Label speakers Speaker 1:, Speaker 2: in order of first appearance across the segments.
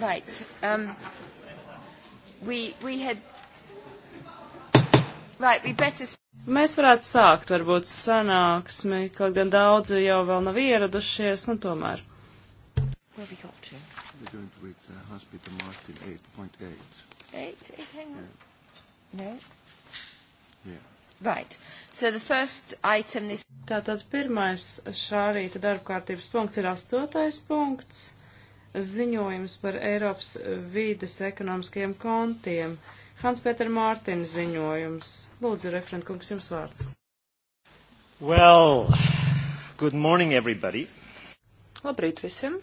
Speaker 1: Right. Um, we, we had... right, we better...
Speaker 2: Mēs varētu sākt varbūt sanāksmi, kaut gan daudzi jau vēl nav ieradušies, nu tomēr.
Speaker 1: Where we got to?
Speaker 2: We're going to read uh, Hospital Martin 8.8. 8, 8, hang on. Yeah. No? Yeah. Right. So the first item this... Tātad pirmais šā rīta darbkārtības punkts ir astotais punkts ziņojums par Eiropas vīdes ekonomiskajiem kontiem. Hans-Peter Mārtiņa ziņojums. Lūdzu, referent kungs, jums vārds.
Speaker 3: Well, good morning, everybody.
Speaker 4: Labrīt visiem.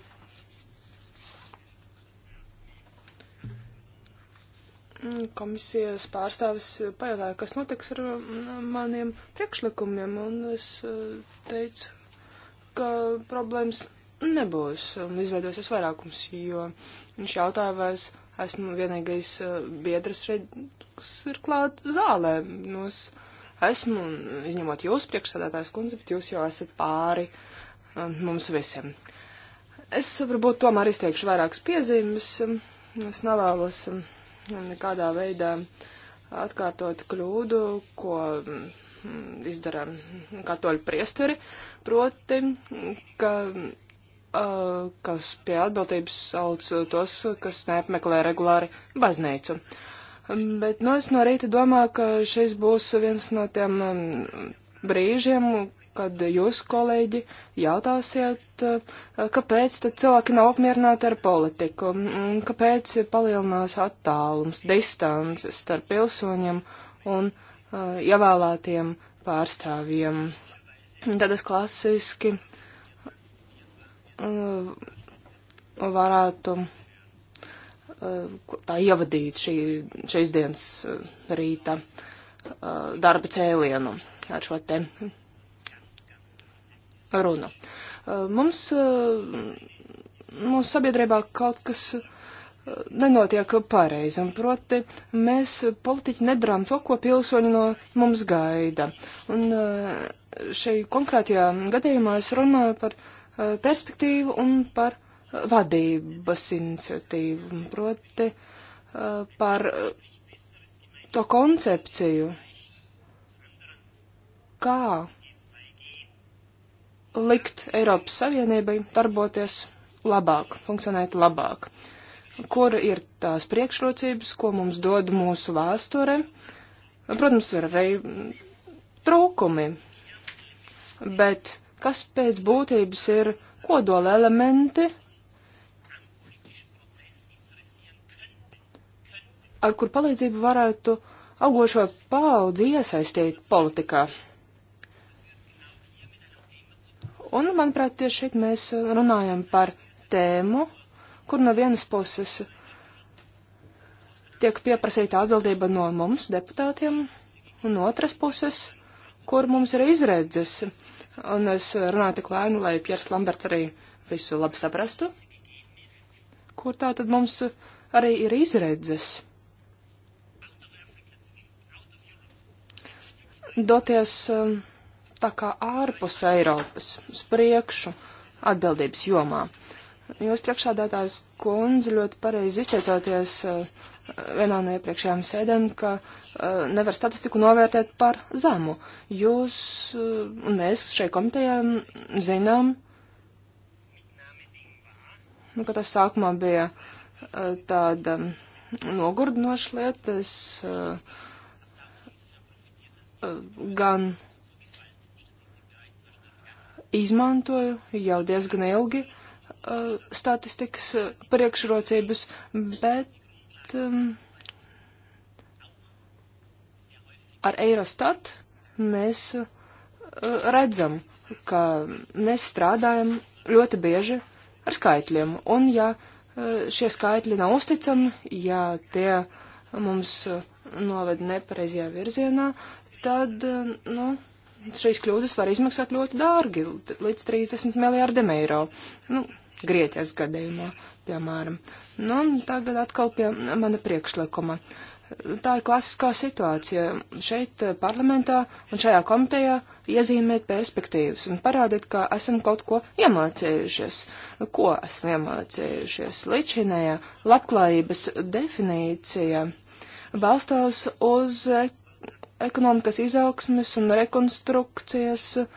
Speaker 4: Komisijas pārstāvis pajautāja, kas notiks ar mm, maniem priekšlikumiem, un es eh, teicu, ka problēmas nebūs, izveidosies vairākums, jo viņš jautāja, vai es esmu vienīgais eh, biedrs, kas ir klāt zālē. Nu, es esmu, izņemot jūs priekšsēdētājs kundze, bet jūs jau esat pāri eh, mums visiem. Es varbūt tomēr izteikšu vairākas piezīmes. Es nevēlos eh, nekādā veidā atkārtot kļūdu, ko mm, izdara katoļu priesteri, proti, ka Uh, kas pie atbildības sauc tos, kas neapmeklē regulāri baznīcu. Um, bet, nu, es no rīta domāju, ka šis būs viens no tiem um, brīžiem, kad jūs, kolēģi, jautāsiet, uh, kāpēc tad cilvēki nav apmierināti ar politiku, um, kāpēc palielinās attālums, distances starp pilsoņiem un uh, ievēlētiem pārstāvjiem. Tādas klasiski Uh, varētu uh, tā ievadīt šī, šīs dienas uh, rīta darba cēlienu ar šo te runu. Mums, mūsu sabiedrībā kaut kas nenotiek pareizi, un proti mēs politiķi nedarām to, ko pilsoņi no mums gaida. Un šai konkrētajā gadījumā es runāju par uh, Eh, perspektīvu un par eh, vadības iniciatīvu, proti eh, par to koncepciju, kā likt Eiropas Savienībai darboties labāk, funkcionēt labāk, kur ir tās priekšrocības, ko mums dod mūsu vēsture. Protams, ir arī trūkumi, bet kas pēc būtības ir kodola elementi, ar kur palīdzību varētu augošo paudzi iesaistīt politikā. Un, manuprāt, tieši šeit mēs runājam par tēmu, kur no vienas puses tiek pieprasīta atbildība no mums, deputātiem, un no otras puses, kur mums ir izredzes un es runāju tik lēni, lai Piers Lamberts arī visu labi saprastu. Kur tā tad mums arī ir izredzes? Doties um, tā kā ārpus Eiropas, uz priekšu, atbildības jomā. Uh, Jūs priekšādātājs kundze ļoti pareizi izteicāties eh, vienā no iepriekšējām sēdēm, ka eh, nevar statistiku novērtēt par zemu. Jūs eh, un mēs šai komitejā zinām, nu, ka tas sākumā bija tāda nogurdinoša lieta. Es gan izmantoju jau diezgan ilgi uh, statistikas uh, priekšrocības, bet um, ar Eirostat mēs uh, redzam, ka mēs strādājam ļoti bieži ar skaitļiem. Un ja uh, šie skaitļi nav uzticami, ja tie mums uh, noved nepareizajā virzienā, tad, uh, nu, šīs kļūdas var izmaksāt ļoti dārgi, līdz 30 miljārdiem eiro. Nu, Grieķijas gadījumā, piemēram. Nu, un tagad atkal pie mana priekšlikuma. Tā ir klasiskā situācija. Šeit eh, parlamentā un šajā komitejā iezīmēt perspektīvas un parādīt, ka esam kaut ko iemācījušies. Ko esam iemācījušies? Līdzinējā labklājības definīcija balstās uz ekonomikas izaugsmes un rekonstrukcijas eh,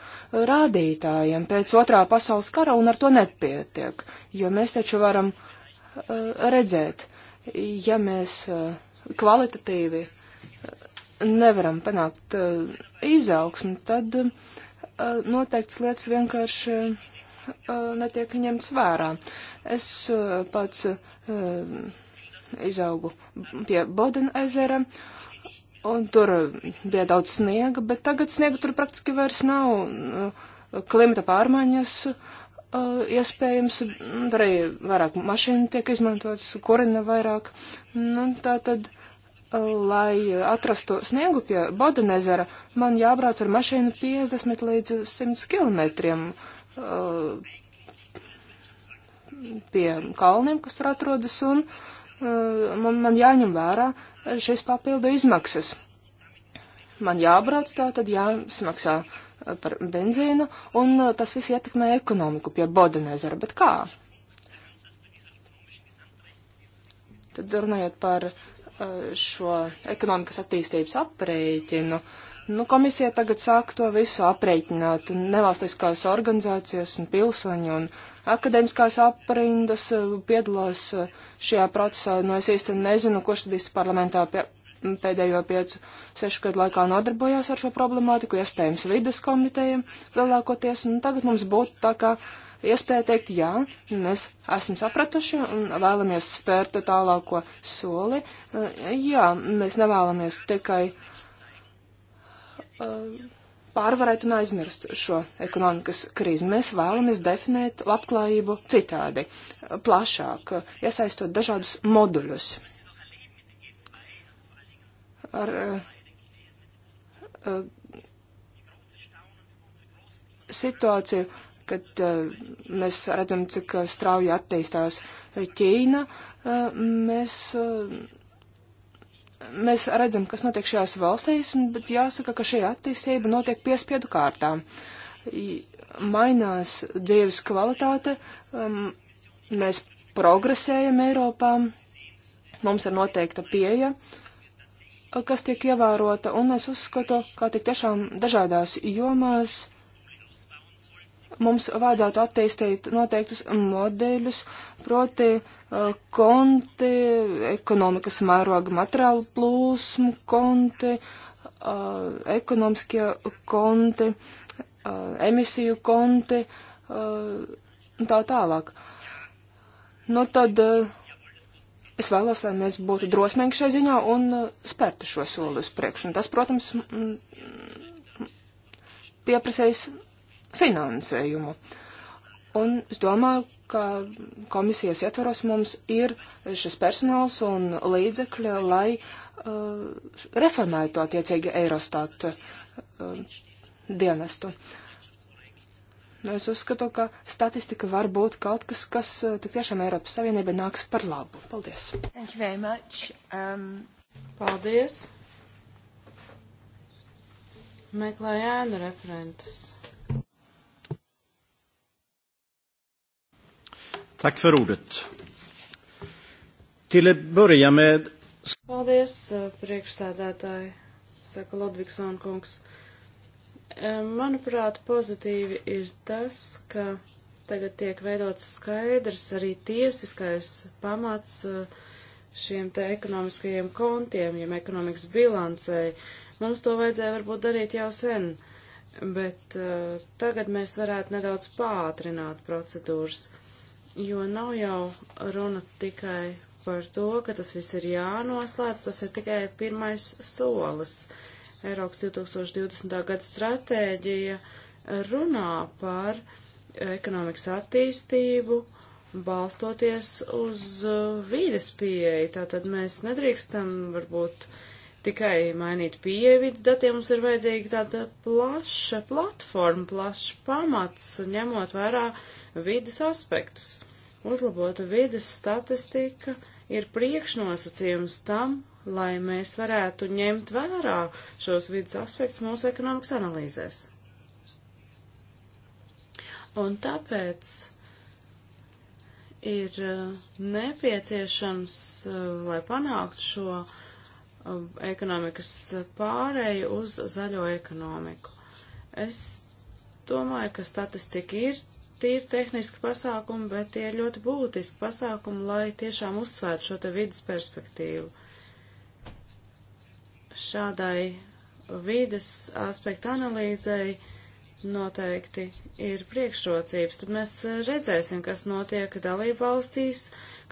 Speaker 4: rādītājiem pēc otrā pasaules kara, un ar to nepietiek, jo mēs taču varam uh, redzēt, ja mēs uh, kvalitatīvi nevaram panākt uh, izaugsmi, tad noteikts lietas vienkārši netiek ņemts vērā. Es pats izaugu pie Bodena ezera, Un tur eh, bija daudz sniega, bet tagad sniega tur praktiski vairs nav. Eh, klimata pārmaiņas eh, iespējams, arī vairāk mašīnu tiek izmantotas, kurina vairāk. Nu, tā tad, lai atrastu sniegu pie Bodenezera, man jābrauc ar mašīnu 50 līdz 100 kilometriem pie kalniem, kas tur atrodas, un man, man jāņem vērā šīs papildu izmaksas. Man jābrauc tā, tad jāsmaksā eh, par benzīnu, un eh, tas viss ietekmē ekonomiku pie Bodenezera. Bet kā? Tad runājot par eh, šo ekonomikas attīstības aprēķinu, nu, komisija tagad sāk to visu aprēķināt, un nevalstiskās organizācijas un pilsoņi un uh, akadēmiskās aprindas eh, piedalās eh, šajā procesā. Nu, es īsti nezinu, kurš tad īsti parlamentā pie, pēdējo piecu, sešu gadu laikā nodarbojās ar šo problemātiku, iespējams, vidas komitejiem lielākoties. Un nu, tagad mums būtu tā kā iespēja teikt, jā, mēs esam sapratuši un vēlamies spērt tālāko soli. Eh, jā, mēs nevēlamies tikai. Uh, pārvarēt un aizmirst šo ekonomikas krīzi. Mēs vēlamies definēt labklājību citādi, plašāk, iesaistot dažādus moduļus. Ar, uh, situāciju, kad uh, mēs redzam, cik strauji attīstās Ķīna, uh, mēs uh, mēs redzam, kas notiek šajās valstīs, bet jāsaka, ka šī attīstība notiek piespiedu kārtā. Mainās dzīves kvalitāte, um, mēs progresējam Eiropā, mums ir noteikta pieeja, kas tiek ievērota, un es uzskatu, ka tik tiešām dažādās jomās mums vajadzētu attīstīt noteiktus modeļus, proti uh, konti, ekonomikas mēroga materiālu plūsmu konti, uh, ekonomiskie konti, uh, emisiju konti uh, un tā tālāk. Nu tad uh, es vēlos, lai mēs būtu drosmīgi šai ziņā un uh, spērtu šo soli uz priekšu. Un tas, protams, pieprasīs finansējumu. Un es domāju, ka komisijas ietvaros mums ir šis personāls un līdzekļi, lai uh, reformētu attiecīgi Eirostat uh, dienestu. Es uzskatu, ka statistika var būt kaut kas, kas uh, tik tiešām Eiropas Savienībai nāks par labu. Paldies. Um... Paldies. Meklēju ēnu
Speaker 2: referentus.
Speaker 3: Tack för ordet. Till att börja med...
Speaker 2: Paldies, eh, priekšsēdētāji, saka Lodvigsona kungs. Eh, manuprāt, pozitīvi ir tas, ka tagad tiek veidots skaidrs arī tiesiskais pamats eh, šiem te ekonomiskajiem kontiem, jiem ekonomikas bilancei. Mums to vajadzēja varbūt darīt jau sen, bet uh, tagad mēs varētu nedaudz pātrināt procedūras. Uh, jo nav jau runa tikai par to, ka tas viss ir jānoslēdz, tas ir tikai pirmais solis. Eiropas 2020. gada stratēģija runā par ekonomikas attīstību, balstoties uz vīdes pieeju. Tātad mēs nedrīkstam varbūt tikai mainīt pieeju vīdes datiem, mums ir vajadzīga tāda plaša platforma, plašs pamats, ņemot vērā vīdes aspektus uzlabota vides statistika ir priekšnosacījums tam, lai mēs varētu ņemt vērā šos vidas aspektus mūsu ekonomikas analīzēs. Un tāpēc ir uh, nepieciešams, uh, lai panāktu šo uh, ekonomikas pārēju uz zaļo ekonomiku. Es domāju, ka statistika ir tīri tehniski pasākumi, bet tie ir ļoti būtiski pasākumi, lai tiešām uzsvērtu šo te vidas perspektīvu. Šādai vides aspekta analīzei noteikti ir priekšrocības. Tad mēs redzēsim, kas notiek dalību valstīs,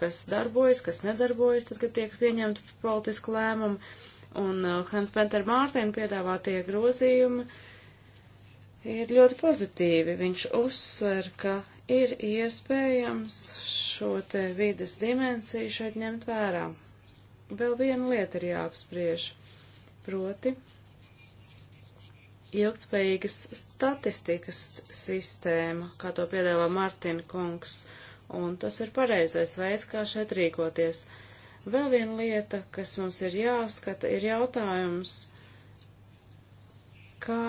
Speaker 2: kas darbojas, kas nedarbojas, tad, kad tiek pieņemta politiska lēmuma. Un uh, Hans Penter Mārtiņa piedāvātie grozījumi uh, ir ļoti pozitīvi. Viņš uzsver, ka ir iespējams šo te vides dimensiju šeit ņemt vērā. Vēl viena lieta ir jāapspriež, proti ilgtspējīgas statistikas sistēma, kā to piedāvā Martina kungs, un tas ir pareizais veids, kā šeit rīkoties. Vēl viena lieta, kas mums ir jāskata, ir jautājums, kā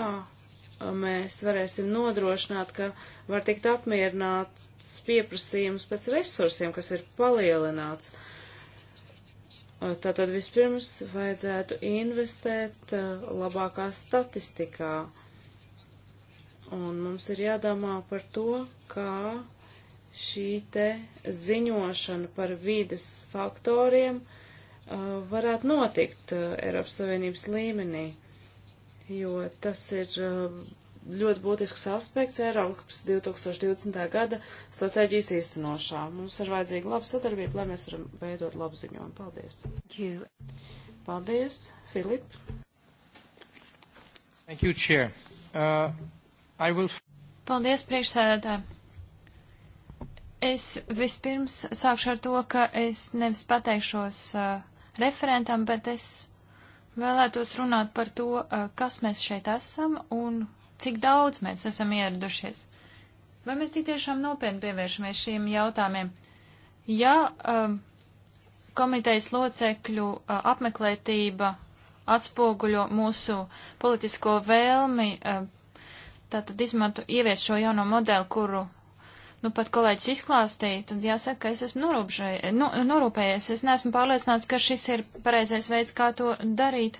Speaker 2: mēs varēsim nodrošināt, ka var tikt apmierināts pieprasījums pēc resursiem, kas ir palielināts. Tātad vispirms vajadzētu investēt labākā statistikā. Un mums ir jādomā par to, kā šī te ziņošana par vides faktoriem varētu notikt Eiropas Savienības līmenī jo tas ir um, ļoti būtisks aspekts Eiropas 2020. gada stratēģijas īstenošā. Mums ir vajadzīga laba sadarbība, lai mēs varam veidot labu ziņojumu. Paldies! Paldies, Filip!
Speaker 3: Thank you, Chair. Uh, I will...
Speaker 1: Paldies, priekšsēdētāji! Es vispirms sākšu ar to, ka es nevis pateikšos uh, referentam, bet es Vēlētos runāt par to, eh, kas mēs šeit esam un cik daudz mēs esam ieradušies. Vai mēs tiešām nopietni pievēršamies šiem jautājumiem? Ja um, komitejas locekļu uh, apmeklētība atspoguļo mūsu politisko vēlmi, uh, tātad izmanto ievies šo jauno modeli, kuru nu pat kolēģis izklāstīja, tad jāsaka, ka es esmu nu, norūpējies. Es neesmu pārliecināts, ka šis ir pareizais veids, kā to darīt.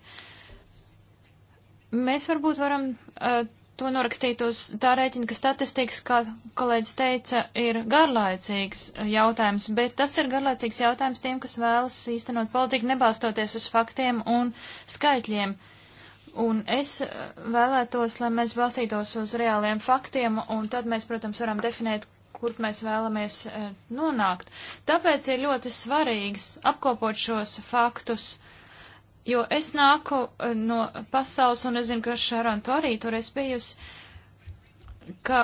Speaker 1: Mēs varbūt varam uh, to norakstīt uz tā rēķina, ka statistikas, kā kolēģis teica, ir garlaicīgs eh, jautājums, bet tas ir garlaicīgs jautājums tiem, kas vēlas īstenot politiku, nebāstoties uz faktiem un skaitļiem. Un es eh, vēlētos, lai mēs balstītos uz reāliem faktiem, un tad mēs, protams, varam definēt, kurp mēs vēlamies e, nonākt. Tāpēc ir ļoti svarīgs apkopot šos faktus, jo es nāku e, no pasaules, un es zinu, ka Šaron to arī tur es bijusi, ka,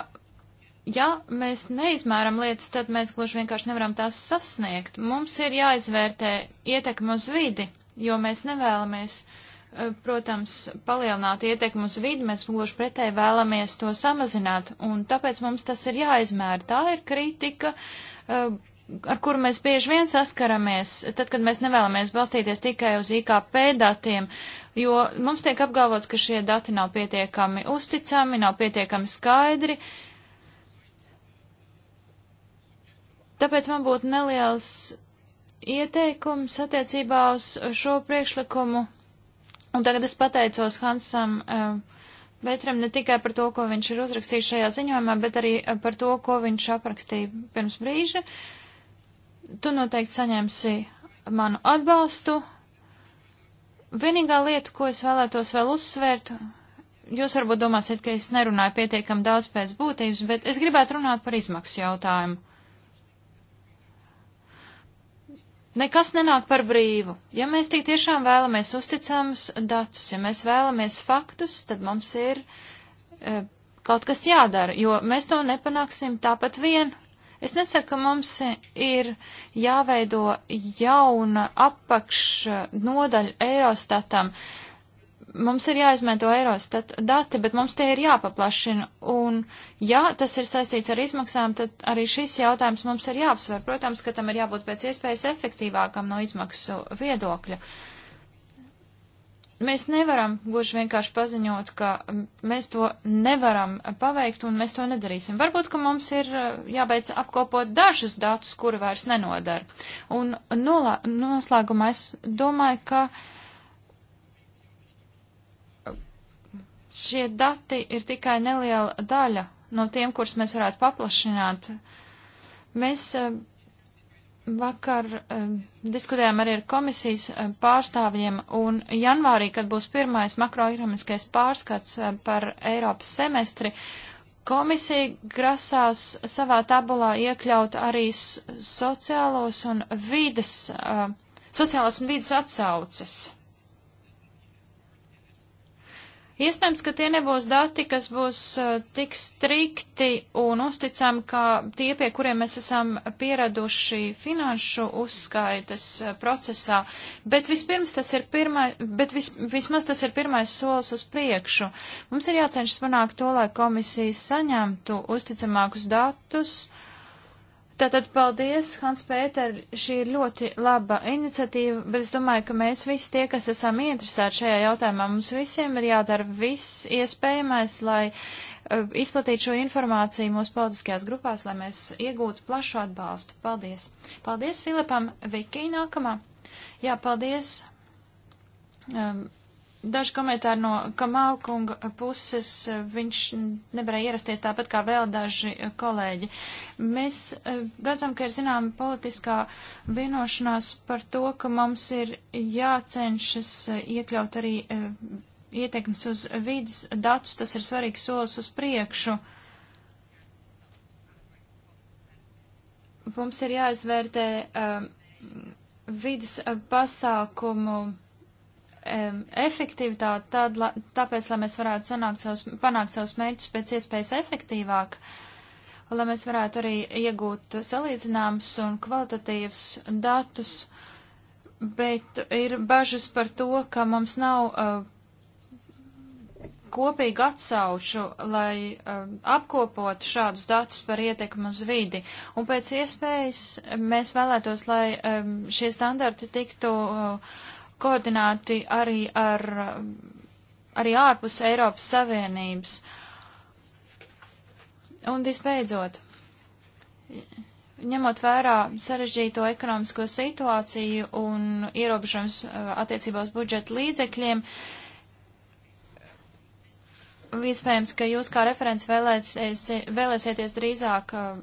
Speaker 1: ja mēs neizmēram lietas, tad mēs gluži vienkārši nevaram tās sasniegt. Mums ir jāizvērtē ietekme uz vidi, jo mēs nevēlamies uh, Eh, protams, palielināt ietekmi uz vidi, mēs gluži pretēji vēlamies to samazināt, un tāpēc mums tas ir jāizmēra. Tā ir kritika, eh, ar kuru mēs bieži vien saskaramies, tad, kad mēs nevēlamies balstīties tikai uz IKP datiem, jo mums tiek apgalvots, ka šie dati nav pietiekami uzticami, nav pietiekami skaidri. Tāpēc man būtu neliels ieteikums attiecībā uz šo priekšlikumu Un tagad es pateicos Hansam Vetram eh, ne tikai par to, ko viņš ir uzrakstījis šajā ziņojumā, bet arī eh, par to, ko viņš aprakstīja pirms brīža. Tu noteikti saņemsi manu atbalstu. Vienīgā lieta, ko es vēlētos vēl uzsvērt, jūs varbūt domāsiet, ka es nerunāju pietiekam daudz pēc būtības, bet es gribētu runāt par izmaksu jautājumu. Nekas nenāk par brīvu. Ja mēs tik tiešām vēlamies uzticamus datus, ja mēs vēlamies faktus, tad mums ir e, kaut kas jādara, jo mēs to nepanāksim tāpat vien. Es nesaku, ka mums ir jāveido jauna apakš nodaļa Eirostatam. E, mums ir jāizmanto Eurostat dati, bet mums tie ir jāpaplašina. Un, ja tas ir saistīts ar izmaksām, tad arī šis jautājums mums ir jāapsver. Protams, ka tam ir jābūt pēc iespējas efektīvākam no izmaksu viedokļa. Mēs nevaram gluži vienkārši paziņot, ka mēs to nevaram paveikt un mēs to nedarīsim. Varbūt, ka mums ir uh, jābeidz apkopot dažus datus, kuri vairs nenodara. Un noslēgumā es domāju, ka. Uh, Šie dati ir tikai neliela daļa no tiem, kurus mēs varētu paplašināt. Mēs eh, vakar eh, diskutējām arī ar komisijas eh, pārstāvjiem, un janvārī, kad būs pirmais makroekonomiskais pārskats par Eiropas semestri, Komisija grasās savā tabulā iekļaut arī sociālos un vides, uh, sociālās un vides atsauces. Iespējams, ka tie nebūs dati, kas būs uh, tik strikti un uzticami, kā tie, pie kuriem mēs esam pieraduši finanšu uzskaitas uh, procesā, bet, vispirms tas ir pirmai, bet vis, vismaz tas ir pirmais solis uz priekšu. Mums ir jācenšas panākt to, lai komisijas saņemtu uzticamākus datus. Uh, Tātad paldies, Hans Pēter, šī ir ļoti laba iniciatīva, bet es domāju, ka mēs visi tie, kas esam interesēti šajā jautājumā, mums visiem ir jādara viss iespējamais, lai uh, izplatītu šo informāciju mūsu politiskajās grupās, lai mēs iegūtu plašu atbalstu. Paldies. Paldies Filipam Vikī nākamā. Jā, paldies. Um, Daži komentāri no Kamalkunga puses, viņš nevarēja ierasties tāpat kā vēl daži kolēģi. Mēs eh, redzam, ka ir zināma politiskā vienošanās par to, ka mums ir jācenšas eh, iekļaut arī eh, ietekmes uz vidas datus, tas ir svarīgs solis uz priekšu. Mums ir jāizvērtē vidas pasākumu um, efektivitāti, tad, la, tāpēc, lai mēs varētu sanākt savus, panākt savus mērķus pēc iespējas efektīvāk, lai mēs varētu arī iegūt salīdzināms un kvalitatīvs datus, bet ir bažas par to, ka mums nav uh, eh, kopīgi atsauču, lai uh, apkopotu šādus datus par ietekmu uz vidi. Un pēc iespējas mēs vēlētos, lai um, šie standarti tiktu uh, koordināti arī ar, arī ārpus Eiropas Savienības. Un visbeidzot, ņemot vērā sarežģīto ekonomisko situāciju un ierobežojums eh, attiecībās budžeta līdzekļiem, iespējams, ka jūs kā referents vēlēties, vēlēsieties drīzāk eh,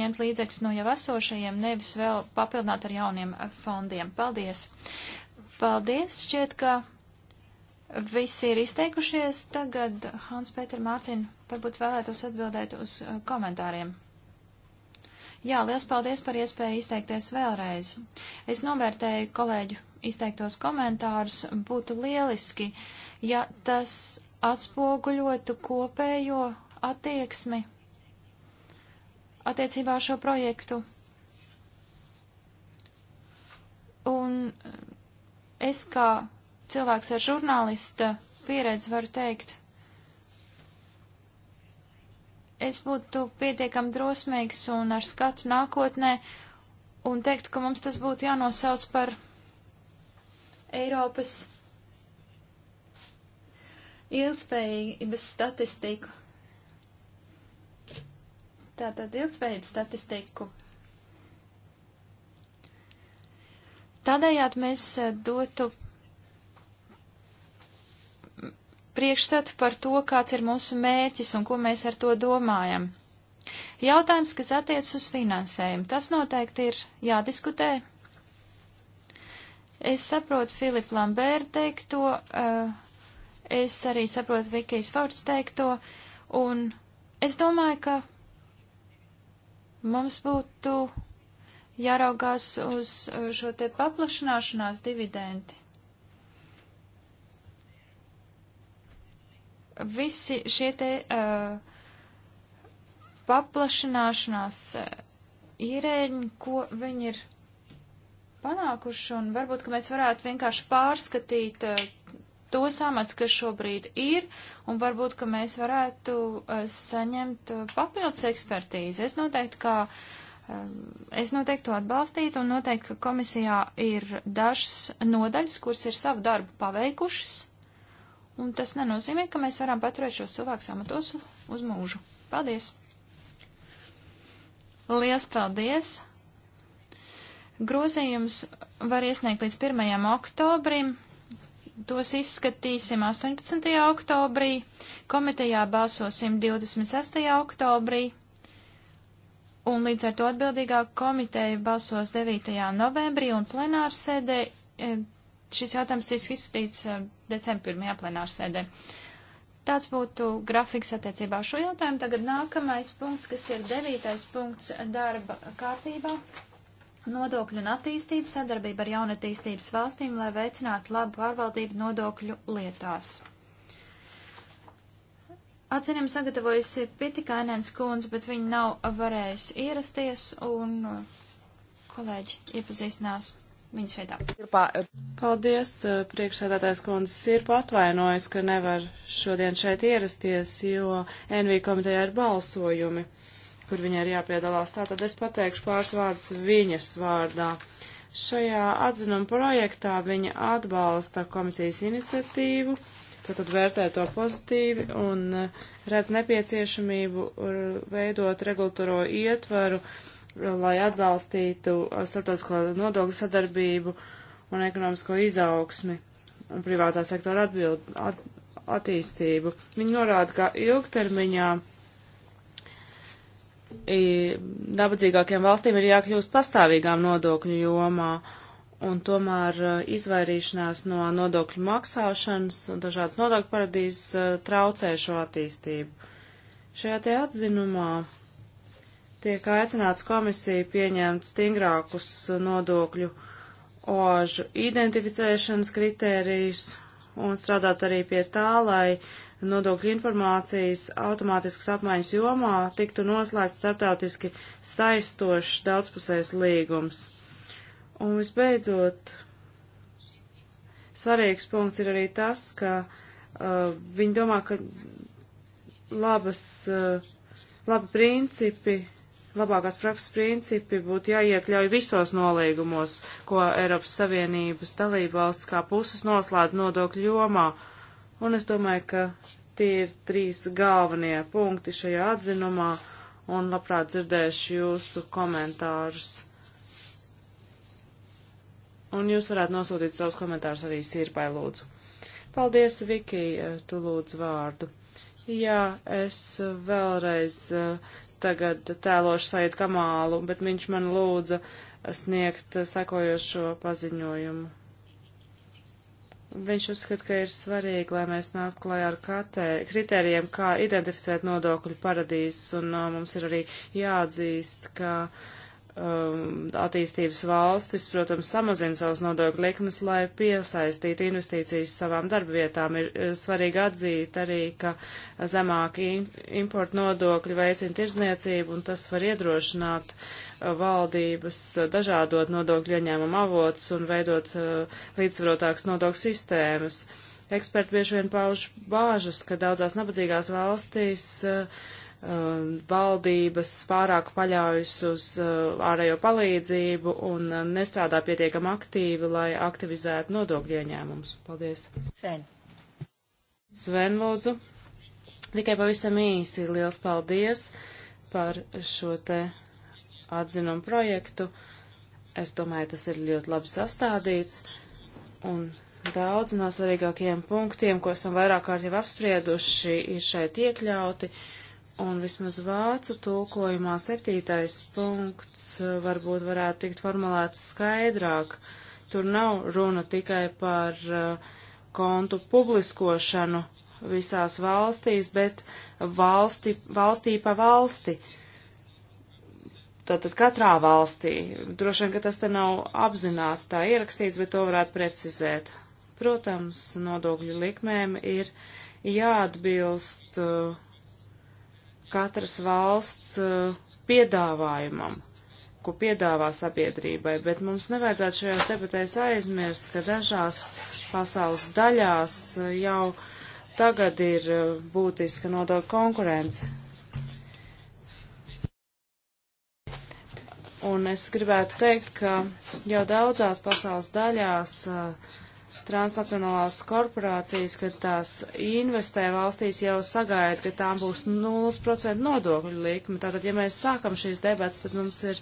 Speaker 1: ņemt līdzekļus no jau esošajiem, nevis vēl papildināt ar jauniem eh, fondiem. Paldies! Paldies, šķiet, ka visi ir izteikušies. Tagad Hans Pēter Mārtiņ varbūt vēlētos atbildēt uz uh, komentāriem. Jā, liels paldies par iespēju izteikties vēlreiz. Es novērtēju kolēģu izteiktos komentārus. Būtu lieliski, ja tas atspoguļotu kopējo attieksmi attiecībā šo projektu. Un es kā cilvēks ar žurnālista pieredzi varu teikt, es būtu pietiekam drosmīgs un ar skatu nākotnē un teiktu, ka mums tas būtu jānosauc par Eiropas ilgspējības statistiku. Tātad ilgspējības statistiku Tādējādi mēs eh, dotu priekšstatu par to, kāds ir mūsu mērķis un ko mēs ar to domājam. Jautājums, kas attiec uz finansējumu, tas noteikti ir jādiskutē. Es saprotu Filipa Lambēra teikto, eh, es arī saprotu Vikijas Fords teikto, un es domāju, ka mums būtu jāraugās uz uh, šo te paplašanāšanās dividendi. Visi šie te uh, paplašanāšanās uh, īrēņi, ko viņi ir panākuši, un varbūt, ka mēs varētu vienkārši pārskatīt uh, tos amats, kas šobrīd ir, un varbūt, ka mēs varētu uh, saņemt uh, papildus ekspertīzi. Es noteikti kā uh, Es noteikti to atbalstītu un noteikti, ka komisijā ir dažas nodaļas, kuras ir savu darbu paveikušas, un tas nenozīmē, ka mēs varam paturēt šos cilvēkus amatos uz mūžu. Paldies! Lielas paldies! Grozījums var iesniegt līdz 1. oktobrim. Tos izskatīsim 18. oktobrī, komitejā balsosim 26. oktobrī un līdz ar to atbildīgā komiteja balsos 9. novembrī un plenārsēdē. E, šis jautājums tiks izskatīts e, decembrī pirmajā plenārsēdē. Tāds būtu grafiks attiecībā šo jautājumu. Tagad nākamais punkts, kas ir devītais punkts darba kārtībā. Nodokļu un attīstības sadarbība ar jaunatīstības valstīm, lai veicinātu labu pārvaldību nodokļu lietās. Atziņam sagatavojusi Pitikainēns kundze, bet viņa nav varējusi ierasties, un uh, kolēģi iepazīstinās viņas veidā.
Speaker 2: Uh, Paldies, uh, priekšsēdētājs kundze Sirpa atvainojas, ka nevar šodien šeit ierasties, jo NV komitejā ir balsojumi, kur viņai ir jāpiedalās. Tātad es pateikšu pāris vārdus viņas vārdā. Šajā atzinuma projektā viņa atbalsta komisijas iniciatīvu tātad vērtē to pozitīvi un eh, redz nepieciešamību uh, veidot regulatoro ietvaru, uh, lai atbalstītu uh, starptautisko nodokļu sadarbību un ekonomisko izaugsmi un privātā sektora atbild, at, attīstību. Viņi norāda, ka ilgtermiņā i, nabadzīgākiem valstīm ir jākļūst pastāvīgām nodokļu jomā. Uh, un tomēr uh, izvairīšanās no nodokļu maksāšanas un dažādas nodokļu paradīzes uh, traucē šo attīstību. Šajā te atzinumā tiek aicināts komisija pieņemt stingrākus uh, nodokļu ožu identificēšanas kritērijus un strādāt arī pie tā, lai nodokļu informācijas automātiskas apmaiņas jomā tiktu noslēgts starptautiski saistošs daudzpusējs līgums. Un visbeidzot, svarīgs punkts ir arī tas, ka uh, viņi domā, ka labas, uh, labi principi, labākās prakses principi būtu jāiekļauj visos nolīgumos, ko Eiropas Savienības dalībvalsts kā puses noslēdz nodokļu jomā. Un es domāju, ka tie ir trīs galvenie punkti šajā atzinumā, un labprāt dzirdēšu jūsu komentārus un jūs varētu nosūtīt savus komentārus arī sirpai lūdzu. Paldies, Viki, eh, tu lūdzu vārdu. Jā, es eh, vēlreiz eh, tagad tēlošu Said Kamālu, bet viņš man lūdza sniegt sekojošo paziņojumu. Viņš uzskata, ka ir svarīgi, lai mēs nāk klajā ar kritērijiem, kā identificēt nodokļu paradīzes, un no, mums ir arī jāatzīst, ka uh, um, attīstības valstis, protams, samazina savus nodokļu likmes, lai piesaistītu investīcijas savām darbvietām. Ir uh, svarīgi atzīt arī, ka zemāki importu nodokļi veicina tirzniecību, un tas var iedrošināt uh, valdības uh, dažādot nodokļu ieņēmumu avots un veidot uh, līdzsvarotākas nodokļu sistēmas. Eksperti bieži vien pauž bāžas, ka daudzās nabadzīgās valstīs uh, Eh, valdības pārāk paļaujas uz eh, ārējo palīdzību un eh, nestrādā pietiekam aktīvi, lai aktivizētu nodokļu ieņēmumus. Paldies. Sven. Sven, lūdzu. Tikai pavisam īsi liels paldies par šo te atzinumu projektu. Es domāju, tas ir ļoti labi sastādīts un daudz no svarīgākajiem punktiem, ko esam vairāk kārt jau apsprieduši, ir šeit iekļauti. Uh, Un vismaz vācu tulkojumā septītais punkts eh, varbūt varētu tikt formulēts skaidrāk. Tur nav runa tikai par eh, kontu publiskošanu visās valstīs, bet valsti, valstī pa valsti. Tātad katrā valstī. Droši vien, ka tas te nav apzināti tā ierakstīts, bet to varētu precizēt. Protams, nodokļu likmēm ir jāatbilst uh, katras valsts uh, piedāvājumam, ko piedāvā sabiedrībai, bet mums nevajadzētu šajās debatēs aizmirst, ka dažās pasaules daļās uh, jau tagad ir uh, būtiska nodokļu konkurence. Un es gribētu teikt, ka jau daudzās pasaules daļās uh, transnacionālās korporācijas, kad tās investē valstīs, jau sagaida, ka tām būs 0% nodokļu likme. Tātad, ja mēs sākam šīs debats, tad mums ir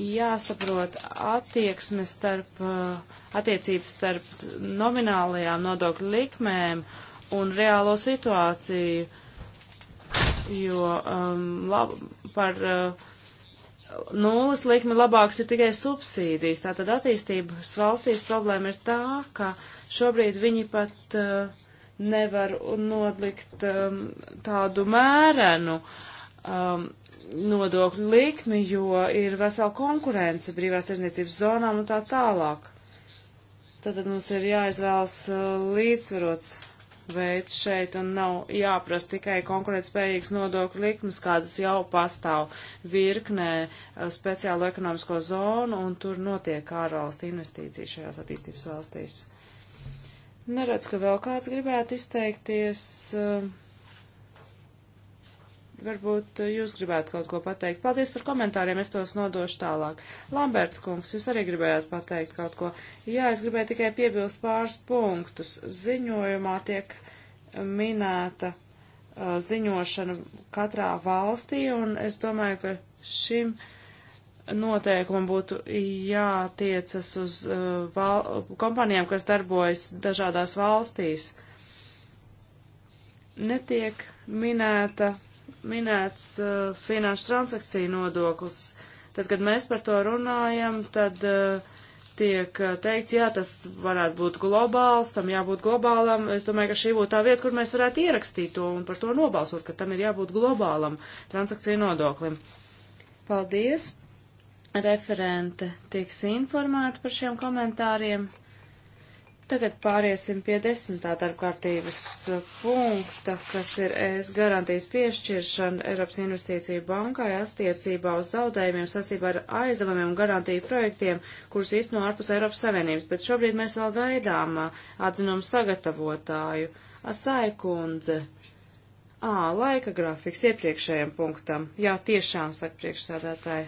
Speaker 2: jāsaprot attieksme starp, uh, attiecības starp nominālajām nodokļu likmēm un reālo situāciju, jo um, lab, par uh, nulles likme labāks ir tikai subsīdijas. Tātad attīstības valstīs problēma ir tā, ka šobrīd viņi pat uh, nevar nodlikt um, tādu mērenu um, nodokļu likmi, jo ir vesela konkurence brīvās tirzniecības zonām un tā tālāk. Tātad mums ir jāizvēlas uh, līdzsvarots veids šeit un nav jāprast tikai konkurētspējīgas nodokļu likmes, kādas jau pastāv virknē eh, speciālo ekonomisko zonu un tur notiek ārvalstu investīcijas šajās attīstības valstīs. Neredz, ka vēl kāds gribētu izteikties. Uh, varbūt eh, jūs gribētu kaut ko pateikt. Paldies par komentāriem, es tos nodošu tālāk. Lamberts kungs, jūs arī gribējāt pateikt kaut ko. Jā, es gribēju tikai piebilst pāris punktus. Ziņojumā tiek minēta uh, ziņošana katrā valstī, un es domāju, ka šim noteikumam būtu jātiecas uz uh, val, kompanijām, kas darbojas dažādās valstīs. Netiek minēta minēts uh, finanšu transakciju nodoklis. Tad, kad mēs par to runājam, tad uh, tiek eh, teikts, jā, tas varētu būt globāls, tam jābūt globālam. Es domāju, ka šī būtu tā vieta, kur mēs varētu ierakstīt to un par to nobalsot, ka tam ir jābūt globālam transakciju nodoklim. Paldies! Referente tiks informēta par šiem komentāriem. Tagad pāriesim pie desmitā darbkārtības uh, punkta, kas ir ES garantijas piešķiršana Eiropas investīciju bankai attiecībā uz zaudējumiem sastībā ar aizdevumiem un garantiju projektiem, kurus īsteno ārpus Eiropas Savienības, bet šobrīd mēs vēl gaidām uh, atzinumu sagatavotāju. Asai kundze. Ā, laika grafiks iepriekšējiem punktam. Jā, tiešām, saka priekšsādātāji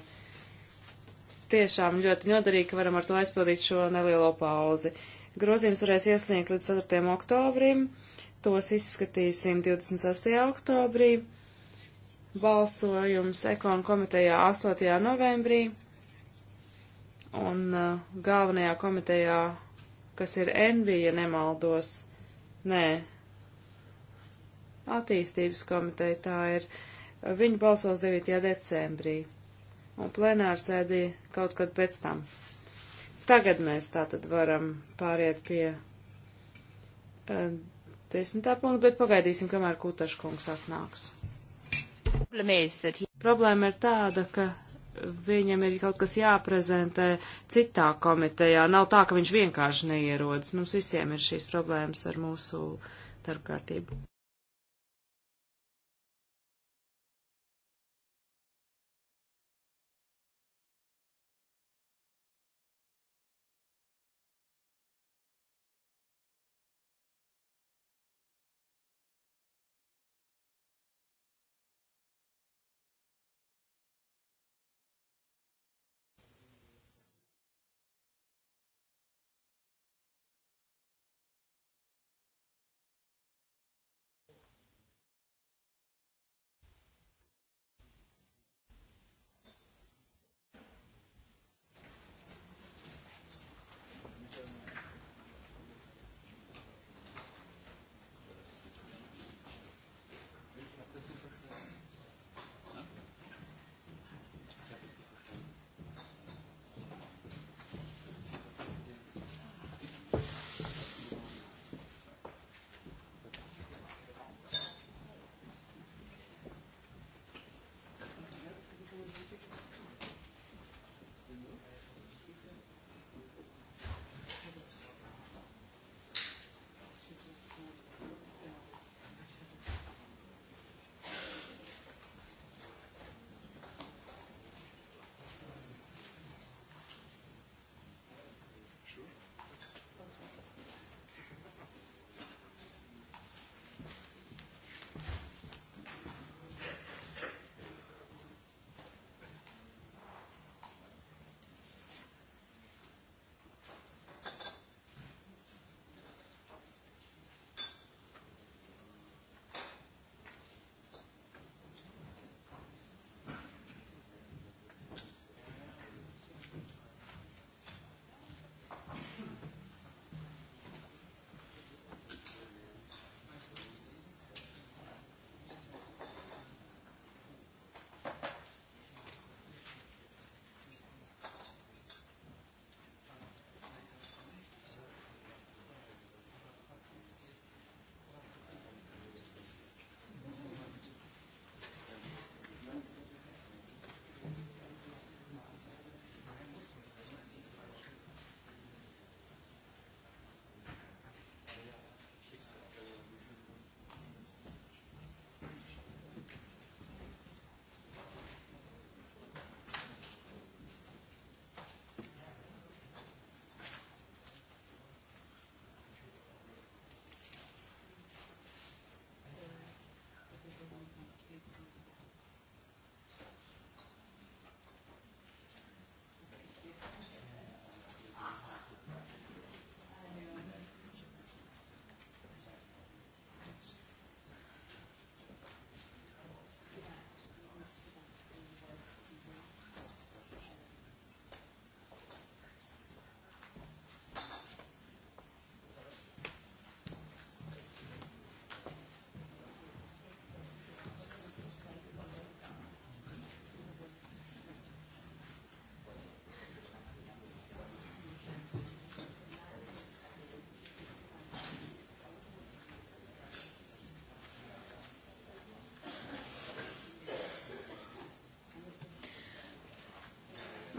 Speaker 2: tiešām ļoti noderīgi, ka varam ar to aizpildīt šo nelielo pauzi. Grozījums varēs iesniegt līdz 4. oktobrim, tos izskatīsim 26. oktobrī, balsojums ekonu komitejā 8. novembrī un uh, galvenajā komitejā, kas ir NV, ja nemaldos, nē, attīstības komiteja tā ir, viņi balsos 9. decembrī un plenārsēdī kaut kad pēc tam. Tagad mēs tātad varam pāriet pie uh, desmitā punkta, bet pagaidīsim, kamēr Kutaškungs atnāks. Problēma ir tāda, ka viņam ir kaut kas jāprezentē citā komitejā. Nav tā, ka viņš vienkārši neierodas. Mums visiem ir šīs problēmas ar mūsu darbkārtību.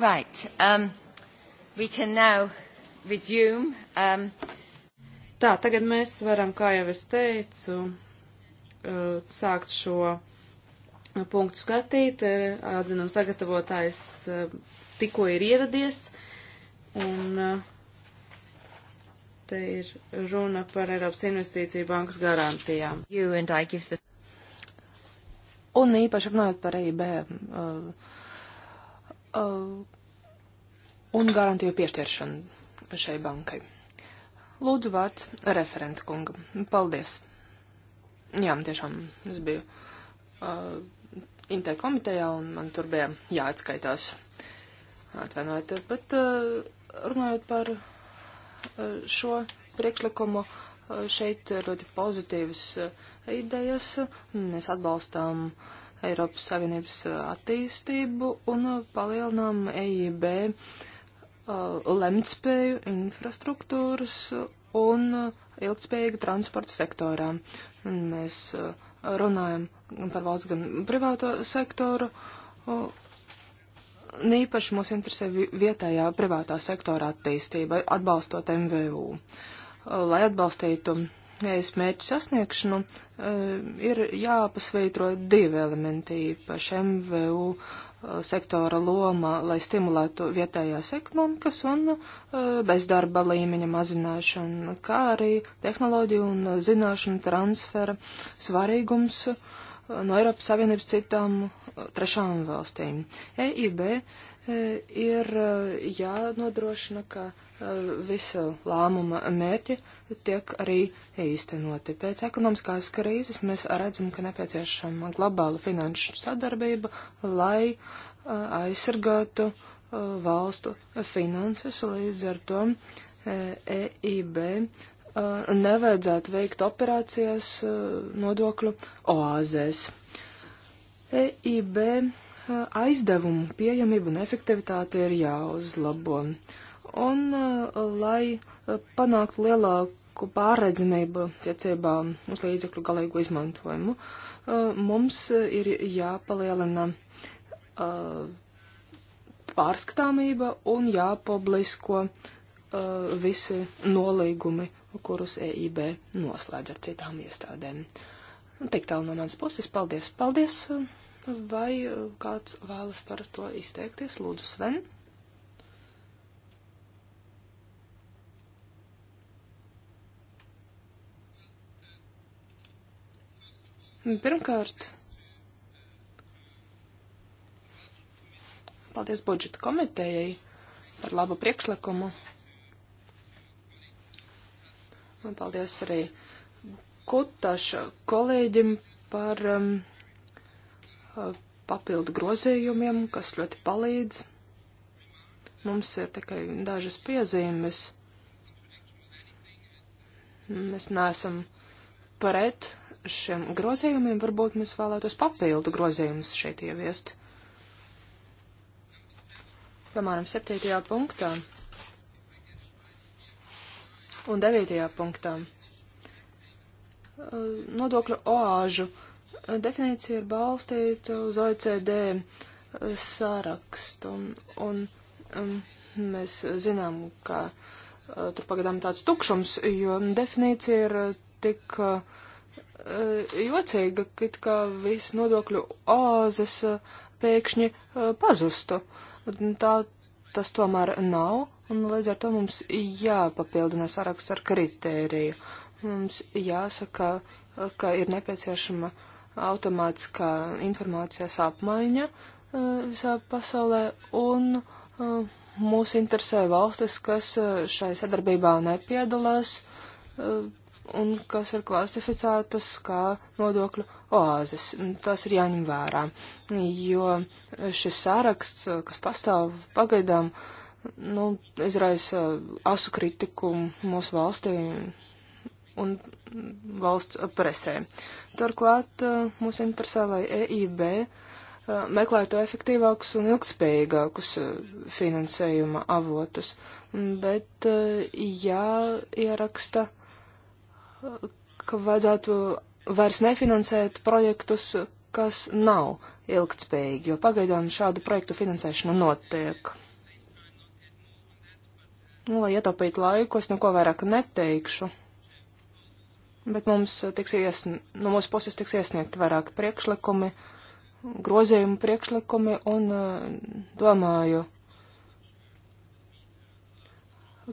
Speaker 4: Right. Um, we can now resume. Um... Tā,
Speaker 2: tagad mēs varam, kā jau es teicu, uh, sākt šo punktu skatīt. Uh, atzinuma sagatavotājs uh, tikko ir ieradies. Un te ir runa par Eiropas investīciju bankas garantijām.
Speaker 4: The... Un īpaši runājot par EIB. Uh, Uh, un garantiju piešķiršanu šai bankai. Lūdzu vārds referenta kungam. Paldies. Jā, tiešām es biju uh, Intē komitejā un man tur bija jāatskaitās. Atvainojiet, bet uh, runājot par uh, šo priekšlikumu, uh, šeit ir ļoti pozitīvas uh, idejas. Mēs atbalstām uh, Eiropas Savienības uh, attīstību un uh, palielinām EIB uh, lemtspēju infrastruktūras un ilgspējīga transporta sektorā. Mēs runājam gan par valsts, gan privāto sektoru. Nīpaši mūs interesē vietējā privātā sektora attīstība, atbalstot MVU. Lai atbalstītu ilgspējas mērķu sasniegšanu, eh, ir jāpasveitro divi elementi īpaši MVU eh, sektora loma, lai stimulētu vietējās ekonomikas un eh, bezdarba līmeņa mazināšanu, kā arī tehnoloģiju un zināšanu transfera svarīgums no Eiropas Savienības citām trešām valstīm. EIB ir jānodrošina, ka visa lēmuma mērķi tiek arī īstenoti. Pēc ekonomiskās krīzes mēs redzam, ka nepieciešama globāla finanšu sadarbība, lai aizsargātu valstu finanses. Līdz ar to EIB e nevajadzētu veikt operācijas nodokļu oāzēs. EIB aizdevumu pieejamību un efektivitāti ir jāuzlabo. Un, lai panākt lielāku pārredzamību tiecībā uz līdzekļu galīgu izmantojumu. Uh, mums ir jāpalielina uh, pārskatāmība un jāpublisko uh, visi nolīgumi, kurus EIB noslēdz ar citām iestādēm. Tik tālu no manas puses, paldies, paldies! Vai kāds vēlas par to izteikties? Lūdzu, Sven! Pirmkārt, paldies budžeta komitejai par labu priekšlikumu. Un paldies arī Kutaša kolēģim par um, uh, papildu grozījumiem, kas ļoti palīdz. Mums ir tikai dažas piezīmes. Mēs neesam pret šiem grozījumiem varbūt mēs vēlētos papildu grozījumus šeit ieviest. Piemēram, 7. punktā un 9. punktā uh, nodokļu oāžu definīcija ir balstīta uz OECD sarakstu. Un, un um, mēs zinām, ka uh, tur pagadām tāds tukšums, jo definīcija ir uh, tik uh, Eh, jocīga, it kā viss nodokļu āzes eh, pēkšņi eh, pazustu. Tā tas tomēr nav, un līdz ar to mums jāpapildina saraksts ar kritēriju. Mums jāsaka, ka ir nepieciešama automātiskā informācijas apmaiņa visā pasaulē, un mūs interesē valstis, kas šai sadarbībā nepiedalās un kas ir klasificētas kā nodokļu oāzes. Tas ir jāņem vērā, jo šis sāraksts, kas pastāv pagaidām, nu, izraisa asu kritiku mūsu valstī un valsts presē. Turklāt mūs interesē, lai EIB eh, meklētu efektīvākus un ilgspējīgākus eh, finansējuma avotus, bet eh, jāieraksta. Ja ka vajadzētu vairs nefinansēt projektus, kas nav ilgtspējīgi, jo pagaidām šādu projektu finansēšana notiek. Nu, lai ietaupītu laiku, es neko vairāk neteikšu. Bet mums tiks iesn... no mūsu puses tiks iesniegti vairāki priekšlikumi, grozījumu priekšlikumi un eh, domāju,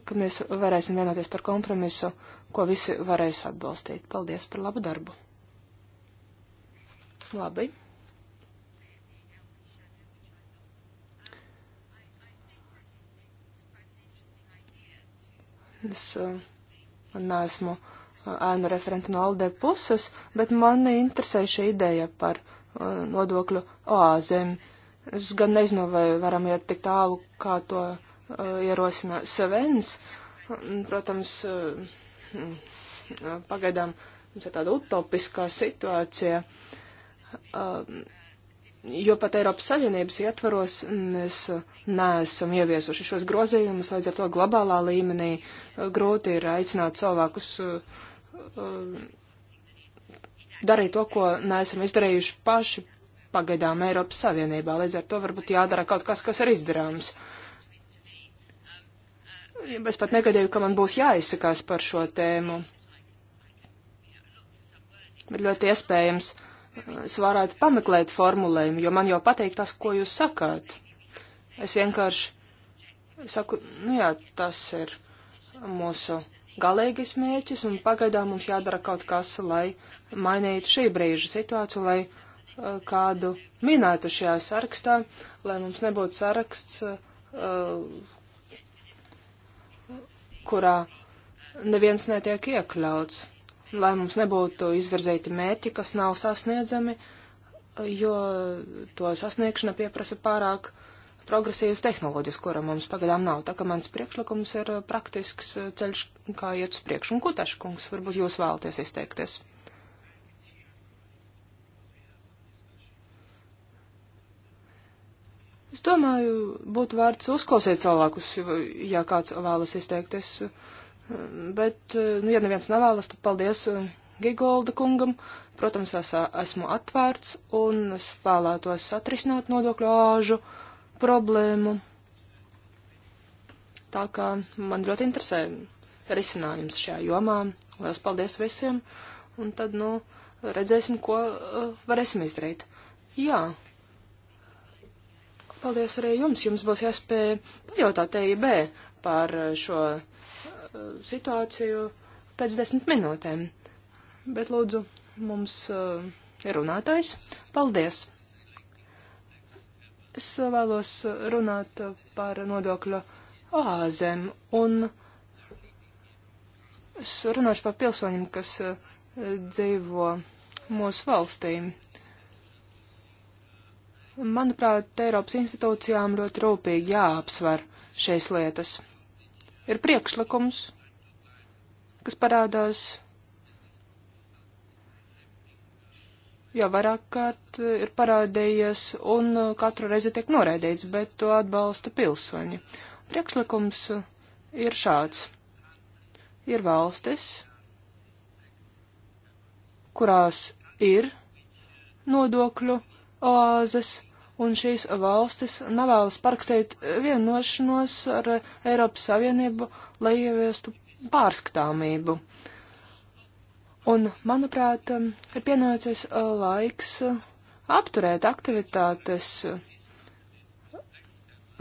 Speaker 4: ka mēs varēsim vienoties par kompromisu ko visi varēs atbalstīt. Paldies par labu darbu. Labi. Es uh, neesmu uh, ēnu uh, referenta no Aldē puses, bet mani interesē šī ideja par uh, nodokļu oāzēm. Es gan nezinu, vai varam iet tik tālu, kā to uh, ierosina Sevens. Protams, uh, Mm. Pagaidām mums ir tāda utopiskā situācija, um, jo pat Eiropas Savienības ietvaros mēs neesam ieviesuši šos grozījumus, līdz ar to globālā līmenī uh, grūti ir aicināt cilvēkus uh, uh, darīt to, ko neesam izdarījuši paši pagaidām Eiropas Savienībā. Līdz ar to varbūt jādara kaut kas, kas ir izdarāms. Uh, Es pat negadīju, ka man būs jāizsakās par šo tēmu. Bet ļoti iespējams, es varētu pameklēt formulējumu, jo man jau patīk tas, ko jūs sakāt. Es vienkārši saku, nu jā, tas ir mūsu galīgais mērķis, un pagaidām mums jādara kaut kas, lai mainītu šī brīža situāciju, lai uh, kādu minētu šajā sarakstā, lai mums nebūtu saraksts, uh, kurā neviens netiek iekļauts, lai mums nebūtu izvirzīti mērķi, kas nav sasniedzami, jo to sasniegšana pieprasa pārāk progresīvas tehnoloģijas, kura mums pagadām nav. Tā kā mans priekšlikums ir praktisks ceļš, kā iet uz priekšu. Un Kutaškungs, varbūt jūs vēlaties izteikties. Es domāju, būtu vērts uzklausīt cilvēkus, ja kāds vēlas izteikties. Eh, bet, eh, nu, ja neviens nevēlas, tad paldies eh, Gigolda kungam. Protams, es esmu atvērts un es vēlētos atrisināt nodokļu āžu problēmu. Tā kā man ļoti interesē risinājums šajā jomā. Lielas paldies visiem. Un tad, nu, redzēsim, ko uh, varēsim izdarīt. Jā. Paldies arī jums. Jums būs jāspēj pajautāt EIB par šo eh, situāciju pēc desmit minūtēm. Bet lūdzu, mums eh, ir runātājs. Paldies! Es vēlos runāt par nodokļu oāzēm un es runāšu par pilsoņiem, kas eh, dzīvo mūsu valstīm. Manuprāt, Eiropas institūcijām ļoti rūpīgi jāapsver šīs lietas. Ir priekšlikums, kas parādās jau vairāk kārt ir parādījies un katru reizi tiek noraidīts, bet to atbalsta pilsoņi. Priekšlikums ir šāds. Ir valstis, kurās ir nodokļu oāzes, un šīs valstis nevēlas parakstīt vienošanos ar Eiropas Savienību, lai ieviestu pārskatāmību. Un, manuprāt, ir pienācis uh, laiks uh, apturēt aktivitātes, uh,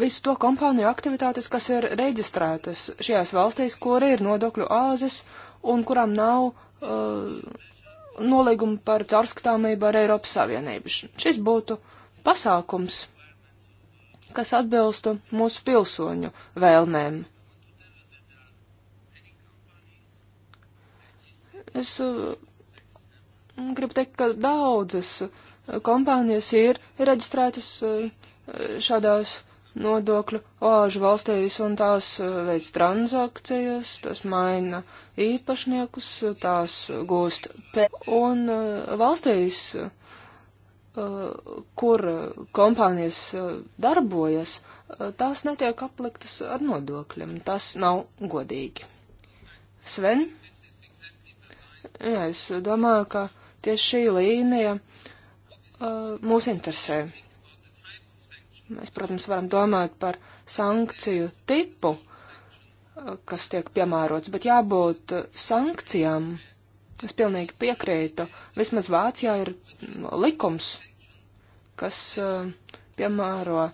Speaker 4: visu to kompāniju aktivitātes, kas ir reģistrētas šajās valstīs, kur ir nodokļu āzes un kurām nav uh, nolīgumu par caurskatāmību ar Eiropas Savienību. Šis būtu pasākums, kas atbilstu mūsu pilsoņu vēlmēm. Es uh, gribu teikt, ka daudzas uh, kompānijas ir reģistrētas uh, šādās nodokļu oāžu valstīs un tās eh, veic transakcijas, tas maina īpašniekus, tās gūst pē. Un eh, valstīs, eh, kur kompānijas darbojas, tās netiek apliktas ar nodokļiem. Tas nav godīgi. Sven? Jā, es domāju, ka tieši šī līnija mūs interesē. Mēs, protams, varam domāt par sankciju tipu, eh, kas tiek piemērots, bet jābūt eh, sankcijām. Es pilnīgi piekrītu. Vismaz Vācijā ir mm, likums, kas eh, piemēro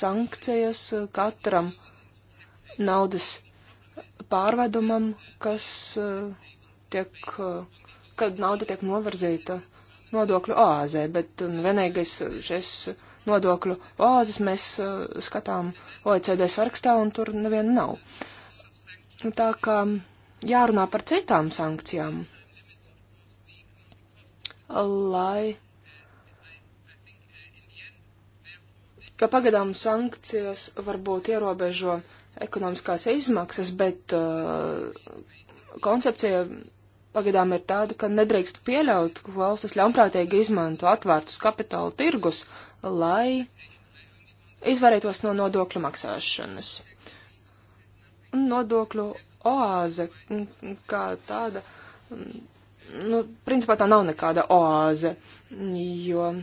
Speaker 4: sankcijas katram naudas pārvedumam, kas tiek, kad nauda tiek novirzīta nodokļu oāzē, bet mm, vienīgais šis nodokļu oāzes mēs uh, skatām OECD sarakstā un tur neviena nav. Nu, tā kā jārunā par citām sankcijām, lai. Jo pagadām sankcijas varbūt ierobežo ekonomiskās izmaksas, bet uh, koncepcija pagaidām ir tāda, ka nedrīkst pieļaut, ka valstis ļaunprātīgi izmanto atvērtus kapitāla tirgus, lai izvairītos no nodokļu maksāšanas. Nodokļu oāze kā tāda, nu, principā tā nav nekāda oāze, jo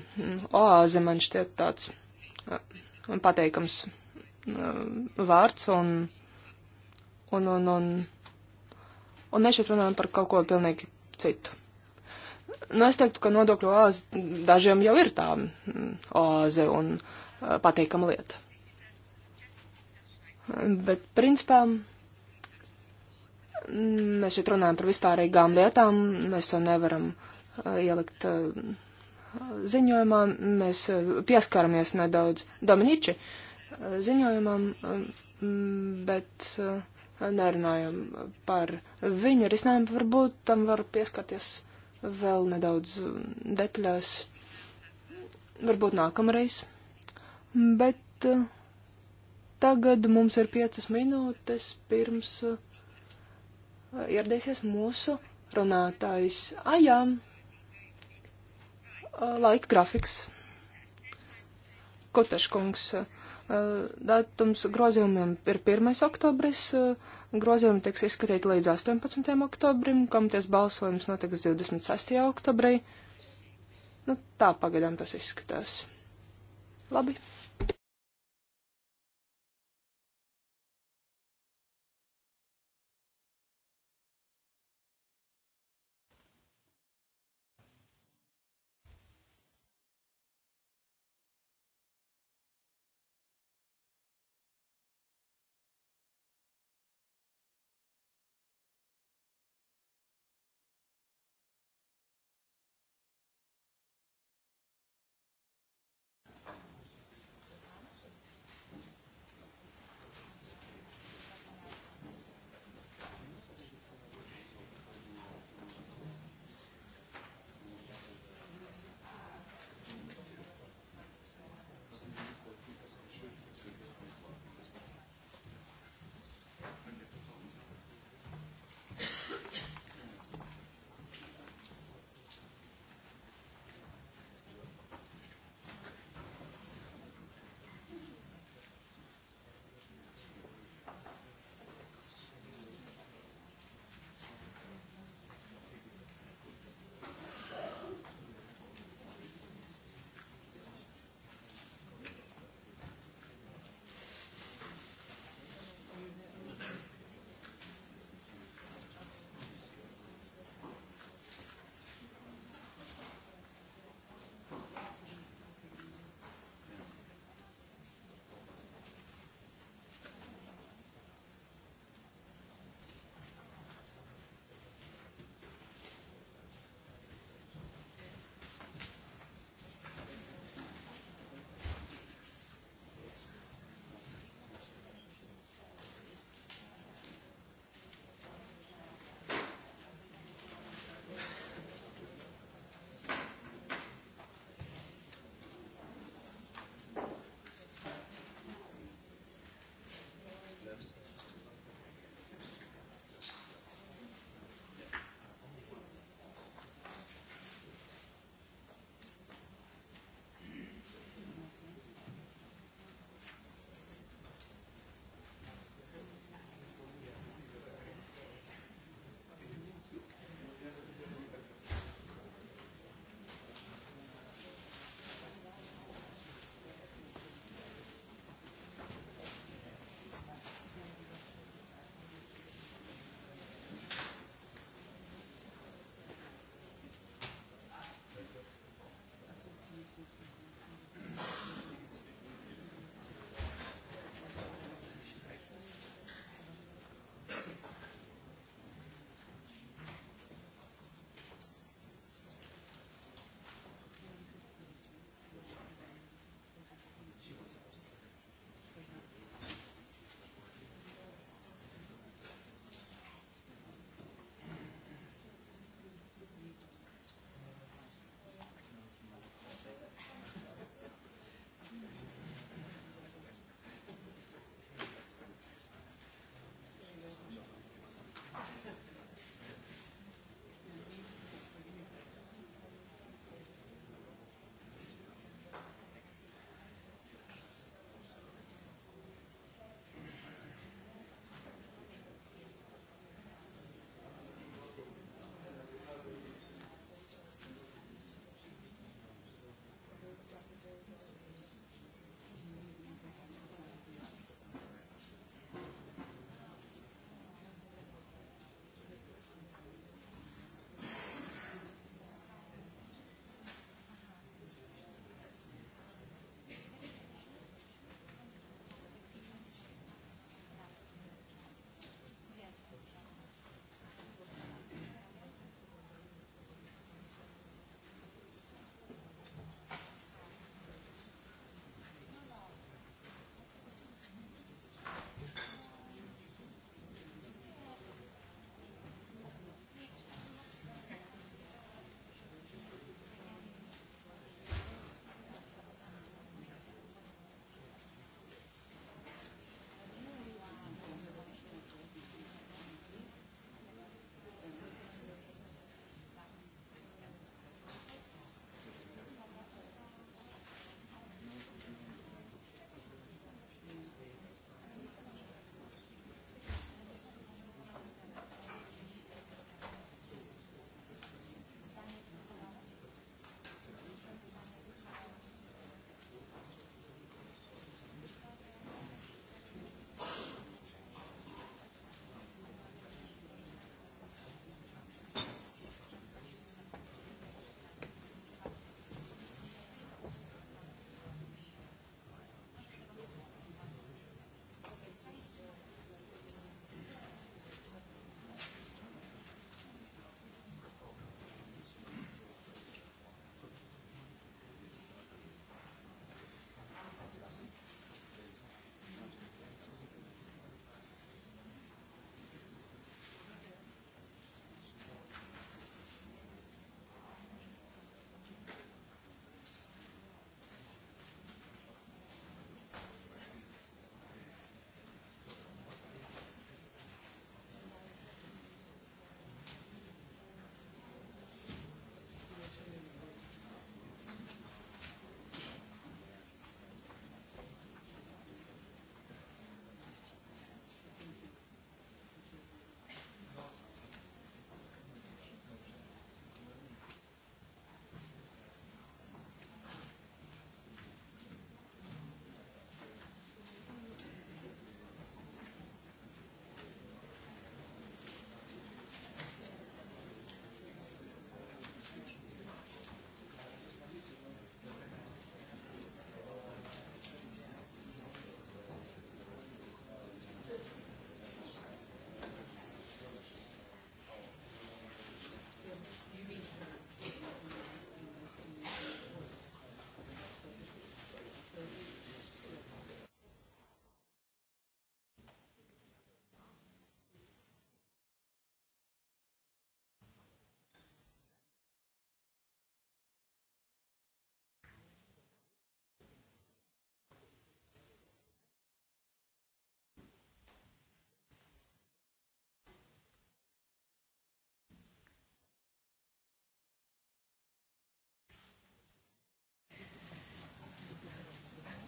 Speaker 4: oāze man šķiet tāds pateikams vārds un, un, un, un, un mēs šeit runājam par kaut ko pilnīgi citu. Nu, es teiktu, ka nodokļu oāze dažiem jau ir tā mm, oāze un uh, patīkama lieta. Bet, principā, mēs šeit runājam par vispārīgām lietām, mēs to nevaram uh, ielikt uh, ziņojumā, mēs pieskaramies nedaudz Dominiči ziņojumam, mm, bet nerunājam par viņu risinājumu, varbūt tam var pieskarties vēl nedaudz mm, detaļās, varbūt nākamreiz. Bet eh, tagad mums ir piecas minūtes pirms eh, ieradīsies mūsu runātājs. Ajā, eh, laika grafiks. Kotaškungs, datums grozījumiem ir 1. oktobris Grozījumi tiks izskatīti līdz 18. oktobrim, komitejas balsojums notiks 26. oktobrī. Nu, tā pagaidām tas izskatās. Labi.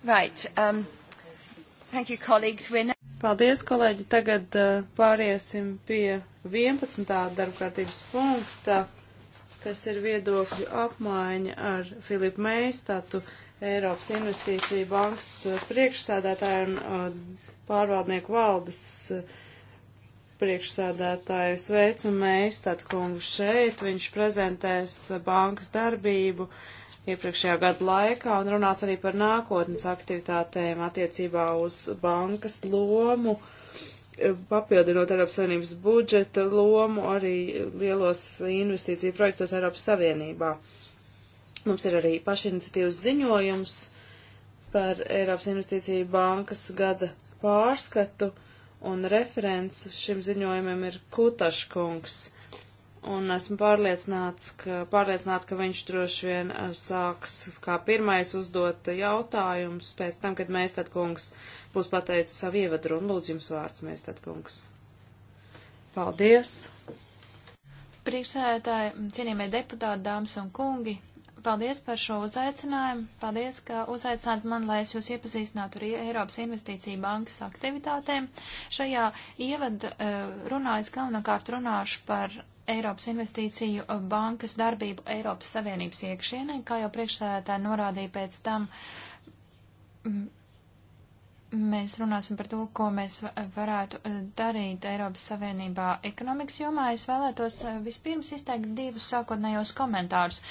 Speaker 2: Right. Um, thank you, colleagues. We're now... Paldies, kolēģi. Tagad uh, pāriesim pie 11. darbkārtības punkta, kas ir viedokļu apmaiņa ar Filipu Meistatu, Eiropas Investīcija bankas uh, priekšsēdētāju un uh, pārvaldnieku valdes uh, priekšsādātāju sveicu Meistatu kungu šeit. Viņš prezentēs uh, bankas darbību. Uh, iepriekšējā gada laikā un runās arī par nākotnes aktivitātēm attiecībā uz bankas lomu, e, papildinot Eiropas Savienības budžeta lomu arī lielos investīciju projektos Eiropas Savienībā. Mums ir arī pašiniciatīvas ziņojums par Eiropas Investīciju bankas gada pārskatu, un referents šim ziņojumam ir Kutaškungs un esmu pārliecināts, ka, pārliecināts, ka viņš droši vien eh, sāks kā pirmais uzdot jautājumus pēc tam, kad mēs tad kungs būs pateicis savu ievadru un lūdzu jums vārds mēs tad kungs. Paldies!
Speaker 1: Priekšsēdētāji, cienījamie deputāti, dāmas un kungi, paldies par šo uzaicinājumu. Paldies, ka uzaicināt man, lai es jūs iepazīstinātu ar Eiropas investīciju bankas aktivitātēm. Šajā ievada eh, runā es galvenokārt runāšu par Eiropas investīciju eh, bankas darbību Eiropas Savienības iekšienē, kā jau priekšsēdētāji norādīja pēc tam mm, mēs runāsim par to, ko mēs varētu eh, darīt Eiropas Savienībā ekonomikas jomā, es vēlētos eh, vispirms izteikt divus sākotnējos komentārus.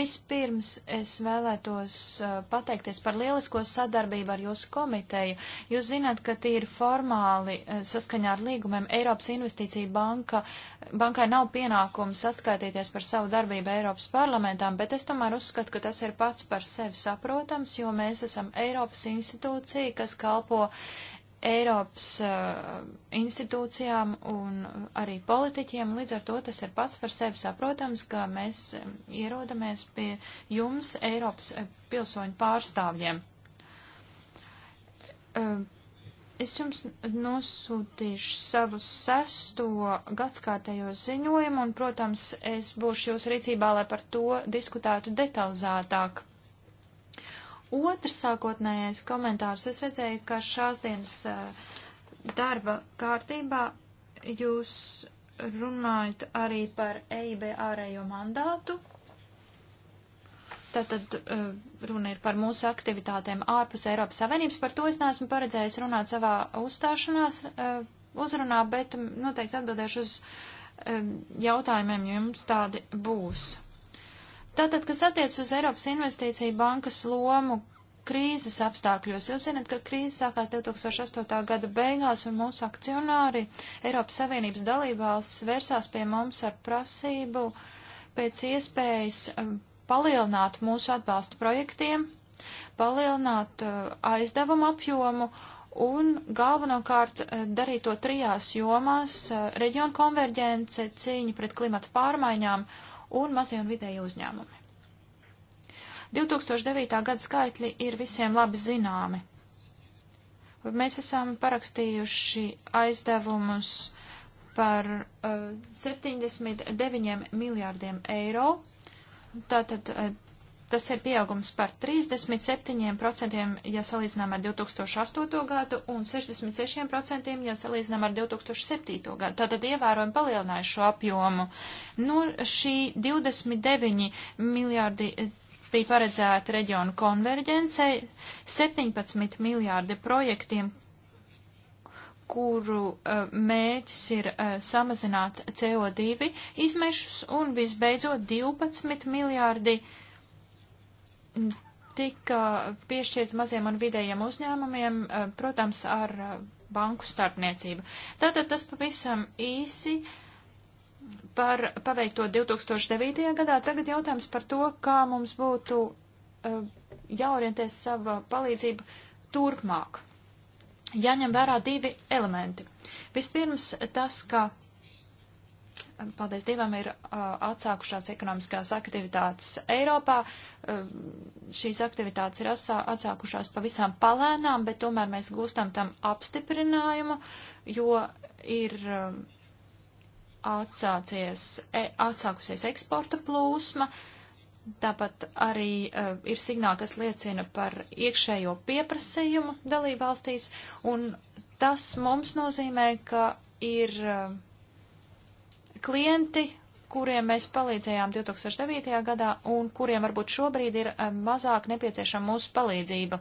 Speaker 1: Vispirms es vēlētos eh, pateikties par lielisko sadarbību ar jūsu komiteju. Jūs zināt, ka tīri formāli saskaņā ar līgumiem Eiropas Investīcija banka uh, bankai nav pienākums atskaitīties par savu darbību Eiropas parlamentām, bet es tomēr uzskatu, ka tas ir pats par sevi saprotams, jo mēs esam Eiropas institūcija, kas kalpo Eiropas uh, institūcijām un arī politiķiem. Līdz ar to tas ir pats par sevi saprotams, ka mēs eh, ierodamies pie jums, Eiropas eh, pilsoņu pārstāvjiem. Uh, Es jums nosūtīšu savu sesto gadskārtējo ziņojumu, un, protams, es būšu jūsu rīcībā, lai par to diskutētu detalizētāk. Otrs sākotnējais komentārs. Es redzēju, ka šās dienas eh, darba kārtībā jūs runājat arī par EIB ārējo mandātu, Tātad e, runa ir par mūsu aktivitātēm ārpus Eiropas Savienības. Par to es neesmu paredzējis runāt savā uzstāšanās e, uzrunā, bet noteikti atbildēšu uz e, jautājumiem, jo jums tādi būs. Tātad, kas attiec uz Eiropas Investīciju bankas lomu krīzes apstākļos, jūs zināt, ka krīze sākās 2008. gada beigās un mūsu akcionāri Eiropas Savienības dalībvalstis vērsās pie mums ar prasību pēc iespējas palielināt mūsu atbalstu projektiem, palielināt uh, aizdevumu apjomu un galvenokārt uh, darīt to trijās jomās uh, - reģionu konverģence, cīņa pret klimata pārmaiņām un mazie un vidēji uzņēmumi. 2009. gada skaitļi ir visiem labi zināmi. Mēs esam parakstījuši aizdevumus par uh, 79 miljārdiem eiro Tātad eh, tas ir pieaugums par 37%, ja salīdzinām ar 2008. gadu, un 66%, ja salīdzinām ar 2007. gadu. Tātad ievērojami palielināja šo apjomu. No nu, šī 29 miljārdi eh, bija paredzēta reģionu konverģencei, 17 miljārdi projektiem, kuru uh, mērķis ir uh, samazināt CO2 izmešus un visbeidzot 12 miljārdi mm, tika eh, piešķirt maziem un vidējiem uzņēmumiem, uh, protams, ar banku starpniecību. Tātad tas pavisam īsi par paveikto 2009. gadā. Tagad jautājums par to, kā mums būtu jāorientē sava palīdzība turpmāk jāņem vērā divi elementi. Vispirms tas, ka paldies Dievam, ir uh, atsākušās ekonomiskās aktivitātes Eiropā. Uh, šīs aktivitātes ir asā, atsākušās pavisam palēnām, bet tomēr mēs gūstam tam apstiprinājumu, jo ir uh, atsācies, e, atsākusies eksporta plūsma. Uh, Tāpat arī uh, ir signāli, kas liecina par iekšējo pieprasījumu dalībvalstīs, un tas mums nozīmē, ka ir uh, klienti, kuriem mēs palīdzējām 2009. gadā un kuriem varbūt šobrīd ir eh, mazāk nepieciešama mūsu palīdzība.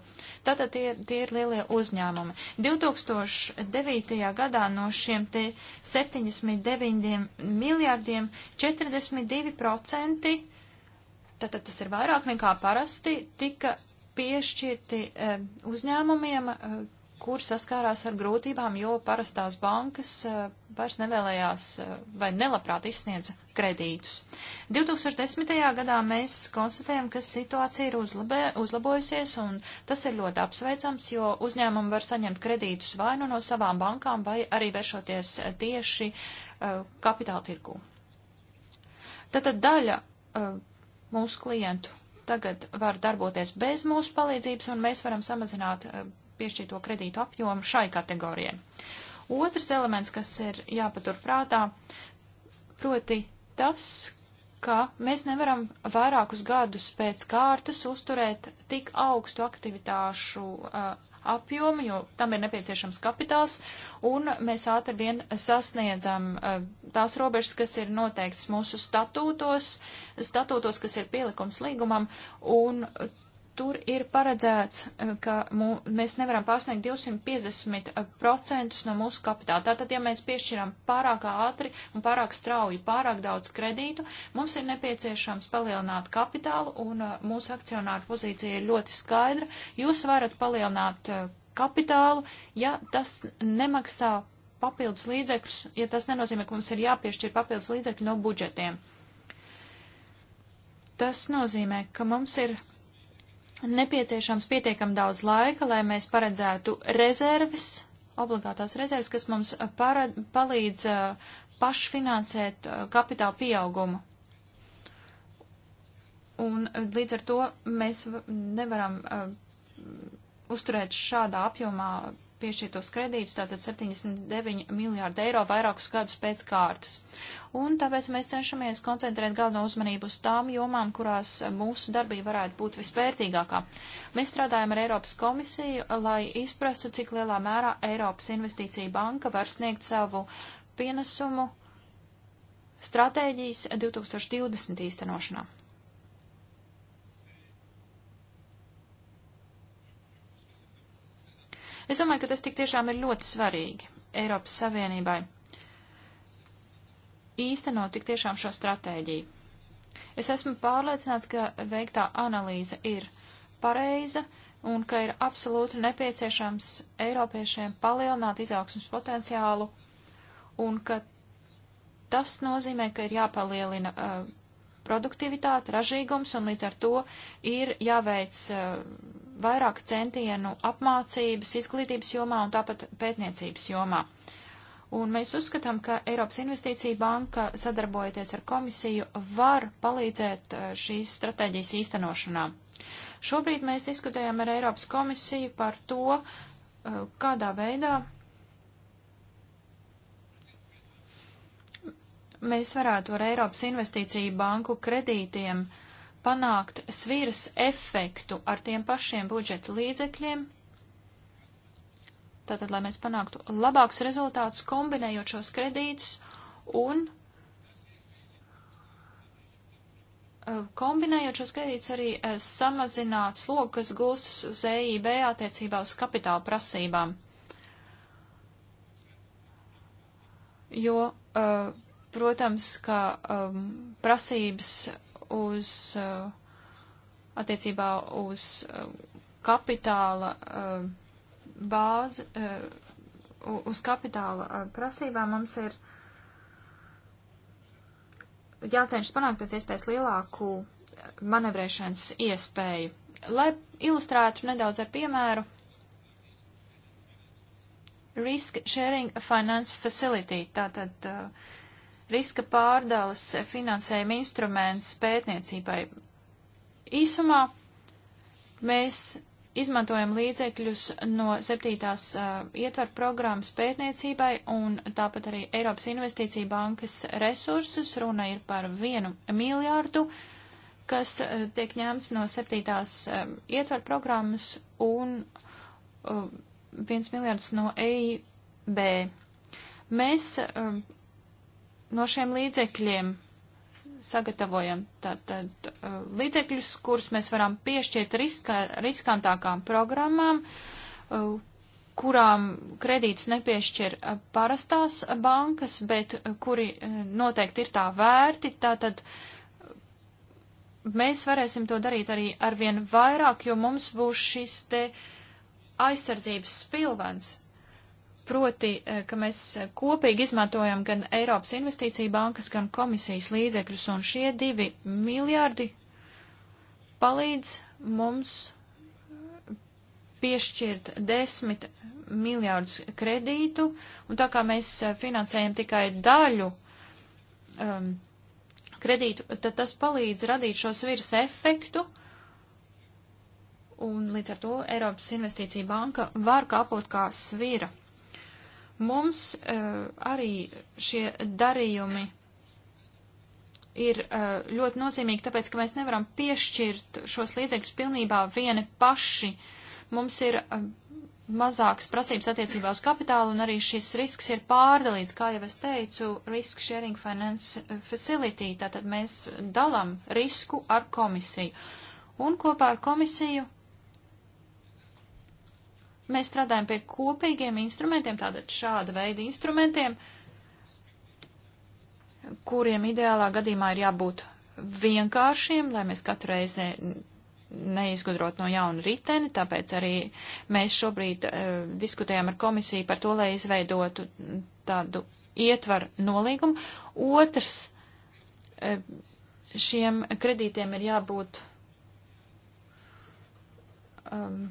Speaker 1: Tātad tie, tie ir lielie uzņēmumi. 2009. gadā no šiem te 79 miljārdiem 42% tātad tas ir vairāk nekā parasti, tika piešķirti eh, uzņēmumiem, eh, kur saskārās ar grūtībām, jo parastās bankas eh, vairs nevēlējās vai nelabprāt izsniedza kredītus. 2010. gadā mēs konstatējam, ka situācija ir uzlabē, uzlabojusies, un tas ir ļoti apsveicams, jo uzņēmumi var saņemt kredītus vai nu no savām bankām, vai arī vēršoties tieši kapitāla tirgū. Tātad daļa mūsu klientu tagad var darboties bez mūsu palīdzības, un mēs varam samazināt eh, piešķīto kredītu apjomu šai kategorijai. Otrs elements, kas ir jāpatur prātā, proti tas, ka mēs nevaram vairākus gadus pēc kārtas uzturēt tik augstu aktivitāšu uh, apjomu, jo tam ir nepieciešams kapitāls, un mēs ātri vien sasniedzam eh, tās robežas, kas ir noteikts mūsu statūtos, statūtos, kas ir pielikums līgumam, un tur ir paredzēts, eh, ka mū, mēs nevaram pārsniegt 250% no mūsu kapitāla. Tātad, ja mēs piešķiram pārāk ātri un pārāk strauji, pārāk daudz kredītu, mums ir nepieciešams palielināt kapitālu, un eh, mūsu akcionāru pozīcija ir ļoti skaidra. Jūs varat palielināt eh, kapitālu, ja tas nemaksā papildus līdzekļus, ja tas nenozīmē, ka mums ir jāpiešķir papildus līdzekļi no budžetiem. Tas nozīmē, ka mums ir nepieciešams pietiekam daudz laika, lai mēs paredzētu rezerves, obligātās rezerves, kas mums uh, parad, palīdz uh, pašfinansēt uh, kapitāla pieaugumu. Un uh, līdz ar to mēs nevaram uh, uzturēt šādā apjomā piešķirtos kredītus, tātad 79 miljārdi eiro vairākus gadus pēc kārtas. Un tāpēc mēs cenšamies koncentrēt galveno uzmanību uz tām jomām, kurās mūsu darbība varētu būt visvērtīgākā. Mēs strādājam ar Eiropas komisiju, lai izprastu, cik lielā mērā Eiropas investīcija banka var sniegt savu pienesumu stratēģijas 2020 īstenošanā. Es domāju, ka tas tik tiešām ir ļoti svarīgi Eiropas Savienībai īstenot tik tiešām šo stratēģiju. Es esmu pārliecināts, ka veiktā analīze ir pareiza un ka ir absolūti nepieciešams Eiropiešiem palielināt izaugsmas potenciālu un ka tas nozīmē, ka ir jāpalielina uh, produktivitāte, ražīgums, un līdz ar to ir jāveic uh, vairāk centienu apmācības, izglītības jomā un tāpat pētniecības jomā. Un mēs uzskatām, ka Eiropas Investīcija banka, sadarbojoties ar komisiju, var palīdzēt eh, šīs stratēģijas īstenošanā. Šobrīd mēs diskutējam ar Eiropas komisiju par to, eh, kādā veidā mēs varētu ar Eiropas Investīciju banku kredītiem uh, panākt sviras efektu ar tiem pašiem budžeta līdzekļiem, tātad, lai mēs panāktu labāks rezultāts, kombinējot šos kredītus un eh, kombinējot šos kredītus arī eh, samazināt slogu, kas gulstas uz EIB attiecībā uz kapitāla prasībām. Jo, eh, protams, ka ehm, prasības uz uh, attiecībā uz uh, kapitāla uh, bāzi, uz kapitāla prasībām mums ir jācenšas panākt pēc iespējas lielāku manevrēšanas iespēju. Lai ilustrētu nedaudz ar piemēru, Risk Sharing Finance Facility, tātad uh, riska pārdales finansējuma instruments pētniecībai. Īsumā mēs izmantojam līdzekļus no septītās uh, ietvaru programmas pētniecībai un tāpat arī Eiropas Investīcija bankas resursus. Runa ir par vienu miljārdu, kas uh, tiek ņemts no septītās uh, ietvaru programmas un uh, viens miljārds no EIB. Mēs uh, no šiem līdzekļiem sagatavojam tātad uh, līdzekļus, kurus mēs varam piešķirt riska, riskantākām programmām, uh, kurām kredītus nepiešķir uh, parastās bankas, bet kuri noteikti ir tā vērti, tātad mēs varēsim to darīt arī arvien vairāk, jo mums būs šis te aizsardzības spilvens proti, eh, ka mēs kopīgi izmantojam gan Eiropas investīcija bankas, gan komisijas līdzekļus, un šie divi miljārdi palīdz mums piešķirt desmit miljārdus kredītu, un tā kā mēs eh, finansējam tikai daļu um, kredītu, tad tas palīdz radīt šo sviras efektu, un līdz ar to Eiropas Investīcija banka var kāpot kā svira Mums eh, arī šie darījumi ir eh, ļoti nozīmīgi, tāpēc, ka mēs nevaram piešķirt šos līdzekļus pilnībā vieni paši. Mums ir eh, mazākas prasības attiecībā uz kapitālu, un arī šis risks ir pārdalīts, kā jau es teicu, risk sharing finance facility, tātad mēs dalam risku ar komisiju. Un kopā ar komisiju mēs strādājam pie kopīgiem instrumentiem, tātad šāda veida instrumentiem, kuriem ideālā gadījumā ir jābūt vienkāršiem, lai mēs katru reizi neizgudrot no jauna riteni, tāpēc arī mēs šobrīd e, diskutējam ar komisiju par to, lai izveidotu tādu ietvaru nolīgumu. Otrs, e, šiem kredītiem ir jābūt um,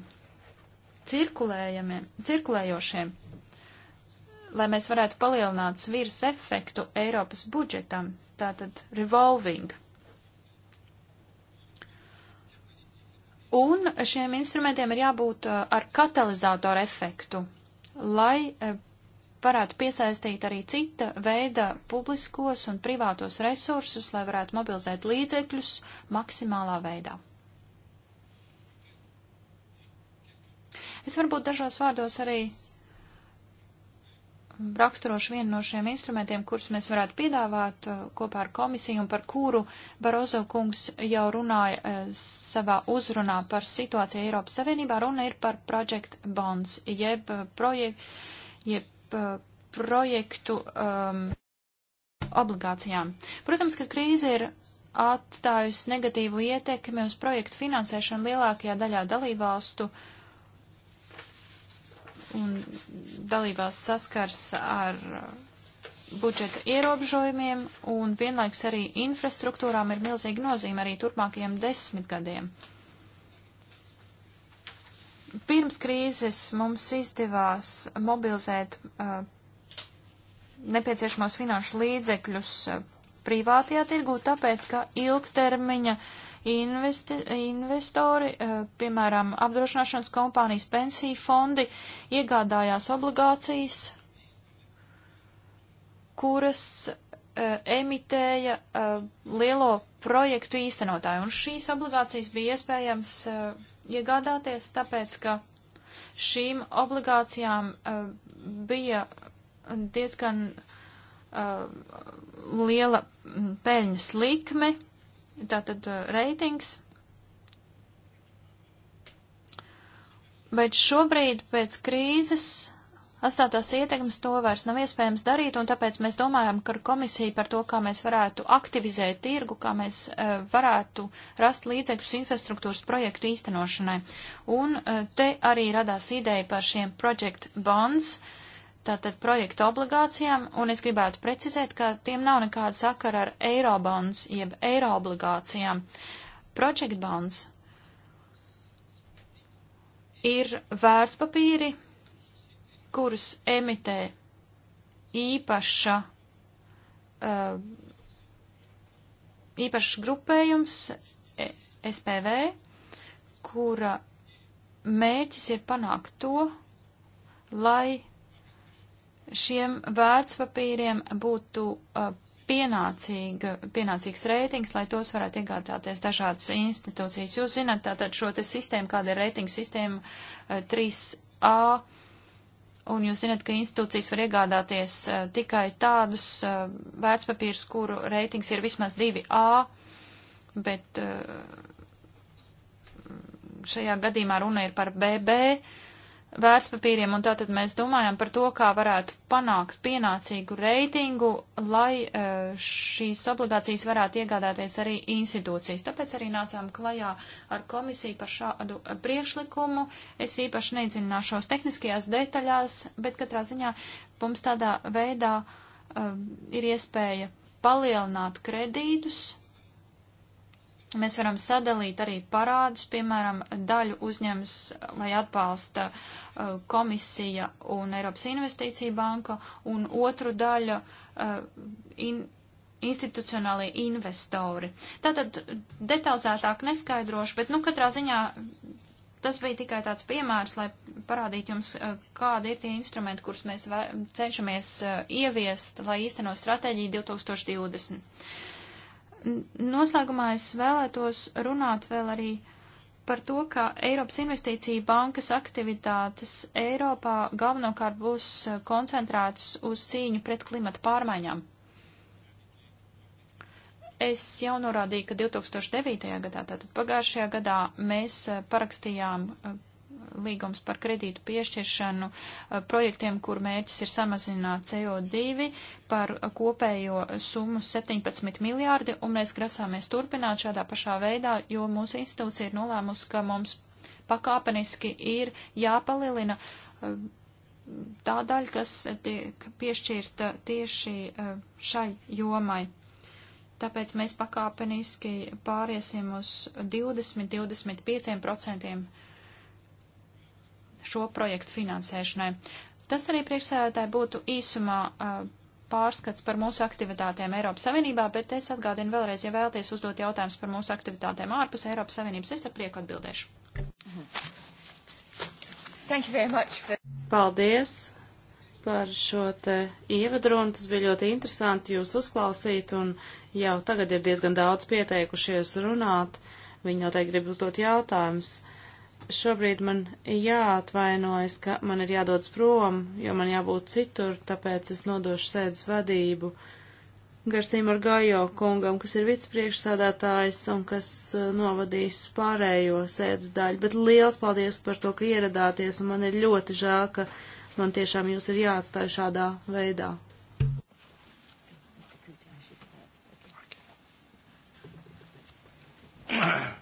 Speaker 1: cirkulējošiem, lai mēs varētu palielināt sviras efektu Eiropas budžetam, tātad revolving. Un šiem instrumentiem ir jābūt eh, ar katalizātoru efektu, lai eh, varētu piesaistīt arī cita veida publiskos un privātos resursus, lai varētu mobilizēt līdzekļus maksimālā veidā. Es varbūt dažos vārdos arī raksturošu vienu no šiem instrumentiem, kurus mēs varētu piedāvāt uh, kopā ar komisiju un par kuru Barozo kungs jau runāja uh, savā uzrunā par situāciju Eiropas Savienībā. Runa ir par Project Bonds, jeb, uh, projek, jeb projektu um, obligācijām. Protams, ka krīze ir atstājusi negatīvu ietekmi uz projektu finansēšanu lielākajā daļā dalībvalstu. Uh, un dalībās saskars ar budžeta ierobežojumiem, un vienlaiks arī infrastruktūrām ir milzīga nozīme arī turpmākajiem desmitgadiem. Pirms krīzes mums izdevās mobilizēt uh, nepieciešamos finanšu līdzekļus uh, privātajā tirgū, tāpēc, ka ilgtermiņa uh, investi, investori, eh, piemēram, apdrošināšanas kompānijas pensiju fondi, iegādājās obligācijas, kuras eh, emitēja eh, lielo projektu īstenotāju. Un šīs obligācijas bija iespējams iegādāties, tāpēc, ka šīm obligācijām bija diezgan liela mm, peļņas likme, Tātad uh, reitings. Bet šobrīd pēc krīzes atstātās ietekmes to vairs nav iespējams darīt, un tāpēc mēs domājam, ka komisija par to, kā mēs varētu aktivizēt tirgu, kā mēs uh, varētu rast līdzekļus infrastruktūras projektu īstenošanai. Un uh, te arī radās ideja par šiem project bonds, uh, tātad projektu obligācijām, un es gribētu precizēt, ka tiem nav nekāda sakara ar eirobonds, jeb eiro obligācijām. Project bonds ir vērtspapīri, kurus emitē īpaša, uh, īpašs grupējums e, SPV, kura mērķis ir panākt to, lai šiem vērtspapīriem būtu uh, pienācīga, pienācīgs reitings, lai tos varētu iegādāties dažādas institūcijas. Jūs zināt, tātad šo te sistēmu, kāda ir reitinga sistēma uh, 3A, un jūs zināt, ka institūcijas var iegādāties uh, tikai tādus uh, vērtspapīrus, kuru reitings ir vismaz 2A, bet uh, šajā gadījumā runa ir par BB vērtspapīriem, un tātad mēs domājam par to, kā varētu panākt pienācīgu reitingu, lai e, šīs obligācijas varētu iegādāties arī institūcijas. Tāpēc arī nācām klajā ar komisiju par šādu priekšlikumu. Es īpaši neiedzināšos tehniskajās detaļās, bet katrā ziņā mums tādā veidā um, ir iespēja palielināt kredītus Mēs varam sadalīt arī parādus, piemēram, daļu uzņems vai atbalsta uh, komisija un Eiropas investīcija banka, un otru daļu uh, in, institucionālie investori. Tātad detalizētāk neskaidrošu, bet, nu, katrā ziņā tas bija tikai tāds piemērs, lai parādītu jums, uh, kādi ir tie instrumenti, kurus mēs cenšamies ieviest, lai īsteno stratēģiju 2020. Noslēgumā es vēlētos runāt vēl arī par to, ka Eiropas investīcija bankas aktivitātes Eiropā galvenokārt būs eh, koncentrētas uz cīņu pret klimata pārmaiņām. Es jau norādīju, ka 2009. gadā, tātad pagājušajā gadā, mēs eh, parakstījām eh, līgums par kredītu piešķiršanu eh, projektiem, kur mērķis ir samazināt CO2 par kopējo summu 17 miljārdi, un mēs grasāmies turpināt šādā pašā veidā, jo mūsu institūcija ir nolēmusi, ka mums pakāpeniski ir jāpalielina eh, tā daļa, kas tiek piešķirta tieši eh, šai jomai. Tāpēc mēs pakāpeniski pāriesim uz 20-25% šo projektu finansēšanai. Tas arī priekšsēdētāji būtu īsumā pārskats par mūsu aktivitātēm Eiropas Savienībā, bet es atgādinu vēlreiz, ja vēlties uzdot jautājumus par mūsu aktivitātēm ārpus Eiropas Savienības, es ar prieku atbildēšu.
Speaker 4: For...
Speaker 2: Paldies par šo te ievadronu. Tas bija ļoti interesanti jūs uzklausīt, un jau tagad ir diezgan daudz pieteikušies runāt. Viņi noteikti grib uzdot jautājumus šobrīd man jāatvainojas, ka man ir jādodas prom, jo man jābūt citur, tāpēc es nodošu sēdes vadību Garsim ar Gajo kungam, kas ir vicepriekšsādātājs un kas eh, novadīs pārējo sēdes daļu. Bet liels paldies par to, ka ieradāties, un man ir ļoti žēl, ka man tiešām jūs ir jāatstāj šādā veidā. Yeah.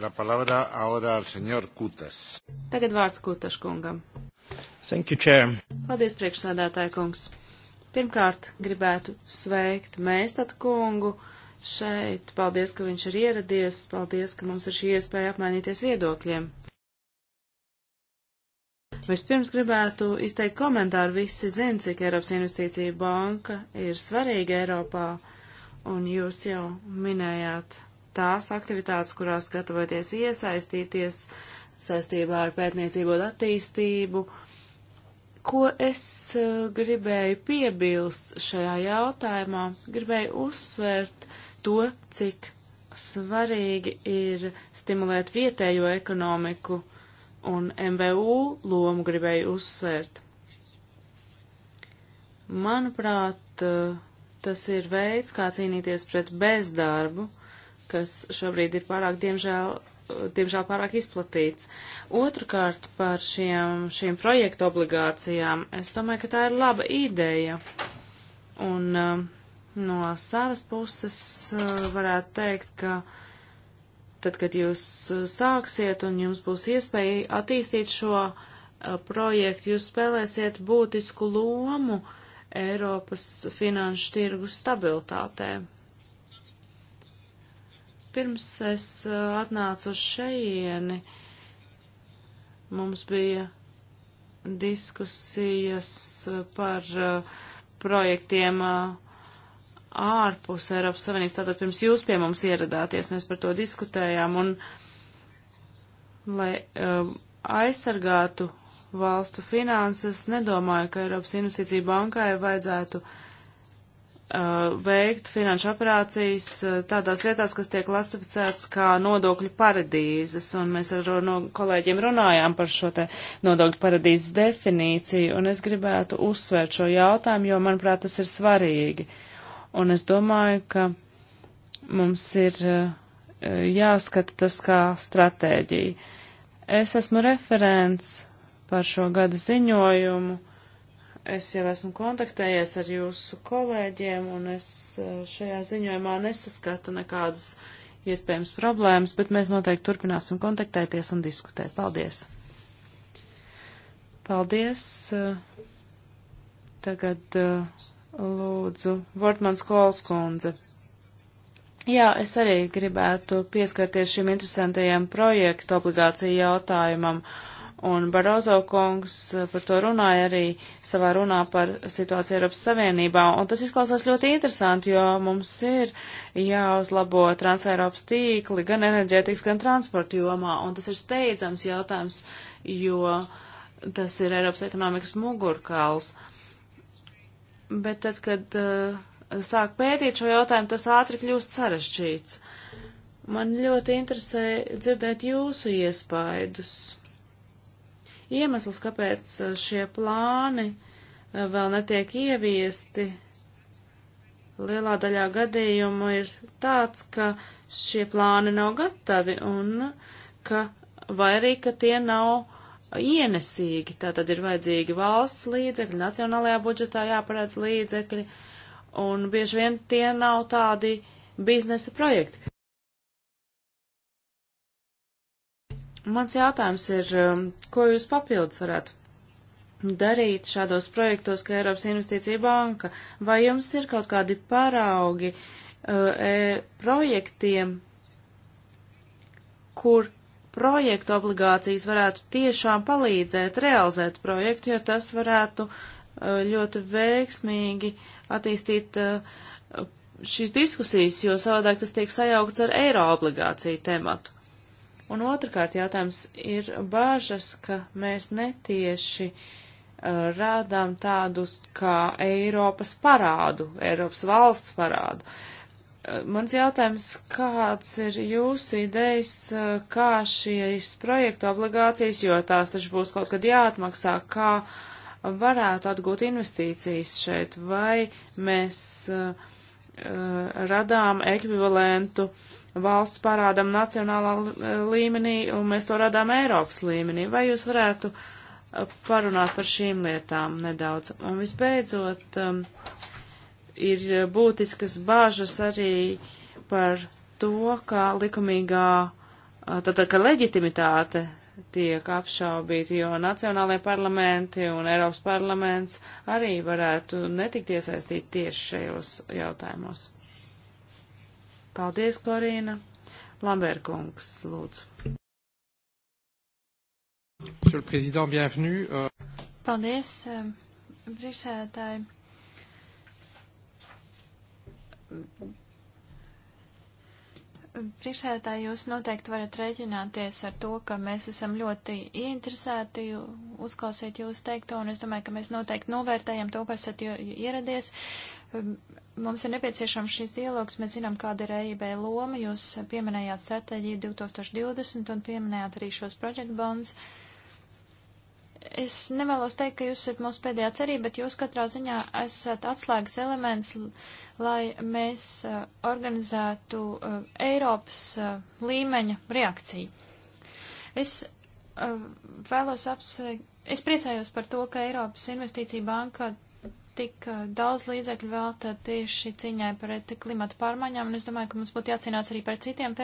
Speaker 3: La palabra ahora al señor Kutas.
Speaker 2: Tagad vārds Kutas kungam. Thank you, Chair. Paldies, priekšsādātāja kungs. Pirmkārt, gribētu sveikt Mēstat kungu šeit. Paldies, ka viņš ir ieradies. Paldies, ka mums ir šī iespēja apmainīties viedokļiem. Vispirms gribētu izteikt komentāru. Visi zin, cik Eiropas Investīcija banka ir svarīga Eiropā, un jūs jau minējāt tās aktivitātes, kurās gatavoties iesaistīties saistībā ar pētniecību un attīstību. Ko es eh, gribēju piebilst šajā jautājumā? Gribēju uzsvērt to, cik svarīgi ir stimulēt vietējo ekonomiku un MVU lomu gribēju uzsvērt. Manuprāt, eh, tas ir veids, kā cīnīties pret bezdarbu, kas šobrīd ir pārāk, diemžēl, diemžēl pārāk izplatīts. Otrkārt par šiem, šiem projektu obligācijām, es domāju, ka tā ir laba ideja. Un um, no savas puses uh, varētu teikt, ka tad, kad jūs uh, sāksiet un jums būs iespēja attīstīt šo uh, projektu, jūs spēlēsiet būtisku lomu Eiropas finanšu tirgu stabilitātē. Pirms es uh, atnācu uz šeieni, mums bija diskusijas uh, par uh, projektiem ārpus Eiropas Savienības. Tātad pirms jūs pie mums ieradāties, mēs par to diskutējām. Un, lai aizsargātu valstu finanses, nedomāju, ka Eiropas Investīcija bankai vajadzētu uh, uh, veikt finanšu operācijas uh, tādās vietās, kas tiek klasificēts kā nodokļu paradīzes, un mēs ar no kolēģiem runājām par šo te nodokļu paradīzes definīciju, un es gribētu uzsvērt šo jautājumu, jo, manuprāt, tas ir svarīgi. Un es domāju, ka mums ir uh, jāskata tas kā stratēģija. Es esmu referents par šo gada ziņojumu es jau esmu kontaktējies ar jūsu kolēģiem, un es eh, šajā ziņojumā nesaskatu nekādas iespējams problēmas, bet mēs noteikti turpināsim kontaktēties un diskutēt. Paldies! Paldies! Tagad eh, lūdzu Vortmans Kolskundze. Jā, es arī gribētu pieskarties šim interesantajam projektu obligāciju jautājumam. Uh, Un Barozo kungs eh, par to runāja arī savā runā par situāciju Eiropas Savienībā. Un tas izklausās ļoti interesanti, jo mums ir jāuzlabo transeiropas tīkli gan enerģētikas, gan transporta jomā. Un tas ir steidzams jautājums, jo tas ir Eiropas ekonomikas mugurkauls. Bet tad, kad uh, sāk pētīt šo jautājumu, tas ātri kļūst sarežģīts. Man ļoti interesē dzirdēt jūsu iespaidus Iemesls, kāpēc uh, šie plāni uh, vēl netiek ieviesti, lielā daļā gadījumu ir tāds, ka šie plāni nav gatavi un ka vai arī, ka tie nav ienesīgi. Tā tad ir vajadzīgi valsts līdzekļi, nacionālajā budžetā jāparāds līdzekļi, un bieži vien tie nav tādi biznesa projekti. Mans jautājums ir, um, ko jūs papildus varētu darīt šādos projektos, kā Eiropas Investīcija banka? Vai jums ir kaut kādi paraugi uh, e, projektiem, kur projektu obligācijas varētu tiešām palīdzēt realizēt projektu, jo tas varētu uh, ļoti veiksmīgi attīstīt uh, šīs diskusijas, jo savādāk tas tiek sajaukts ar eiro obligāciju tematu. Un otrkārt jautājums ir bāžas, ka mēs netieši uh, rādām tādus kā Eiropas parādu, Eiropas valsts parādu. Uh, mans jautājums, kāds ir jūsu idejas, uh, kā šīs projektu obligācijas, jo tās taču būs kaut kad jāatmaksā, kā varētu atgūt investīcijas šeit, vai mēs uh, uh, radām ekvivalentu uh, valsts parādam nacionālā e, līmenī un mēs to radām Eiropas līmenī. Vai jūs varētu e, parunāt par šīm lietām nedaudz? Un visbeidzot, um, ir būtiskas bāžas arī par to, ka likumīgā, tātad, ka leģitimitāte tiek apšaubīti, jo nacionālajie parlamenti un Eiropas parlaments arī varētu netikt iesaistīt tieši šajos jautājumos. Paldies, Korīna. Lamberkungs, lūdzu.
Speaker 3: Monsieur le Président, bienvenue. Euh.
Speaker 1: Paldies, um, priekšsēdētāji. Priekšsēdētāji, jūs noteikti varat rēķināties ar to, ka mēs esam ļoti ieinteresēti uzklausīt jūsu teikto, un es domāju, ka mēs noteikti novērtējam to, kas esat ieradies. Um, mums ir nepieciešams šis dialogs, mēs zinām, kāda ir EIB loma, jūs pieminējāt stratēģiju 2020 un pieminējāt arī šos projektu bonds. Es nevēlos teikt, ka jūs esat mūsu pēdējā cerība, bet jūs katrā ziņā esat atslēgas elements, lai mēs uh, organizētu uh, Eiropas uh, līmeņa reakciju. Es uh, vēlos apsveikt, es priecājos par to, ka Eiropas investīcija banka tik eh, daudz līdzekļu veltā tieši cīņai pret klimatu pārmaiņām, un es domāju, ka mums būtu jācīnās arī par citiem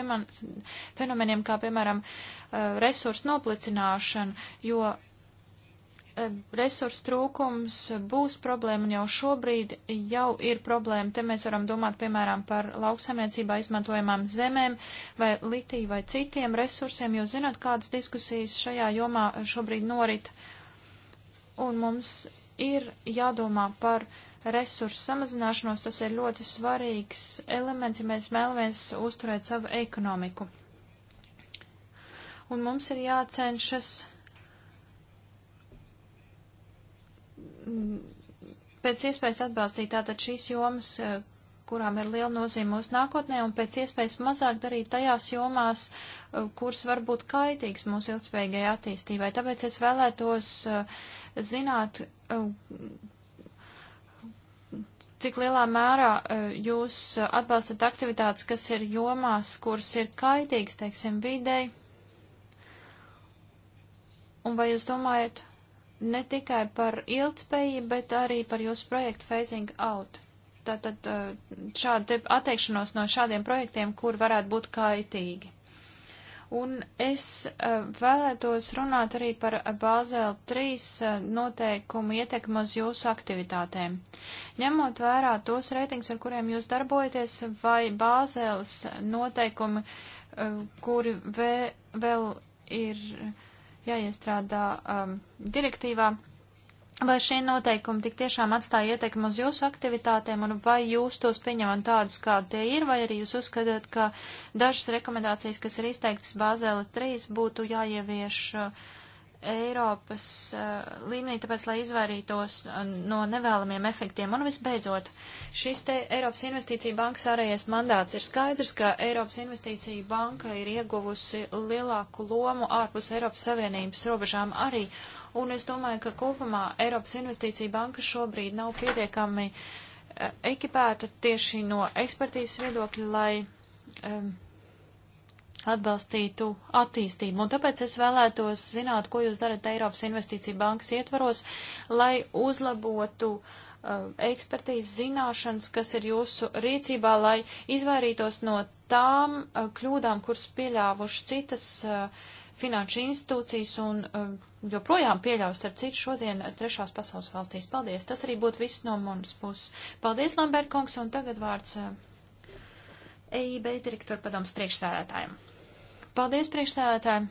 Speaker 1: fenomeniem, kā piemēram eh, resursu noplicināšana, jo eh, resursu trūkums būs problēma, un jau šobrīd jau ir problēma. Te mēs varam domāt, piemēram, par lauksamniecībā izmantojamām zemēm vai litī vai citiem resursiem. Jūs zināt, kādas diskusijas šajā jomā šobrīd norit, un mums ir jādomā par resursu samazināšanos. Tas ir ļoti svarīgs elements, ja mēs vēlamies uzturēt savu ekonomiku. Un mums ir jācenšas pēc iespējas atbalstīt tātad šīs jomas, kurām ir liela nozīme mūsu nākotnē, un pēc iespējas mazāk darīt tajās jomās, uh, Uh, kurs var būt kaitīgs mūsu ilgspējīgai attīstībai. Tāpēc es vēlētos uh, zināt, uh, cik lielā mērā jūs atbalstat aktivitātes, kas ir jomās, kuras ir kaitīgas, teiksim, videi? Un vai jūs domājat ne tikai par ilgspējību, bet arī par jūsu projektu phasing out? Tātad šāda atteikšanos no šādiem projektiem, kur varētu būt kaitīgi. Un es eh, vēlētos runāt arī par Bāzēla 3 eh, noteikumu ietekmu uz jūsu aktivitātēm. Ņemot vērā tos reitings, ar kuriem jūs darbojaties, vai Bāzēlas noteikumi, eh, kuri vēl ir jāiestrādā direktīvā, Vai šie noteikumi tik tiešām atstāja ietekmi uz jūsu aktivitātēm, un vai jūs tos pieņemat tādus, kādi tie ir, vai arī jūs uzskatāt, ka dažas rekomendācijas, kas ir izteiktas Bāzēla 3, būtu jāievieš uh, Eiropas uh, līmenī, tāpēc, lai izvairītos uh, no nevēlamiem efektiem. Un visbeidzot, šis te Eiropas Investīcija bankas ārējais mandāts ir skaidrs, ka Eiropas Investīcija banka ir ieguvusi lielāku lomu ārpus Eiropas Savienības robežām arī un es domāju, ka kopumā Eiropas Investīcija banka šobrīd nav pietiekami eh, ekipēta tieši no ekspertīzes viedokļa, lai um, atbalstītu attīstību. Un tāpēc es vēlētos zināt, ko jūs darat Eiropas Investīcija bankas ietvaros, lai uzlabotu uh, ekspertīzes zināšanas, kas ir jūsu rīcībā, lai izvairītos no tām eh, kļūdām, kuras pieļāvuši citas finanšu institūcijas un joprojām pieļauj starp citu šodien trešās pasaules valstīs. Paldies! Tas arī būtu viss no manas puses. Paldies, Lamberkungs, un tagad vārds EIB eh, e direktora padoms priekšsēdētājiem. Paldies priekšsēdētājiem!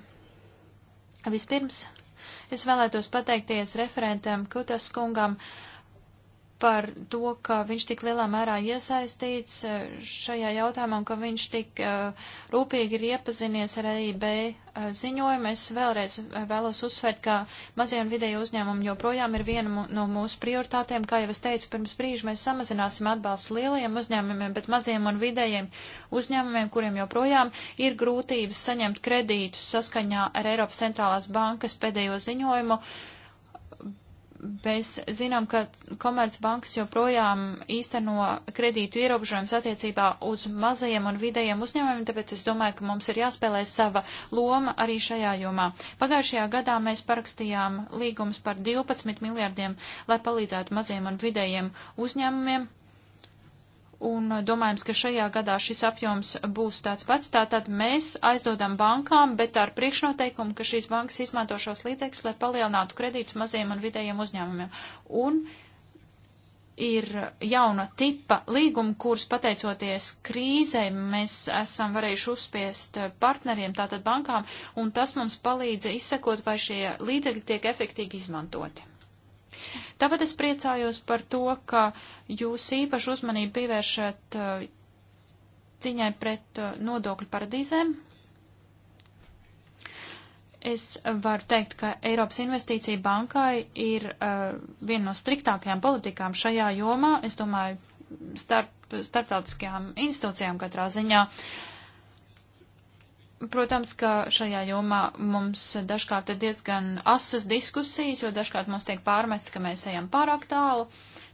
Speaker 1: Vispirms es vēlētos pateikties referentam Kutas kungam. Uh, par to, ka viņš tik lielā mērā iesaistīts e, šajā jautājumā un ka viņš tik uh, rūpīgi ir iepazinies ar EIB e, ziņojumu. Es vēlreiz vēlos uzsvērt, ka mazie un vidēji uzņēmumi joprojām ir viena no mūsu prioritātēm. Kā jau es teicu, pirms brīža mēs samazināsim atbalstu lielajiem uzņēmumiem, bet maziem un vidējiem uzņēmumiem, kuriem joprojām ir grūtības saņemt kredītus saskaņā ar Eiropas centrālās bankas pēdējo ziņojumu. Uh, Mēs zinām, ka Komercbankas joprojām īsteno kredītu ierobežojums attiecībā uz mazajiem un vidējiem uzņēmumiem, tāpēc es domāju, ka mums ir jāspēlē sava loma arī šajā jomā. Pagājušajā gadā mēs parakstījām līgumus par 12 miljārdiem, lai palīdzētu mazajiem un vidējiem uzņēmumiem un domājams, ka šajā gadā šis apjoms būs tāds pats. Tātad mēs aizdodam bankām, bet ar priekšnoteikumu, ka šīs bankas izmanto šos līdzekļus, lai palielinātu kredītus maziem un vidējiem uzņēmumiem. Un ir jauna tipa līguma, kurus pateicoties krīzē mēs esam varējuši uzspiest partneriem, tātad bankām, un tas mums palīdz izsekot, vai šie līdzekļi tiek efektīgi izmantoti. Tāpat es priecājos par to, ka jūs īpašu uzmanību pievēršat uh, ciņai pret uh, nodokļu paradīzēm. Es varu teikt, ka Eiropas investīcija bankai ir uh, viena no striktākajām politikām šajā jomā. Es domāju, starp starptautiskajām institūcijām katrā ziņā. Uh, Protams, ka šajā jomā mums dažkārt ir diezgan asas diskusijas, jo dažkārt mums tiek pārmests, ka mēs ejam pārāk tālu,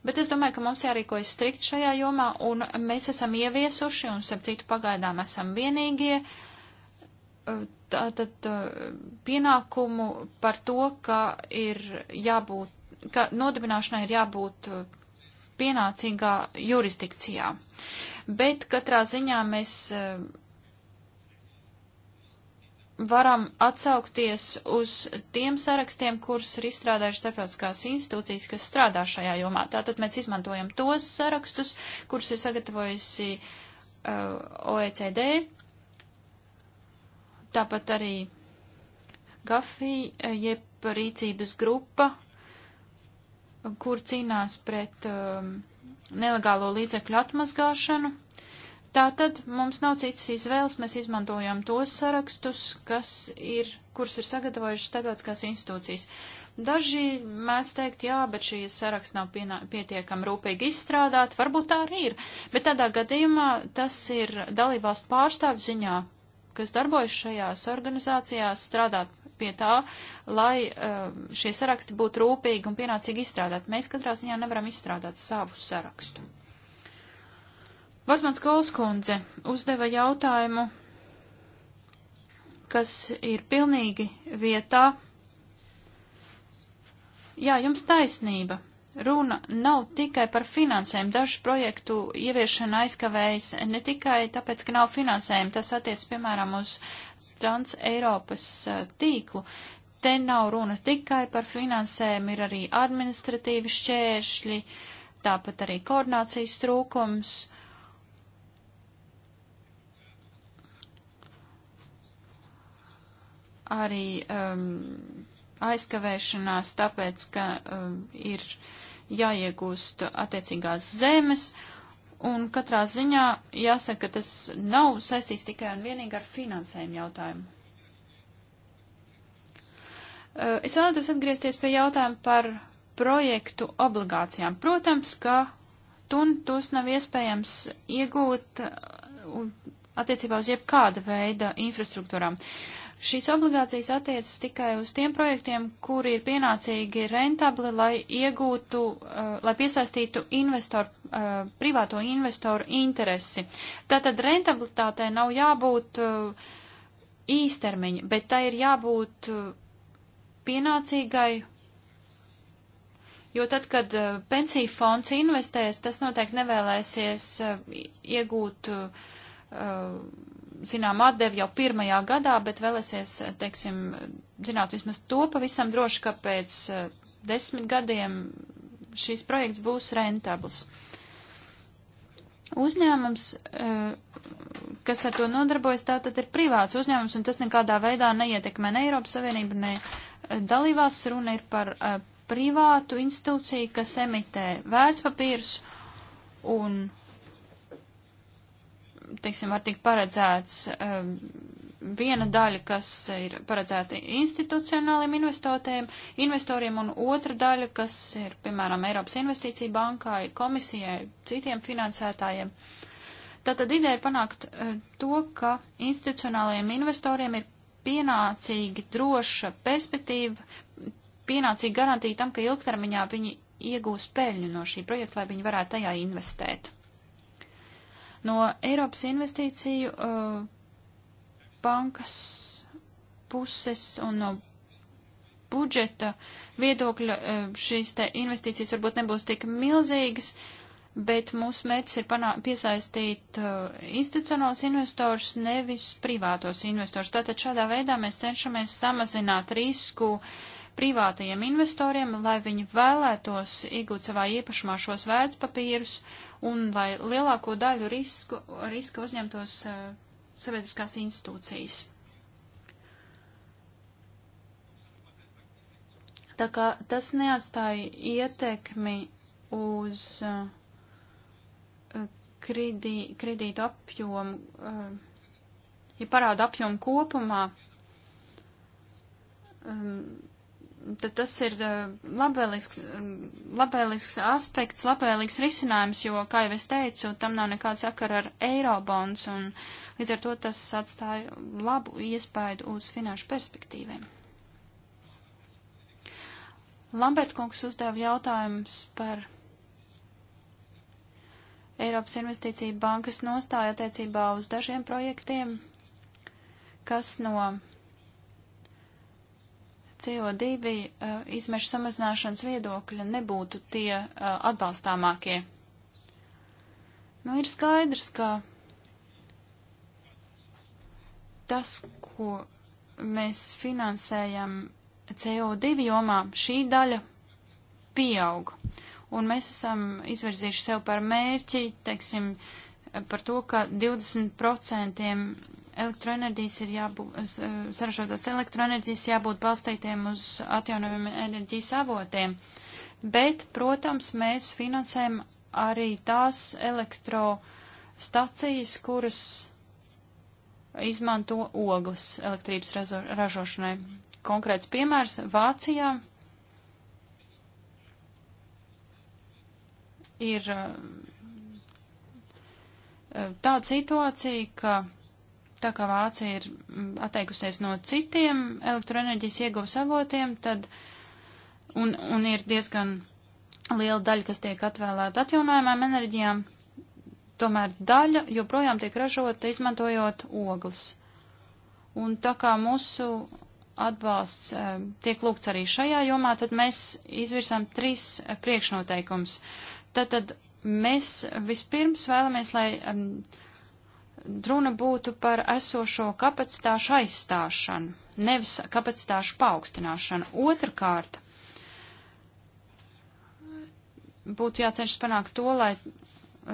Speaker 1: bet es domāju, ka mums jārīkojas strikt šajā jomā, un mēs esam ieviesuši, un starp citu pagaidām esam vienīgie, uh, tātad uh, pienākumu par to, ka ir jābūt, ka nodibināšanai ir jābūt uh, pienācīgā jurisdikcijā. Bet katrā ziņā mēs varam atsaukties uz tiem sarakstiem, kurus ir izstrādājuši starptautiskās institūcijas, kas strādā šajā jomā. Tātad mēs izmantojam tos sarakstus, kurus ir sagatavojusi uh, OECD, tāpat arī GAFI, uh, jeb rīcības grupa, kur cīnās pret um, nelegālo līdzekļu atmazgāšanu. Tātad mums nav citas izvēles, mēs izmantojam tos sarakstus, kas ir, kurus ir sagatavojušas starptautiskās institūcijas. Daži mēdz teikt, jā, bet šī saraksts nav pienā, pietiekami rūpīgi izstrādāt, varbūt tā arī ir, bet tādā gadījumā tas ir dalībvalstu pārstāvju ziņā, kas darbojas šajās organizācijās, strādāt pie tā, lai uh, šie saraksti būtu rūpīgi un pienācīgi izstrādāt. Mēs katrā ziņā nevaram izstrādāt savu sarakstu. Vatmans Golskundze uzdeva jautājumu, kas ir pilnīgi vietā. Jā, jums taisnība. Runa nav tikai par finansējumu. Dažu projektu ieviešana aizkavējas ne tikai tāpēc, ka nav finansējumu. Tas attiec, piemēram, uz Trans-Eiropas eh, tīklu. Te nav runa tikai par finansējumu, ir arī administratīvi šķēršļi, tāpat arī koordinācijas trūkums. arī um, aizkavēšanās, tāpēc, ka um, ir jāiegūst attiecīgās zemes, un katrā ziņā jāsaka, ka tas nav saistīts tikai un vienīgi ar finansējumu jautājumu. Uh, es vēlētos atgriezties pie jautājuma par projektu obligācijām. Protams, ka tun, tos nav iespējams iegūt uh, attiecībā uz jebkāda veida infrastruktūrām. Uh, Šīs obligācijas attiecas tikai uz tiem projektiem, kuri ir pienācīgi rentabli, lai iegūtu, uh, lai piesaistītu investoru, uh, privāto investoru interesi. Tātad rentabilitātei nav jābūt uh, īstermiņa, bet tai ir jābūt pienācīgai Jo tad, kad pensiju fonds investēs, tas noteikti nevēlēsies iegūt uh, zinām, atdevi jau pirmajā gadā, bet vēlēsies, teiksim, zināt vismaz to pavisam droši, ka pēc eh, desmit gadiem šis projekts būs rentabls. Uzņēmums, eh, kas ar to nodarbojas, tātad ir privāts uzņēmums, un tas nekādā veidā neietekmē ne Eiropas Savienību, ne eh, dalībās. Runa ir par privātu institūciju, kas emitē vērtspapīrus un teiksim, var tikt paredzēts um, viena daļa, kas ir paredzēta institucionāliem investoriem, investoriem un otra daļa, kas ir, piemēram, Eiropas investīcija bankai, komisijai, citiem finansētājiem. Tātad ideja ir panākt uh, to, ka institucionālajiem investoriem ir pienācīgi droša perspektīva, pienācīgi garantīja tam, ka ilgtermiņā viņi iegūs peļņu no šī projekta, lai viņi varētu tajā investēt. No Eiropas investīciju uh, bankas puses un no budžeta viedokļa uh, šīs te investīcijas varbūt nebūs tik milzīgas, bet mūsu mērķis ir panā, piesaistīt uh, institucionālus investors, nevis privātos investors. Tātad šādā veidā mēs cenšamies samazināt risku uh, privātajiem investoriem, lai viņi vēlētos iegūt savā īpašumā šos vērtspapīrus un lai lielāko daļu risku, riska uzņemtos uh, sabiedriskās institūcijas. Tā kā tas neatstāja ietekmi uz uh, kredī, kredītu apjomu, uh, ja parāda apjomu kopumā, um, tad tas ir eh, labēlisks, mm, labēlisks aspekts, labēlisks risinājums, jo, kā jau es teicu, tam nav nekāda sakara ar eirobonds, un līdz ar to tas atstāja labu iespaidu uz finanšu perspektīviem. Lambertkungs uzdeva jautājumus par Eiropas investīcija bankas nostāja attiecībā uz dažiem projektiem, kas no CO2 uh, izmešu samazināšanas viedokļa nebūtu tie uh, atbalstāmākie. Nu, ir skaidrs, ka tas, ko mēs finansējam CO2 jomā, šī daļa pieaug. Un mēs esam izvirzījuši sev par mērķi, teiksim, par to, ka 20% elektroenerģijas ir jābūt, e, saražotās elektroenerģijas jābūt balstītiem uz atjaunojumiem enerģijas avotiem. Bet, protams, mēs finansējam arī tās elektrostacijas, kuras izmanto ogles elektrības razo, ražošanai. Konkrēts piemērs Vācijā ir e, e, tāda situācija, ka tā kā Vācija ir mm, atteikusies no citiem elektroenerģijas ieguves avotiem, tad un, un ir diezgan liela daļa, kas tiek atvēlēta atjaunojumām enerģijām, tomēr daļa joprojām tiek ražota izmantojot ogles. Un tā kā mūsu atbalsts eh, tiek lūgts arī šajā jomā, tad mēs izvirsām trīs priekšnoteikums. Tātad mēs vispirms vēlamies, lai mm, runa būtu par esošo kapacitāšu aizstāšanu, nevis kapacitāšu paaugstināšanu. Otrakārt, būtu jācenšas panākt to, lai uh,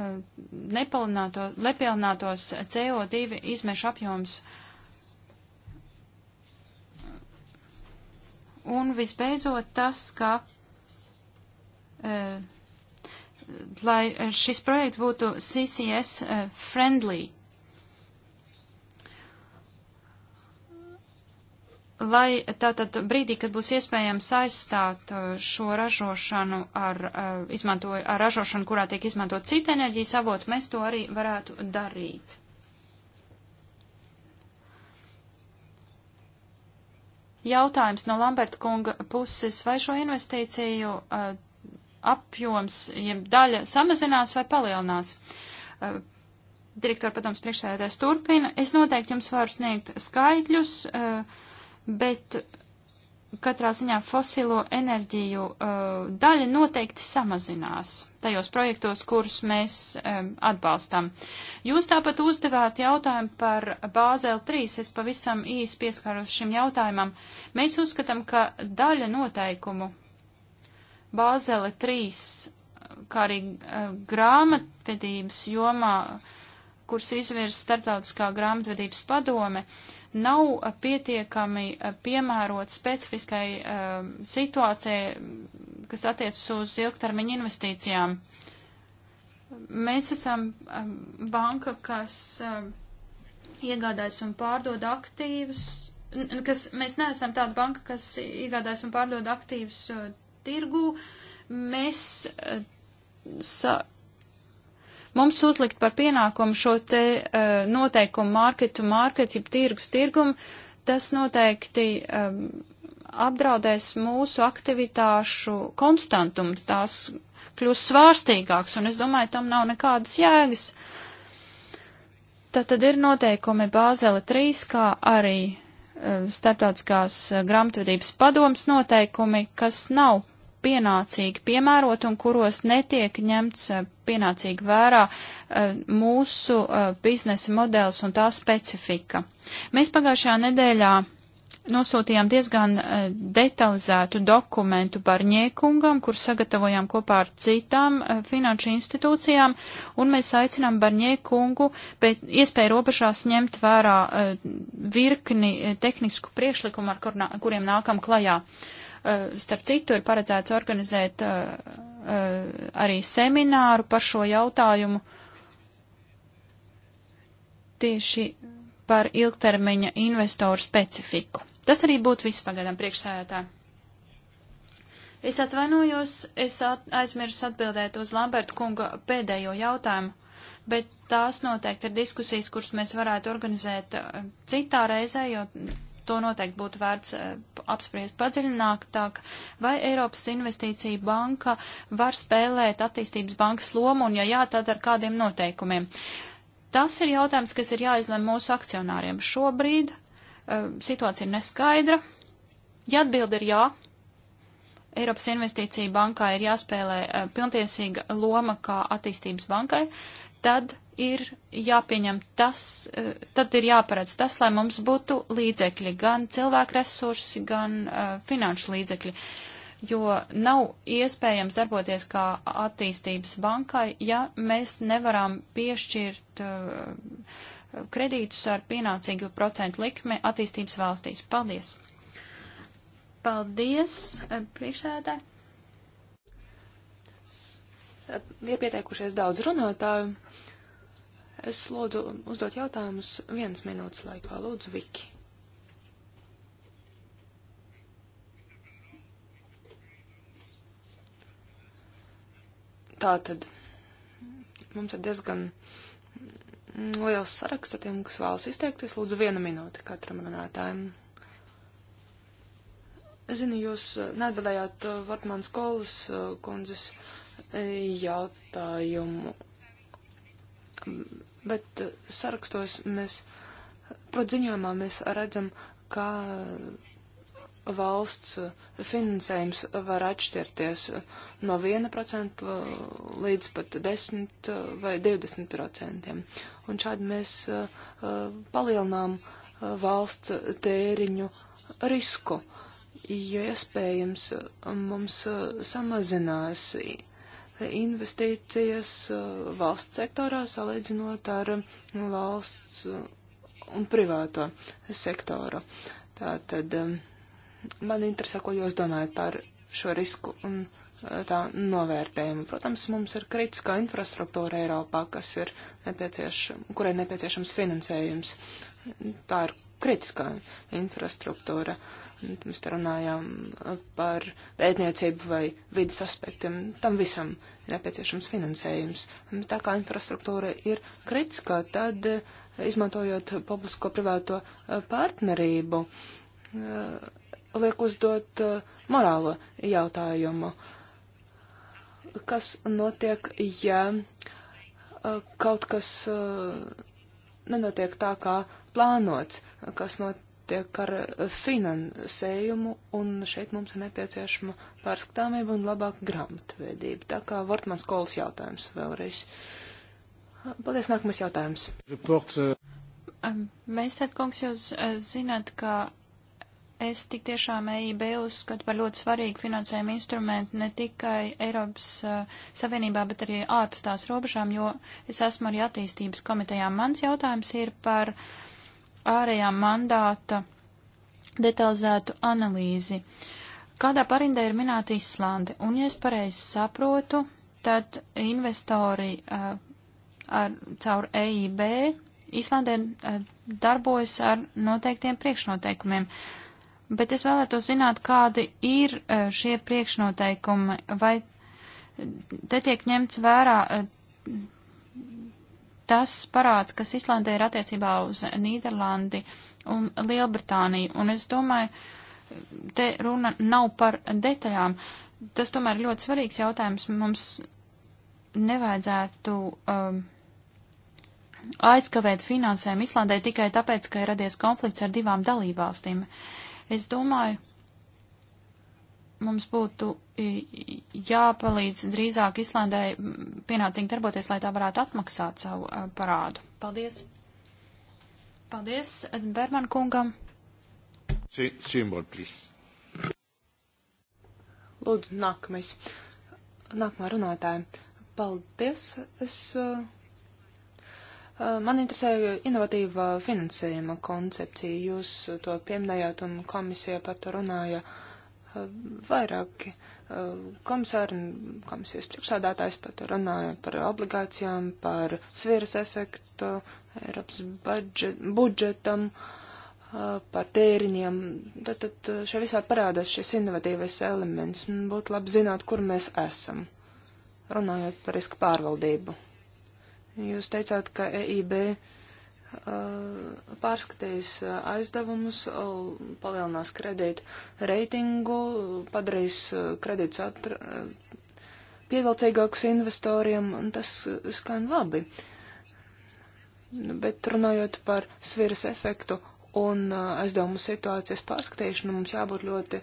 Speaker 1: eh, nepilnātos CO2 izmešu apjoms. Un visbeidzot tas, ka uh, lai šis projekts būtu CCS eh, friendly lai tātad brīdī, kad būs iespējams aizstāt uh, šo ražošanu ar, uh, izmanto, ar ražošanu, kurā tiek izmantot cita enerģijas avot, mēs to arī varētu darīt. Jautājums no Lamberta kunga puses, vai šo investīciju uh, apjoms, jeb daļa samazinās vai palielinās? Direktora padoms priekšsēdētājs turpina. Es noteikti jums varu sniegt skaitļus. Uh, bet katrā ziņā fosilo enerģiju uh, daļa noteikti samazinās tajos projektos, kurus mēs um, atbalstam. Jūs tāpat uzdevāt jautājumu par Bāzeli 3. Es pavisam īsi pieskaros šim jautājumam. Mēs uzskatām, ka daļa noteikumu Bāzele 3, kā arī uh, grāmatvedības jomā, uh, kurus izvirza starptautiskā grāmatvedības padome, nav pietiekami eh, piemērot specifiskai uh, situācijai, kas attiecas uz ilgtermiņa investīcijām. Mēs esam uh, banka, kas uh, iegādājas un pārdod aktīvus, kas, mēs neesam tāda banka, kas iegādājas un pārdod aktīvus tirgu. Mēs sa, Mums uzlikt par pienākumu šo te uh, noteikumu market to market, jeb tirgus tirgumu, tas noteikti um, apdraudēs mūsu aktivitāšu konstantumu, tās kļūs svārstīgāks, un es domāju, tam nav nekādas jēgas. Tad, tad ir noteikumi Bāzele 3, kā arī uh, starptautiskās uh, grāmatvedības padomas noteikumi, kas nav pienācīgi piemērot un kuros netiek ņemts uh, pienācīgi vērā eh, mūsu eh, biznesa modelis un tā specifika. Mēs pagājušajā nedēļā nosūtījām diezgan eh, detalizētu dokumentu par ņēkungam, kur sagatavojām kopā ar citām finanšu institūcijām, un mēs aicinām par ņēkungu pēc iespēju robežās ņemt vērā virkni tehnisku priekšlikumu, ar kur, kuriem nākam klajā. Starp citu, ir paredzēts organizēt Eh, arī semināru par šo jautājumu tieši par ilgtermiņa investoru specifiku. Tas arī būtu viss pagaidām priekšsēdētā. Es atvainojos, es at, aizmirsu atbildēt uz Lamberta kunga pēdējo jautājumu, bet tās noteikti ir diskusijas, kuras mēs varētu organizēt eh, citā reizē, jo to noteikti būtu vērts eh, apspriest padziļinātāk, vai Eiropas investīcija banka var spēlēt attīstības bankas lomu, un ja jā, tad ar kādiem noteikumiem. Tas ir jautājums, kas ir jāizlem mūsu akcionāriem. Šobrīd eh, situācija ir neskaidra. Ja atbildi ir jā, Eiropas investīcija bankā ir jāspēlē eh, pilntiesīga loma kā attīstības bankai, tad ir jāpieņem tas, eh, tad ir jāparedz tas, lai mums būtu līdzekļi, gan cilvēku resursi, gan uh, finanšu līdzekļi, jo nav iespējams darboties kā attīstības bankai, ja mēs nevaram piešķirt uh, kredītus ar pienācīgu procentu likmi attīstības valstīs. Paldies!
Speaker 4: Paldies, priekšsēdētāji! ir pieteikušies daudz runātāju. Es lūdzu uzdot jautājumus vienas minūtes laikā. Lūdzu, Viki. Tātad mums ir diezgan liels saraksts ar tiem, kas vēlas izteikties. Lūdzu, viena minūte katram runātājam. Es zinu, jūs neatbildējāt eh, Vartmanas skolas eh, kundzes eh, jautājumu bet eh, sarakstos mēs, prot ziņojumā mēs redzam, kā valsts eh, finansējums var atšķirties eh, no 1% līdz pat 10 vai 20%. Un šādi mēs palielinām valsts tēriņu risku, jo iespējams mums samazinās investīcijas uh, valsts sektorā salīdzinot ar um, valsts uh, un privāto sektoru. Tātad um, man interesē, ko jūs domājat par šo risku un uh, tā novērtējumu. Protams, mums ir kritiskā infrastruktūra Eiropā, kas ir nepieciešama, kurai nepieciešams finansējums. Tā ir kritiskā infrastruktūra. Uh, Mēs te runājām uh, par pētniecību vai vidas aspektiem. Tam visam nepieciešams finansējums. Tā kā infrastruktūra ir kritiskā, tad uh, izmantojot publisko-privāto uh, partnerību, liek uzdot morālo jautājumu. Kas notiek, ja kaut kas nenotiek tā, kā plānots, kas notiek? notiek ar finansējumu, un šeit mums ir nepieciešama pārskatāmība un labāka grāmatvedība. Tā kā Vortmans kolas jautājums vēlreiz. Paldies, nākamais jautājums. Report, uh...
Speaker 1: Mēs, tad, kungs, jūs uh, zināt, ka es tik tiešām EIB uzskatu par ļoti svarīgu finansējumu instrumentu ne tikai Eiropas uh, Savienībā, bet arī ārpus tās robežām, jo es esmu arī attīstības komitejā. Mans jautājums ir par uh, ārējā mandāta detalizētu analīzi. Kādā parindē ir minēta Islande, un, ja es pareizi saprotu, tad investori uh, ar, caur EIB Islandē uh, eh, darbojas ar noteiktiem priekšnoteikumiem. Bet es vēlētos zināt, kādi ir uh, šie priekšnoteikumi, vai te tiek ņemts vērā uh, Tas parāds, kas Islandē ir attiecībā uz Nīderlandi un Lielbritāniju, un es domāju, te runa nav par detaļām. Tas tomēr ir ļoti svarīgs jautājums. Mums nevajadzētu um, aizkavēt finansēm Islandē tikai tāpēc, ka ir radies konflikts ar divām dalībvalstīm. Es domāju, mums būtu jāpalīdz drīzāk Islandai pienācīgi darboties, lai tā varētu atmaksāt savu eh, parādu. Paldies!
Speaker 4: Paldies Berman kungam!
Speaker 3: Simbol, please.
Speaker 4: Lūdzu, nākamais. Nākamā runātāja. Paldies. Es, uh, man interesē inovatīva finansējuma koncepcija. Jūs to pieminējāt un komisija par to runāja eh, vairāki. Uh, Eh, komisāri un komisijas priekšsādātājs pat runāja par obligācijām, par sviras efektu, Eiropas budžet, budžetam, eh, par tēriņiem. Tad, tad eh, šajā visā parādās šis innovatīvais elements un būtu labi zināt, kur mēs esam, runājot par riska pārvaldību. Jūs teicāt, ka EIB Uh, pārskatīs uh, aizdevumus, uh, palielinās kredītu reitingu, padarīs kredītus pievilcīgākus investoriem, un tas skan labi. Nu, bet runājot par sviras efektu un aizdevumu situācijas pārskatīšanu, mums jābūt ļoti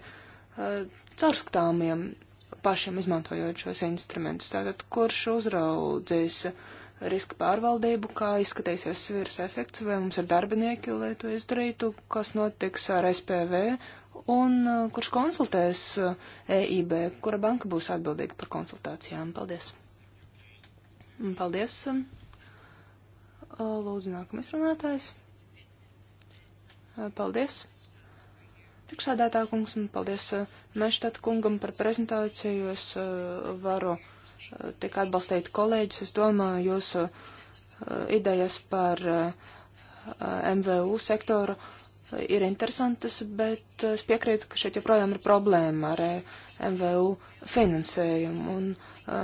Speaker 4: caurskatāmiem pašiem izmantojot šos instrumentus. Tātad, kurš uzraudzīs uh, riska pārvaldību, kā izskatīsies sviras efekts, vai mums ir darbinieki, lai to izdarītu, kas notiks ar SPV un uh, kurš konsultēs uh, EIB, kura banka būs atbildīga par konsultācijām. Paldies! Paldies! Um, uh, lūdzu, nākamais runātājs. Paldies! Priekšsādātā kungs un paldies Meštata kungam par prezentāciju. Es varu. Uh, tiek atbalstīt kolēģis. Es domāju, jūsu eh, idejas par eh, MVU sektoru eh, ir interesantas, bet es piekrītu, ka šeit joprojām ir problēma ar MVU finansējumu. Un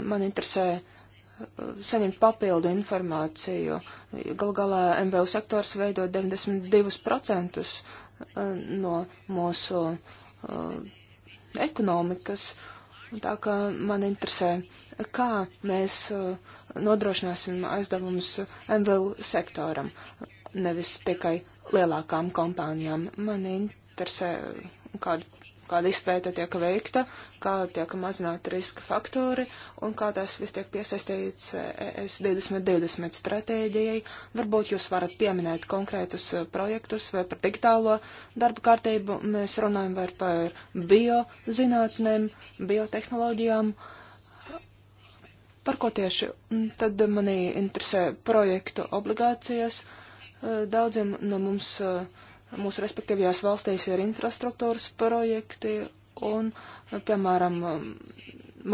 Speaker 4: man interesē saņemt papildu informāciju. Gal galā MVU sektors veido 92% no mūsu ekonomikas. Tā kā man interesē uh, kā mēs uh, nodrošināsim aizdevumus MVU sektoram, nevis tikai lielākām kompānijām. Man interesē, kāda, kāda izpēta tiek veikta, kā tiek mazināti riska faktori un kā tas viss tiek piesaistīts e ES 2020 stratēģijai. Varbūt jūs varat pieminēt konkrētus uh, projektus vai par digitālo darba kārtību. Mēs runājam vai par biozinātnēm, biotehnoloģijām. Uh, Par ko tieši? Tad manī interesē projektu obligācijas. Eh, daudziem no mums, eh, mūsu respektīvajās valstīs, ir infrastruktūras projekti, un, eh, piemēram,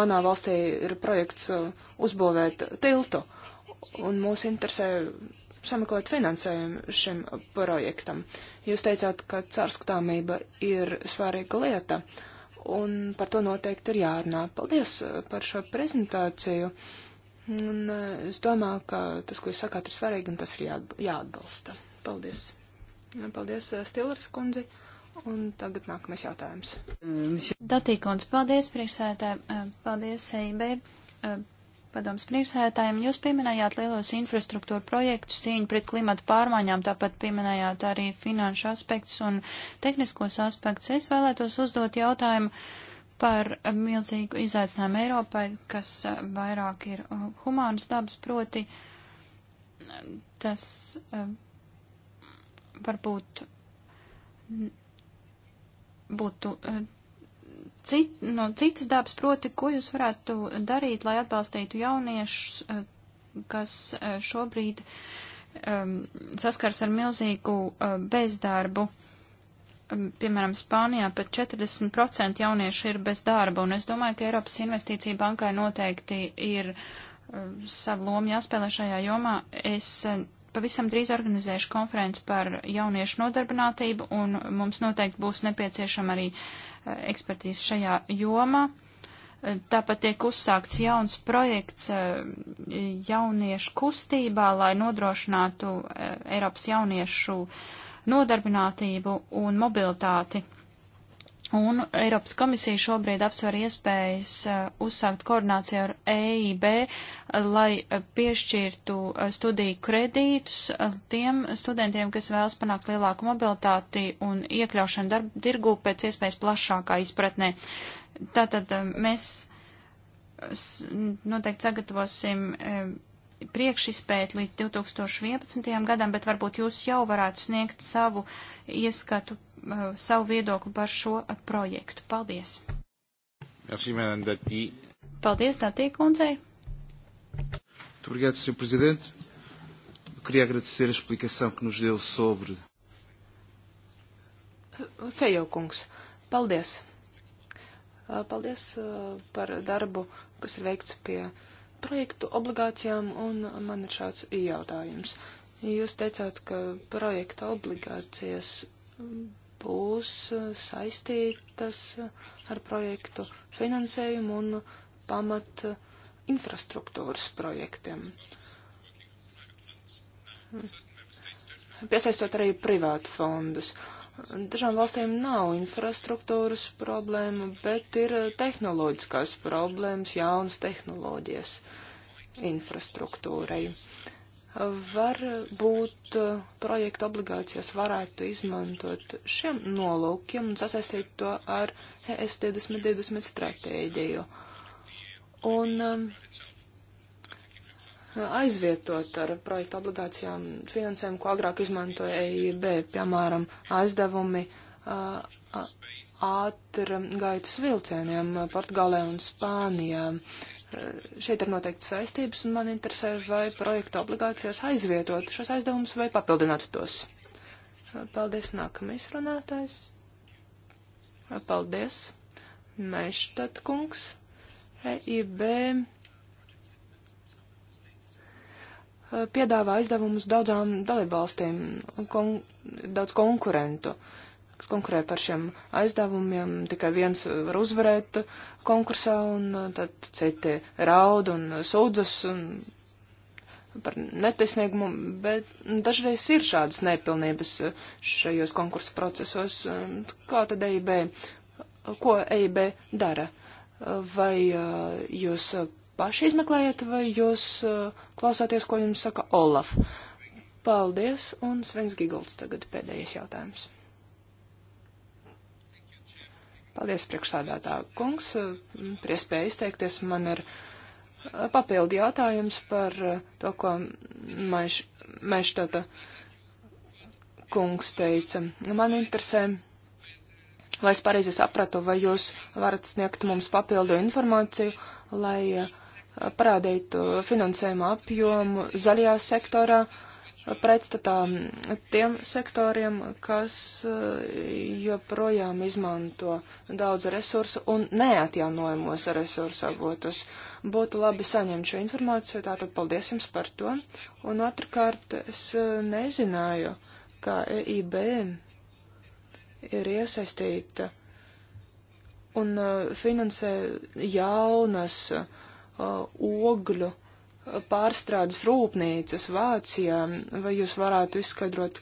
Speaker 4: manā valstī ir projekts uzbūvēt tiltu, un mūs interesē sameklēt finansējumu šim projektam. Jūs teicāt, ka cārskatāmība ir svarīga lieta. Uh, un par to noteikti ir jārunā. Paldies eh, par šo prezentāciju. Un eh, es domāju, ka tas, ko jūs sakāt, ir svarīgi un tas ir jāatbalsta. Paldies. Paldies, eh, Stilers kundzi. Un tagad nākamais jautājums.
Speaker 1: Datīkons, paldies priekšsētē, paldies EIB padoms priekšsēdētājiem. Jūs pieminējāt lielos infrastruktūra projektus, cīņu pret klimatu pārmaiņām, tāpat pieminējāt arī finanšu aspektus un tehniskos aspektus. Es vēlētos uzdot jautājumu par milzīgu izaicinājumu Eiropai, kas eh, vairāk ir uh, humānas dabas, proti tas eh, varbūt būtu eh, cit, no citas dabas, proti, ko jūs varētu darīt, lai atbalstītu jauniešus, eh, kas eh, šobrīd um, saskars ar milzīgu uh, bezdarbu. Ehm, piemēram, Spānijā pat 40% jaunieši ir bez darba, un es domāju, ka Eiropas investīcija bankai noteikti ir uh, savu lomu jāspēlē šajā jomā. Es uh, pavisam drīz organizēšu konferenci par jauniešu nodarbinātību, un mums noteikti būs nepieciešama arī uh, ekspertīzi šajā jomā. Tāpat tiek uzsākts jauns projekts eh, jauniešu kustībā, lai nodrošinātu eh, Eiropas jauniešu nodarbinātību un mobilitāti. Un Eiropas komisija šobrīd apsver iespējas uh, uzsākt koordināciju ar EIB, lai uh, piešķirtu uh, studiju kredītus uh, tiem studentiem, kas vēlas panākt lielāku mobilitāti un iekļaušanu darba tirgū pēc iespējas plašākā izpratnē. Tātad mēs noteikti sagatavosim priekšizpēt līdz 2011. gadam, bet varbūt jūs jau varētu sniegt savu ieskatu Uh, savu viedokli par šo projektu. Paldies!
Speaker 3: Merci, Madame Dati.
Speaker 1: Paldies, Dati kundzei!
Speaker 3: Muito obrigado, Sr. Presidente. Eu queria agradecer a explicação que nos deu
Speaker 2: sobre.
Speaker 4: Fejo kungs, paldies! Uh, paldies uh, par darbu, kas ir veikts pie projektu obligācijām, un man ir šāds jautājums. Jūs teicāt, ka projekta obligācijas būs eh, saistītas eh, ar projektu finansējumu un pamat eh, infrastruktūras projektiem. Piesaistot arī privātu fondus. Dažām valstīm nav infrastruktūras problēma, bet ir tehnoloģiskās problēmas, jaunas tehnoloģijas infrastruktūrai. Varbūt eh, projekta obligācijas varētu izmantot šiem nolūkiem un sasaistīt to ar e ES 2020 stratēģiju un um, aizvietot ar projekta obligācijām finansējumu, ko agrāk izmantoja EIB, piemēram, aizdevumi uh, ātrgaitas vilcieniem Portugālē un Spānijā. Šeit ir noteikti saistības, un man interesē, vai projekta obligācijās aizvietot šos aizdevumus vai papildināt tos. Paldies, nākamais runātājs. Paldies, Meštat kungs, EIB. piedāvā aizdevumus daudzām dalībvalstīm, kon, daudz konkurentu. Uh, kas konkurē par šiem aizdevumiem. Tikai viens var uzvarēt konkursā, un uh, tad citi raud un sūdzas un par netaisnīgumu, bet dažreiz ir šādas nepilnības uh, šajos konkursu procesos. Um, kā tad EIB, ko EIB dara? Vai uh, jūs paši izmeklējat, vai jūs klausāties, ko jums saka Olaf? Paldies, un Svens Gigolds tagad pēdējais jautājums. Paldies, priekšsādātā kungs, par iespēju izteikties. Man ir uh, papildi jautājums par uh, to, ko Maištata kungs teica. Man interesē, lai es pareizi sapratu, vai jūs varat sniegt mums papildu informāciju, lai uh, parādītu finansējumu apjomu zaļajā sektorā. Uh, pretstatā tiem sektoriem, kas eh, joprojām izmanto daudz resursu un neatjaunojamos resursu avotus. Būtu labi saņemt šo informāciju, tātad paldies jums par to. Un otrkārt, es eh, nezināju, ka EIB ir iesaistīta un eh, finansē jaunas ogļu pārstrādes rūpnīcas Vācijā. Vai jūs varētu izskaidrot,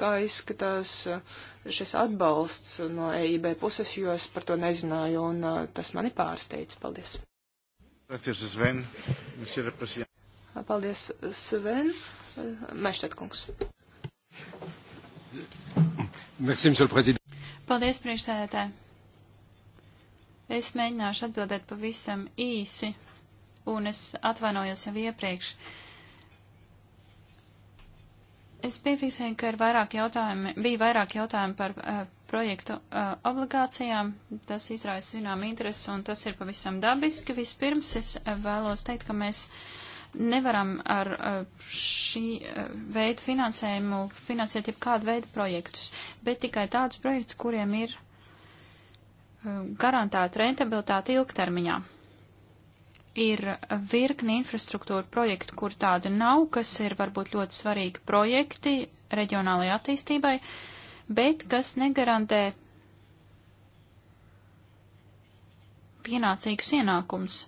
Speaker 4: kā izskatās eh, šis atbalsts no EIB puses, jo es par to nezināju, un eh, tas mani pārsteidz. Paldies. Paldies, Sven. Meštetkungs. Paldies, priekšsēdētāji.
Speaker 1: Es mēģināšu atbildēt pavisam īsi un es atvainojos jau iepriekš. Es piefiksēju, ka ir vairāk jautājumi, bija vairāk jautājumi par uh, projektu uh, obligācijām. Tas izraisa zinām interesi un tas ir pavisam dabiski. Vispirms es eh, vēlos teikt, ka mēs nevaram ar uh, šī uh, veidu finansējumu finansēt jebkādu veidu projektus, bet tikai tādus projektus, kuriem ir uh, garantēta rentabilitāte ilgtermiņā ir virkni infrastruktūra projektu, kur tāda nav, kas ir varbūt ļoti svarīgi projekti reģionālajai attīstībai, bet kas negarantē pienācīgus ienākums.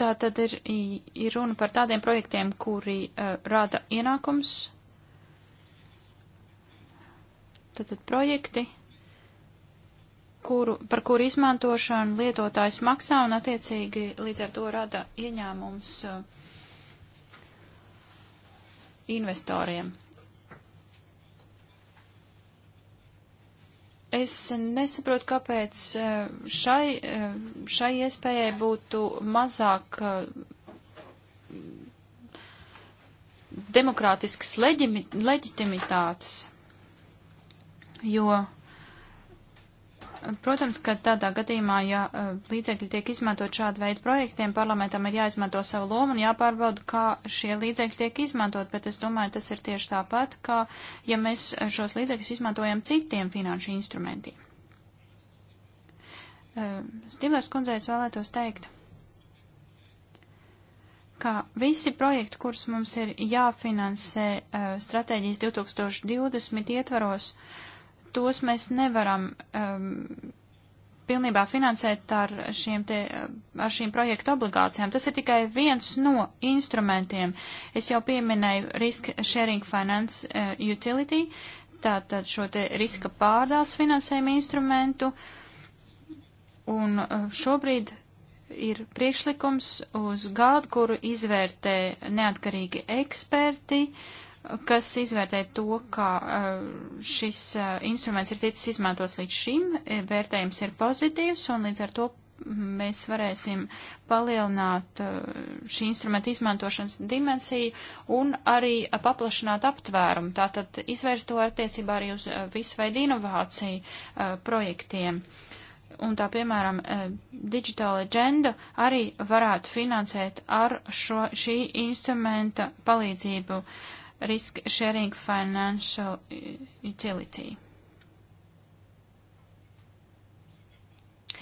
Speaker 1: Tā tad ir, ir runa par tādiem projektiem, kuri uh, rada ienākums, tātad projekti, kuru, par kuru izmantošanu lietotājs maksā un attiecīgi līdz ar to rada ieņēmums uh, investoriem. Es nesaprotu, kāpēc uh, šai, uh, šai iespējai būtu mazāk demokrātiskas leģitimitātes, jo Protams, ka tādā gadījumā, ja eh, līdzekļi tiek izmantot šādu veidu projektiem, parlamentam ir jāizmanto savu lomu un jāpārbauda, kā šie līdzekļi tiek izmantot, bet es domāju, tas ir tieši tāpat, kā ja mēs šos līdzekļus izmantojam citiem finanšu instrumentiem. Eh, Stilers kundzei es vēlētos teikt, ka visi projekti, kurus mums ir jāfinansē eh, stratēģijas 2020 ietvaros, tos mēs nevaram um, pilnībā finansēt ar, šiem te, ar šīm projektu obligācijām. Tas ir tikai viens no instrumentiem. Es jau pieminēju Risk Sharing Finance uh, Utility, tātad šo te riska pārdās finansējumu instrumentu. Un uh, šobrīd ir priekšlikums uz gadu, kuru izvērtē neatkarīgi eksperti. Uh, kas izvērtē to, ka eh, šis eh, instruments ir ticis izmantots līdz šim, eh, vērtējums ir pozitīvs un līdz ar to mēs varēsim palielināt šī instrumenta izmantošanas dimensiju un arī paplašināt aptvērumu. Tātad izvērst to attiecībā arī uz visu veidu inovāciju projektiem un tā piemēram digitāla agenda arī varētu finansēt ar šo, šī instrumenta palīdzību risk sharing financial utility.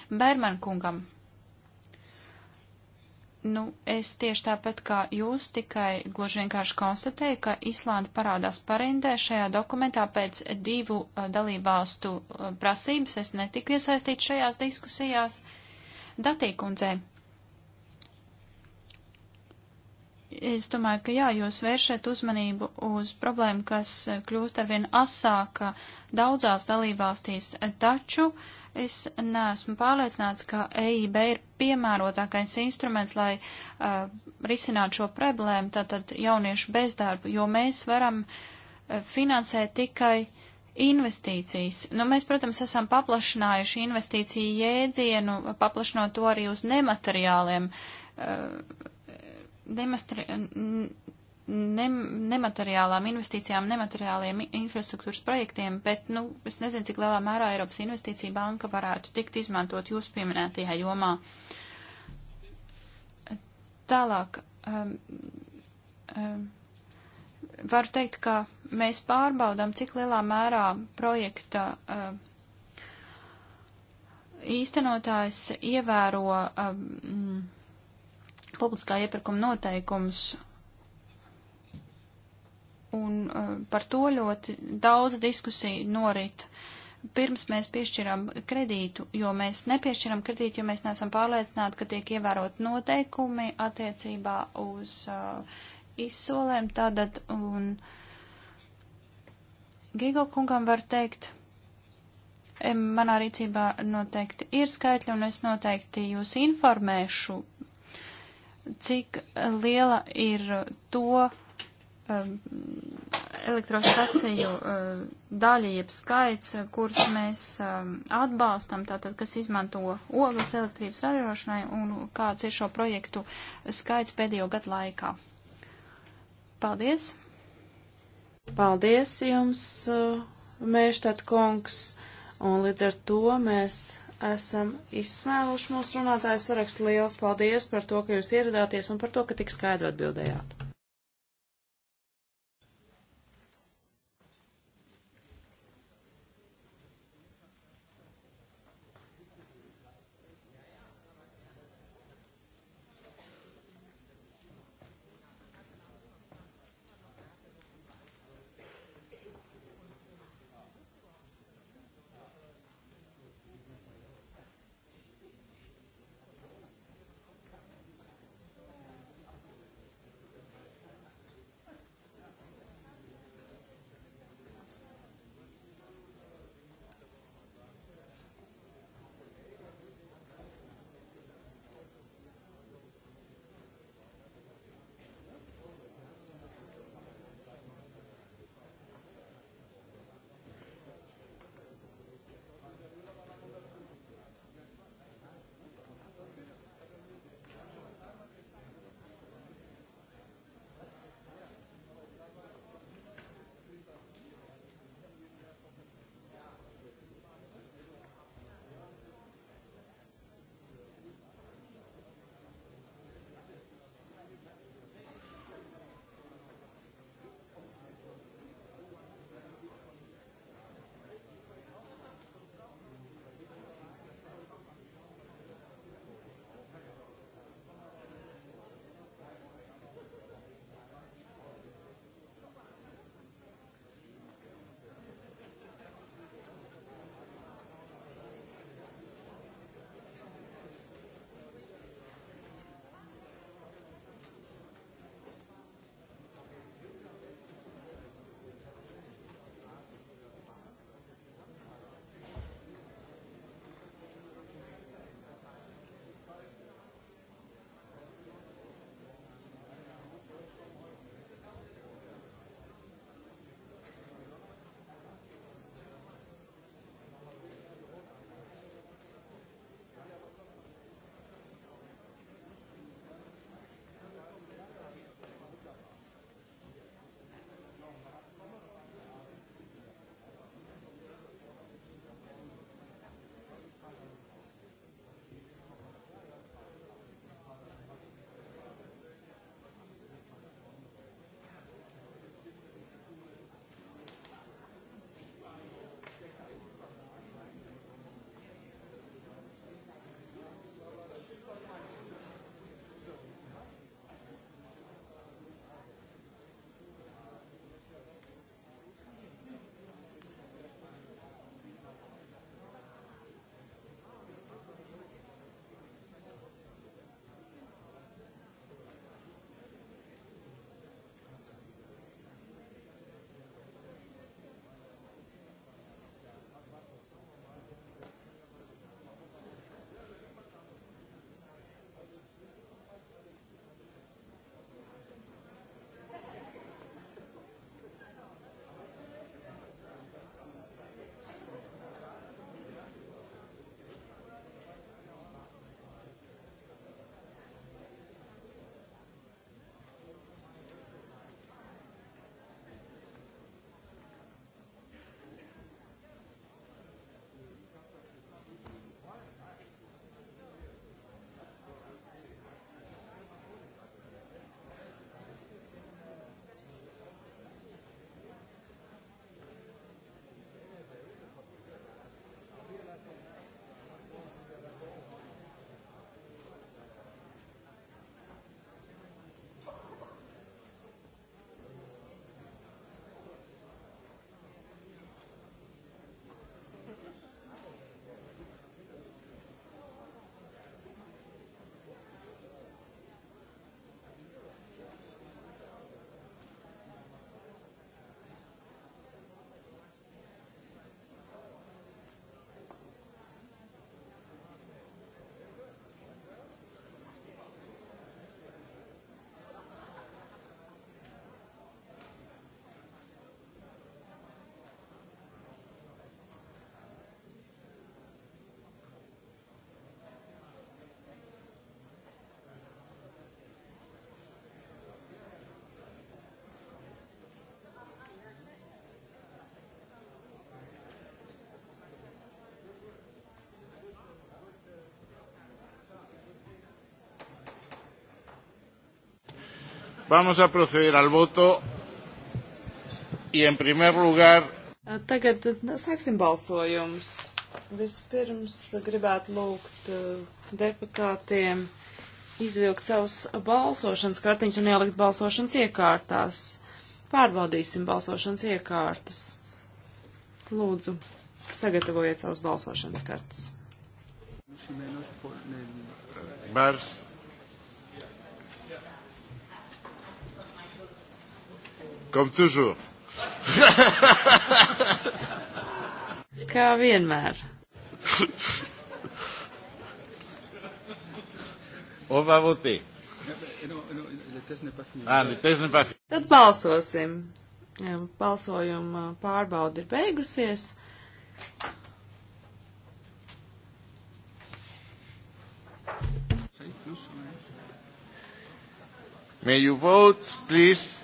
Speaker 1: Berman kungam. Nu, es tieši tāpat kā jūs tikai gluži vienkārši konstatēju, ka Islanda parādās parindē šajā dokumentā pēc divu uh, dalībvalstu uh, prasības. Es netiku iesaistīt šajās diskusijās. Datīkundzei. Es domāju, ka jā, jūs vēršat uzmanību uz problēmu, kas kļūst arvien asāka daudzās dalībvalstīs, taču es neesmu pārliecināts, ka EIB ir piemērotākais instruments, lai uh, risinātu šo problēmu, tātad jauniešu bezdarbu, jo mēs varam uh, finansēt tikai investīcijas. Nu, mēs, protams, esam paplašinājuši investīciju jēdzienu, paplašinot to arī uz nemateriāliem. Uh, demastri, ne, nemateriālām investīcijām, nemateriāliem infrastruktūras projektiem, bet, nu, es nezinu, cik lielā mērā Eiropas investīcija banka varētu tikt izmantot jūs pieminētajā jomā. Tālāk, um, um, varu teikt, ka mēs pārbaudām, cik lielā mērā projekta um, īstenotājs ievēro um, publiskā iepirkuma noteikums. Un uh, par to ļoti daudz diskusiju norit. Pirms mēs piešķiram kredītu, jo mēs nepiešķiram kredītu, jo mēs neesam pārliecināti, ka tiek ievērot noteikumi attiecībā uz uh, izsolēm. Tātad, un Gigo kungam var teikt, manā rīcībā noteikti ir skaitļi, un es noteikti jūs informēšu cik liela ir to um, elektrostaciju um, daļa jeb skaits, kurus mēs um, atbalstam, tātad, kas izmanto ogles elektrības ražošanai un kāds ir šo projektu skaits pēdējo gadu laikā.
Speaker 2: Paldies! Paldies jums, uh, Mēštad kungs, un līdz ar to mēs esam izsmēluši mūsu runātāju sarakstu. Liels paldies par to, ka jūs ieradāties un par to, ka tik skaidri atbildējāt.
Speaker 3: Vamos a proceder al voto. Y en primer lugar.
Speaker 2: Tagad sāksim balsojums. Vispirms gribētu lūgt deputātiem izvilkt savus balsošanas kartiņus un ielikt balsošanas iekārtās. Pārbaudīsim balsošanas iekārtas. Lūdzu, sagatavojiet savus balsošanas kartas.
Speaker 3: Bars Comme toujours. Kā vienmēr. On va voter. Ah,
Speaker 2: Tad balsosim. Balsojuma pārbauda ir beigusies. May you vote, please?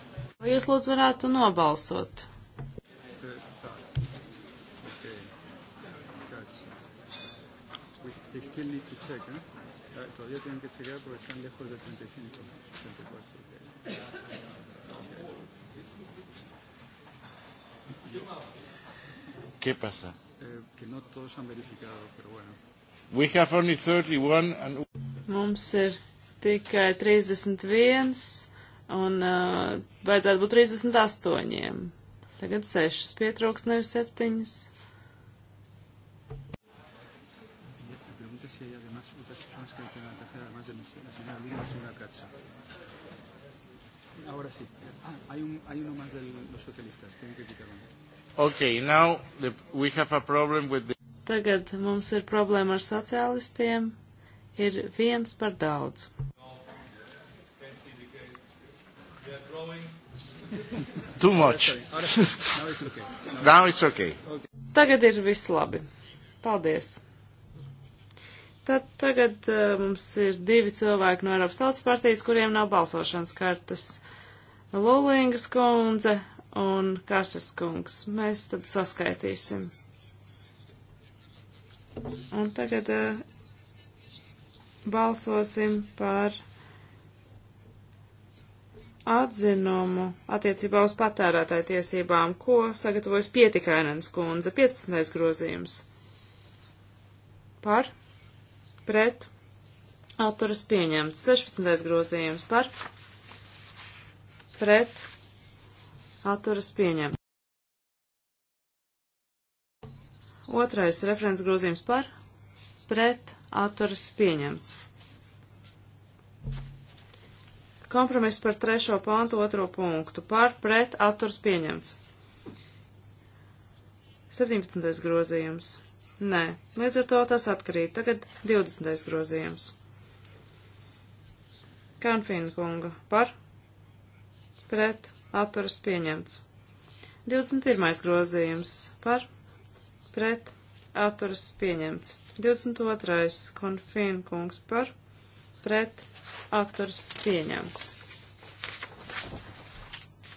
Speaker 2: Vai jūs lūdzu varētu nobalsot?
Speaker 3: They still need to check, ¿eh? Todavía tienen que checar porque están lejos de 35,
Speaker 2: 34.
Speaker 3: ¿Qué pasa? Eh, que no todos han verificado, pero bueno. We have only 31 and...
Speaker 2: Mums ir tikai 31 un uh, vajadzētu būt 38. Tagad 6 pietrūks, nevis 7.
Speaker 3: Ahora sí. Ah, hay, un, hay uno más de los socialistas. Tienen que quitar uno. Okay, now the, we have a problem with the...
Speaker 2: Tagad mums ir problēma ar sociālistiem. Ir viens par daudz. Too much. Now it's okay. Tagad ir viss labi. Paldies. Tad tagad uh, mums ir divi cilvēki no Eiropas Tautas partijas, kuriem nav balsošanas kartas. Lulingas kundze un Kašas kungs. Mēs tad saskaitīsim. Un tagad uh, balsosim par atzinumu attiecībā uz patērētāju tiesībām, ko sagatavojas pietikainens kundze, 15. grozījums. Par, pret, atturas pieņemts, 16. grozījums par, pret, atturas pieņemts. Otrais referents grozījums par, pret, atturas pieņemts. Kompromiss par trešo pāntu otro punktu. Par pret atturs pieņemts. 17. grozījums. Nē, līdz ar to tas atkarīt. Tagad 20. grozījums. Kanfīna kunga par pret atturas pieņemts. 21. grozījums par pret atturas pieņemts. 22. konfīna kungs par pret pret atturs pieņemts.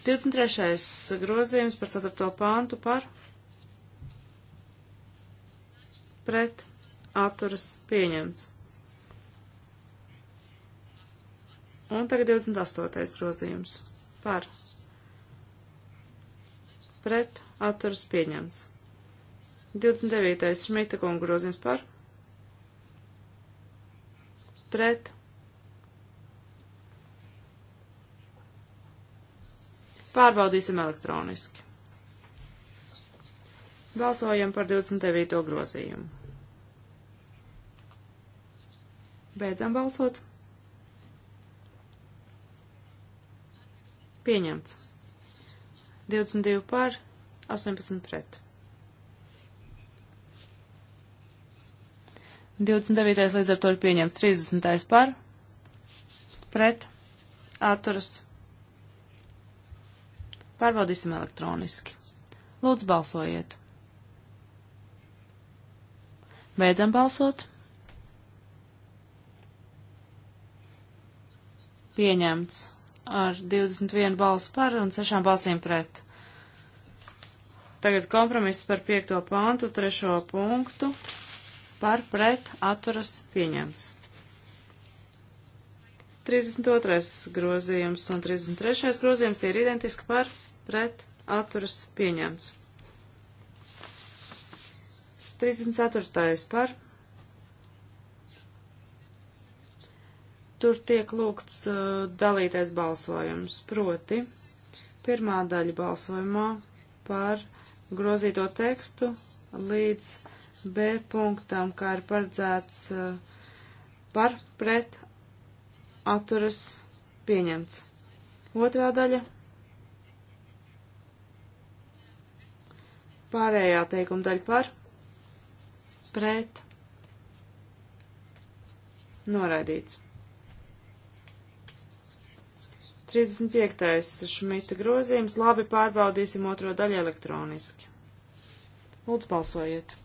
Speaker 2: 23. grozījums par 4. pāntu par pret atturas pieņemts. Un tagad 28. grozījums par pret atturas pieņemts. 29. Šmita kungu grozījums par pret Pārbaudīsim elektroniski. Balsojam par 29. grozījumu. Beidzam balsot. Pieņemts. 22 par, 18 pret. 29. līdz ar to ir pieņemts 30. par, pret, atturas, Pārbaudīsim elektroniski. Lūdzu, balsojiet. Beidzam balsot. Pieņemts ar 21 balsu par un 6 balsīm pret. Tagad kompromiss par 5. pāntu, 3. punktu par pret atturas pieņemts. 32. grozījums un 33. grozījums tie ir identiski par pret pret atturas pieņemts. 34. par. Tur tiek lūgts uh, dalītais balsojums, proti pirmā daļa balsojumā par grozīto tekstu līdz B punktam, kā ir paredzēts uh, par pret atturas pieņemts. Otrā daļa Pārējā teikuma daļa par, pret, noraidīts. 35. šmita grozījums. Labi, pārbaudīsim otro daļu elektroniski. Lūdzu, balsojiet.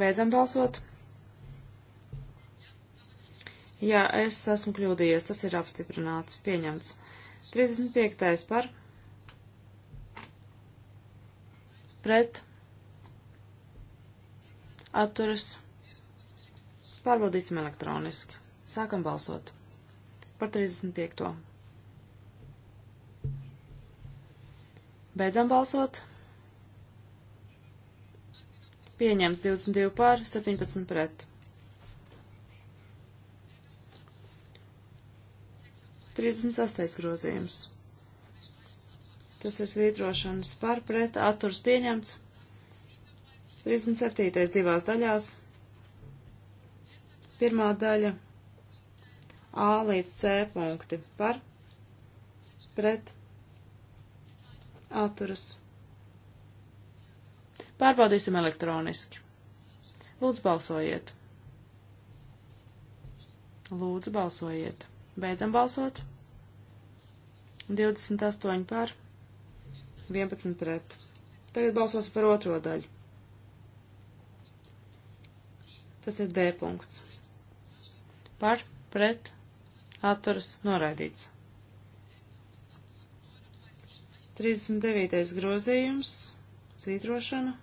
Speaker 2: Beidzam balsot. Jā, es esmu kļūdījies. Tas ir apstiprināts, pieņemts. 35. par pret atturas pārbaudīsim elektroniski. Sākam balsot par 35. Beidzam balsot. Pieņems 22 pār, 17 pret. 36. grozījums. Tas ir svītrošanas par pret atturs pieņemts. 37. divās daļās. Pirmā daļa A līdz C punkti par pret atturas. Pārbaudīsim elektroniski. Lūdzu, balsojiet. Lūdzu, balsojiet. Beidzam balsot. 28 par. 11 pret. Tagad balsosim par otro daļu. Tas ir D punkts. Par, pret, atturas, noraidīts. 39. grozījums, svītrošana,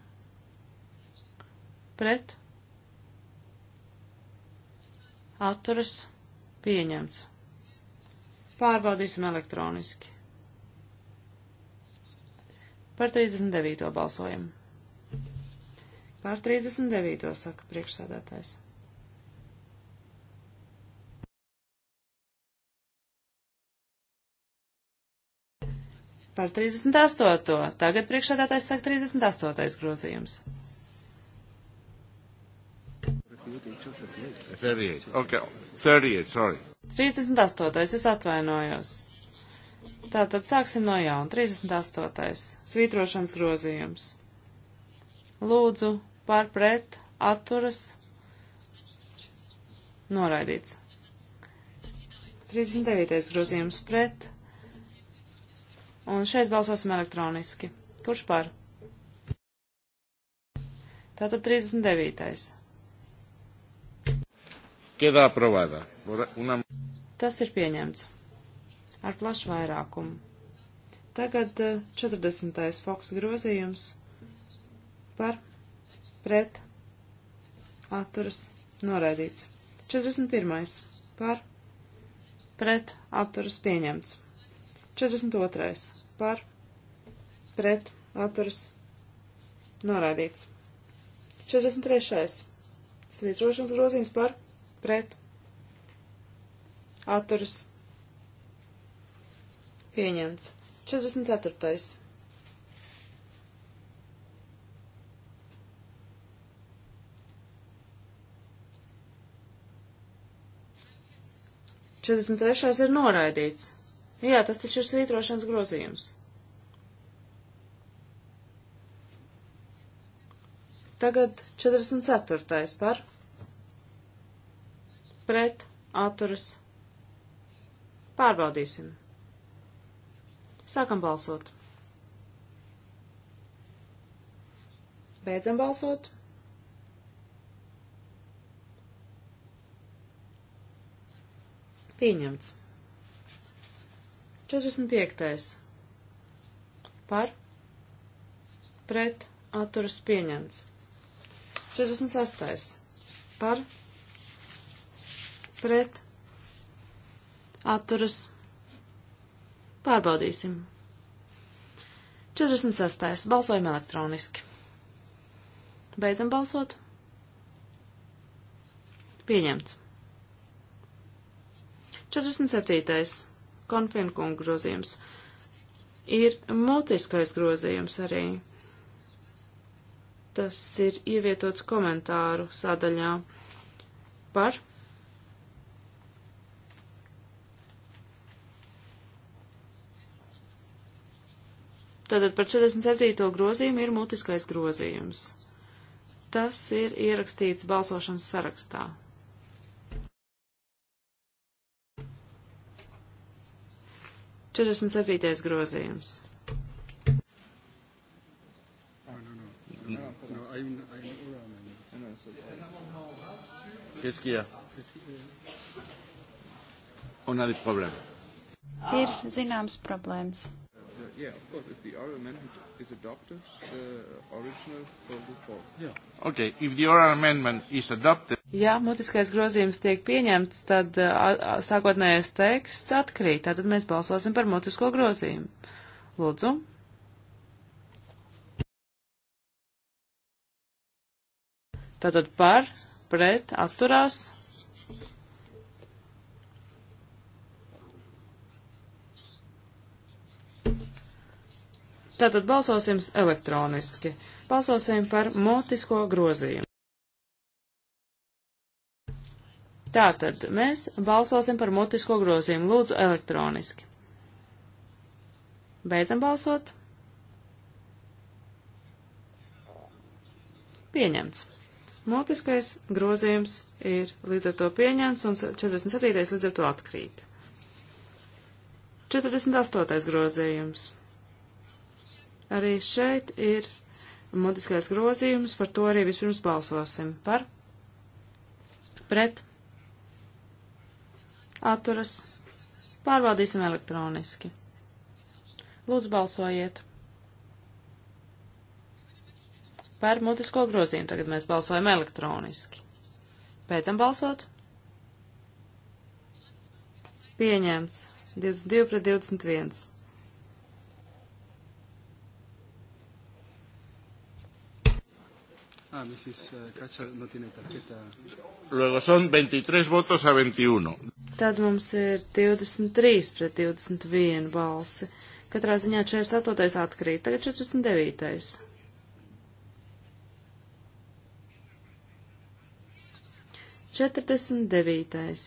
Speaker 2: pret, atturas, pieņemts. Pārbaudīsim elektroniski. Par 39. balsojam. Par 39. saka priekšsādātājs. Par 38. Tagad priekšsādātājs saka 38. grozījums.
Speaker 3: Okay.
Speaker 2: 38. Es atvainojos. Tātad sāksim no jauna. 38. Svītrošanas grozījums. Lūdzu, par pret, atturas, noraidīts. 39. grozījums pret. Un šeit balsosim elektroniski. Kurš par? Tātad 39.
Speaker 3: Queda aprobada. Una...
Speaker 2: Tas ir pieņemts ar plašu vairākumu. Tagad 40. Eh, foks grozījums par pret atturas noraidīts. 41. par pret atturas pieņemts. 42. par pret atturas noraidīts. 43.
Speaker 4: svītrošanas grozījums par pret
Speaker 2: atturas noraidīts Pieņemts. 44. Četrdesmit trešais ir noraidīts. Jā, tas taču ir svītrošanas grozījums. Tagad 44. par pret atturas pārbaudīsim. Sākam balsot. Beidzam balsot. Pieņemts. 45. Par. Pret. Atturas pieņemts. 46. Par. Pret. Atturas pieņemts Pārbaudīsim. 46. Balsojam elektroniski. Beidzam balsot. Pieņemts. 47. Konfinkunga grozījums. Ir mutiskais grozījums arī. Tas ir ievietots komentāru sadaļā par Tātad par 47. grozījumu ir mutiskais grozījums. Tas ir ierakstīts balsošanas sarakstā. Četrdesmit septītais grozījums.
Speaker 3: Qu'est-ce qu'il y a On a des problèmes.
Speaker 1: Ir zināms problēmas
Speaker 2: yeah, of course, if the oral amendment is adopted, the original will falls. Yeah. Okay, if the oral amendment is adopted. Ja mutiskais grozījums tiek pieņemts, tad uh, sākotnējais teksts atkrīt. Tātad mēs balsosim par mutisko grozījumu. Lūdzu. Tātad par, pret, atturās. Tātad balsosim elektroniski. Balsosim par motisko grozījumu. Tātad mēs balsosim par motisko grozījumu. Lūdzu, elektroniski. Beidzam balsot. Pieņemts. Motiskais grozījums ir līdz ar to pieņemts un 47. līdz ar to atkrīt. 48. grozījums. Arī šeit ir mutiskais grozījums, par to arī vispirms balsosim. Par? Pret? Atturas? Pārbaudīsim elektroniski. Lūdzu, balsojiet. Par mutisko grozījumu tagad mēs balsojam elektroniski. Beidzam balsot. Pieņemts. 22 pret 21.
Speaker 3: Ah, Mrs. Kratzer uh, no tiene tarjeta. Luego son 23 votos a 21.
Speaker 2: Tad mums ir 23 pret 21 balsi. Katrā ziņā 48. atkrīt, tagad 49. Četrdesmit devītais.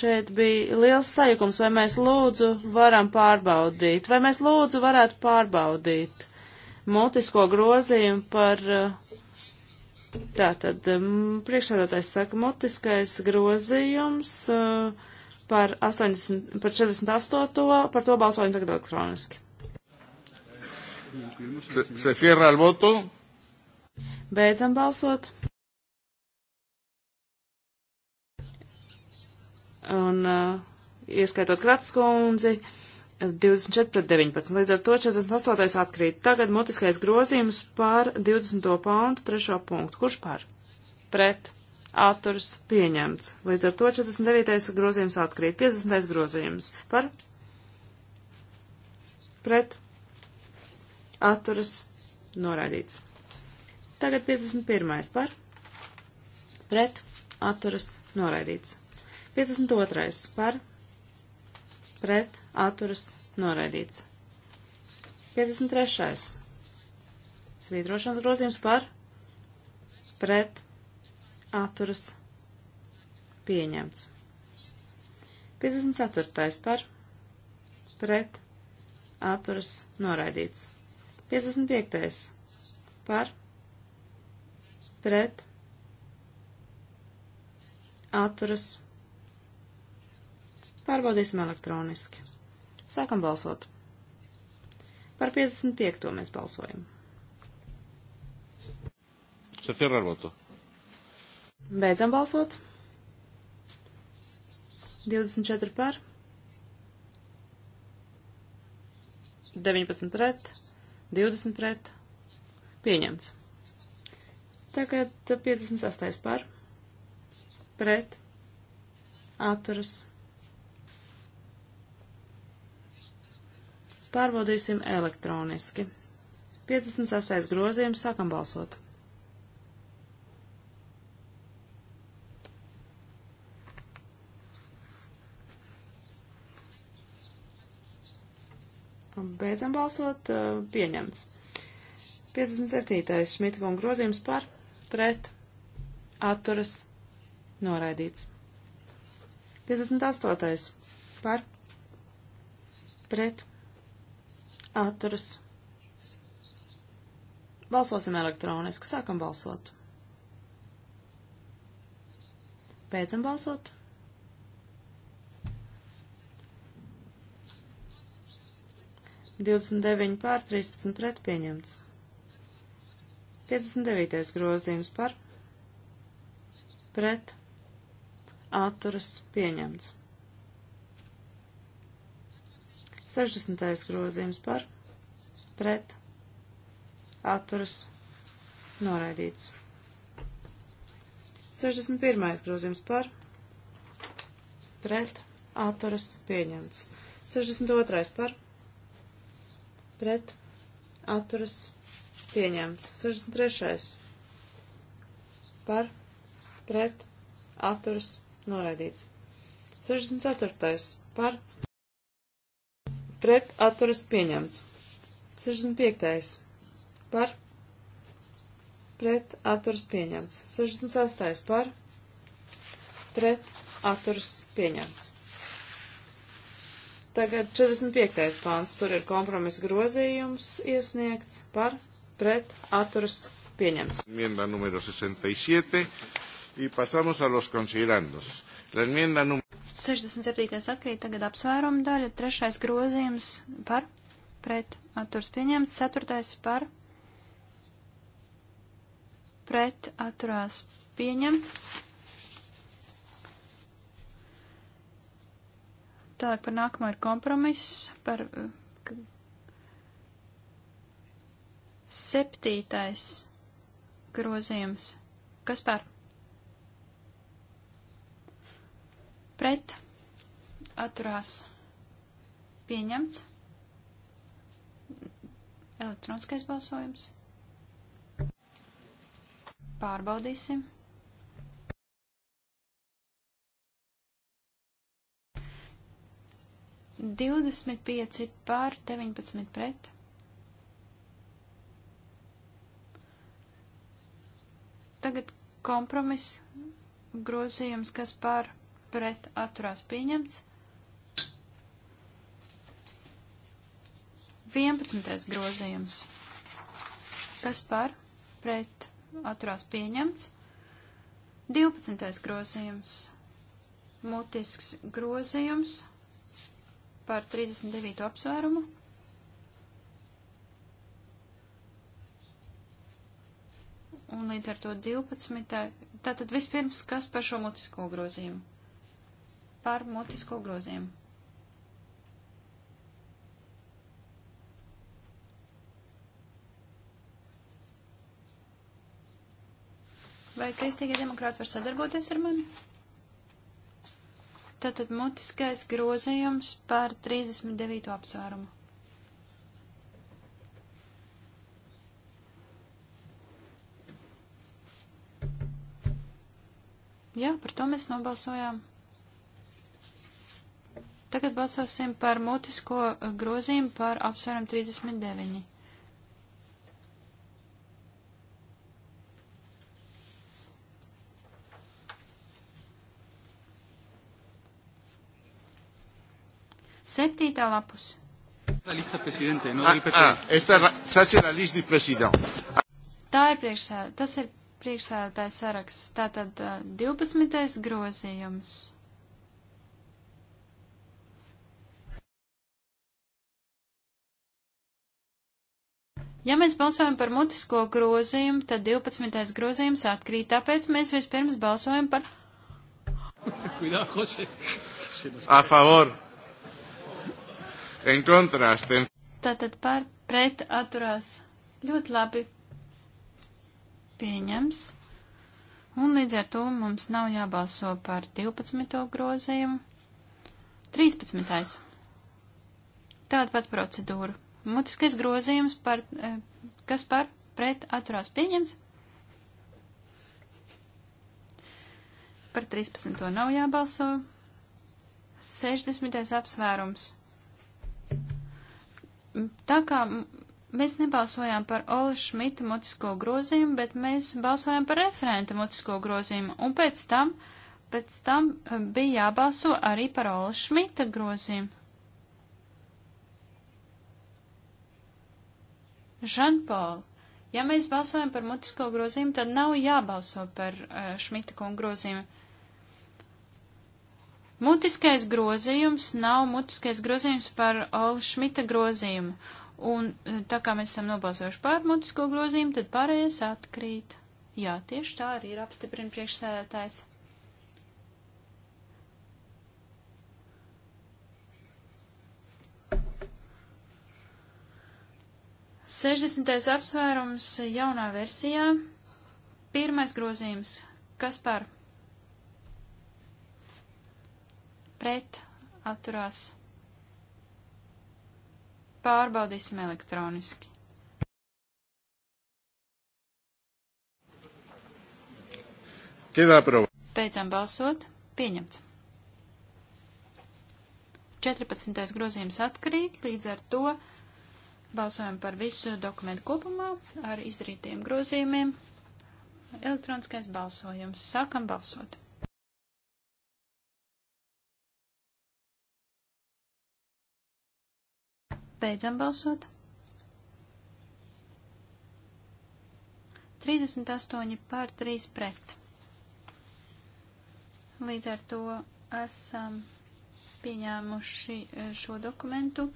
Speaker 2: Šeit bija liels sajukums, vai mēs lūdzu varam pārbaudīt, vai mēs lūdzu varētu pārbaudīt mutisko grozījumu par. Eh, tātad, mm, priekšsēdētājs saka, mutiskais grozījums eh, par, 80, par 48. par to balsojam tagad elektroniski. Se, se cierra el voto. Beidzam balsot. Un uh, ieskaitot Kratskundzi. Uh, 24 pret 19. Līdz ar to 48. atkrīt. Tagad mutiskais grozījums par 20. pāntu 3. punktu. Kurš par? Pret. Atturs pieņemts. Līdz ar to 49. grozījums atkrīt. 50. grozījums par? Pret. Atturs noraidīts. Tagad 51. par? Pret. Atturs noraidīts. 52. par? pret atturas noraidīts. 53. Svītrošanas grozījums par pret atturas pieņemts. 54. par pret atturas noraidīts. 55. par pret atturas noraidīts atturas Pārbaudīsim elektroniski. Sākam balsot. Par 55. to mēs balsojam. Beidzam balsot. 24 par. 19 pret. 20 pret. Pieņemts. Tagad 56 par. Pret. Atturas Pārbaudīsim elektroniski. 56. grozījums sākam balsot. Beidzam balsot, uh, pieņemts. 57. Šmitkuma grozījums par, pret, atturas, noraidīts. 58. par, pret, atturas. Balsosim elektroniski. Sākam balsot. Beidzam balsot. Divdesmit deviņi pār, trīspadsmit pret pieņemts. Piecdesmit devītais grozījums par, pret, atturas pieņemts. 60. grozījums par pret atturas noraidīts. 61. grozījums par pret atturas pieņemts. 62. par pret atturas pieņemts. 63. par pret atturas noraidīts. 64. par pret atturas pieņemts. 65. par pret atturas pieņemts. 68. par pret atturas pieņemts. Tagad 45. pāns, tur ir kompromisa grozījums iesniegts par pret atturas pieņemts.
Speaker 3: Enmienda numero 67 y pasamos a los considerandos. La enmienda numero
Speaker 1: 67. atkrīt tagad apsvērumu daļa, trešais grozījums par pret atturs pieņemts, ceturtais par pret atturās pieņemts. Tālāk par nākamo ir kompromiss, par uh, septītais grozījums. Kas par? pret atturās pieņemts elektroniskais balsojums. Pārbaudīsim. Divdesmit pieci pār deviņpadsmit pret. Tagad kompromiss grozījums, kas pār pret atturās pieņemts. 11. grozījums. Kas par pret atturās pieņemts? 12. grozījums. Mutisks grozījums par 39. apsvērumu. Un līdz ar to 12. Tātad vispirms, kas par šo mutisko grozījumu? par mutisko grozījumu. Vai kristīgie demokrāti var sadarboties ar mani? Tātad mutiskais grozījums par 39. apsvērumu. Jā, par to mēs nobalsojām. Tagad balsosim par mutisko grozījumu par apsvērumu 39. Septītā lapus.
Speaker 3: La lista presidente, no ah, ah, esta, la lista presidente.
Speaker 1: Tā ir priekšsēdētājs, tas ir priekšsēdētājs saraksts. Tātad 12. Eh, grozījums. Ja mēs balsojam par mutisko grozījumu, tad 12. grozījums atkrīt, tāpēc mēs vispirms balsojam par.
Speaker 3: A favor. En kontraste.
Speaker 1: Tātad par pret atturās. Ļoti labi. Pieņems. Un līdz ar to mums nav jābalso par 12. grozījumu. 13. Tāda pat procedūra. Mutiskais grozījums par, eh, kas par pret atturās pieņems. Par 13. nav jābalso. 60. apsvērums. Tā kā mēs nebalsojām par Ola Šmita mutisko grozījumu, bet mēs balsojām par referenta mutisko grozījumu, un pēc tam, pēc tam eh, bija jābalso arī par Ola Šmita grozījumu. Žanpol, ja mēs balsojam par mutisko grozījumu, tad nav jābalso par uh, Šmita kungu grozījumu. Mutiskais grozījums nav mutiskais grozījums par Ola Šmita grozījumu. Un eh, tā kā mēs esam nobalsojuši par mutisko grozījumu, tad pārējais atkrīt. Jā, tieši tā arī ir apstiprina priekšsēdētājs. 60. apsvērums jaunā versijā. Pirmais grozījums. Kas par? Pret atturās. Pārbaudīsim elektroniski.
Speaker 3: Beidzam
Speaker 1: balsot. Pieņemts. 14. grozījums atkarīgi, līdz ar to Balsojam par visu dokumentu kopumā ar izdarītiem grozījumiem. Elektroniskais balsojums. Sākam balsot. Beidzam balsot. 38 pār 3 pret. Līdz ar to esam pieņēmuši eh, šo dokumentu.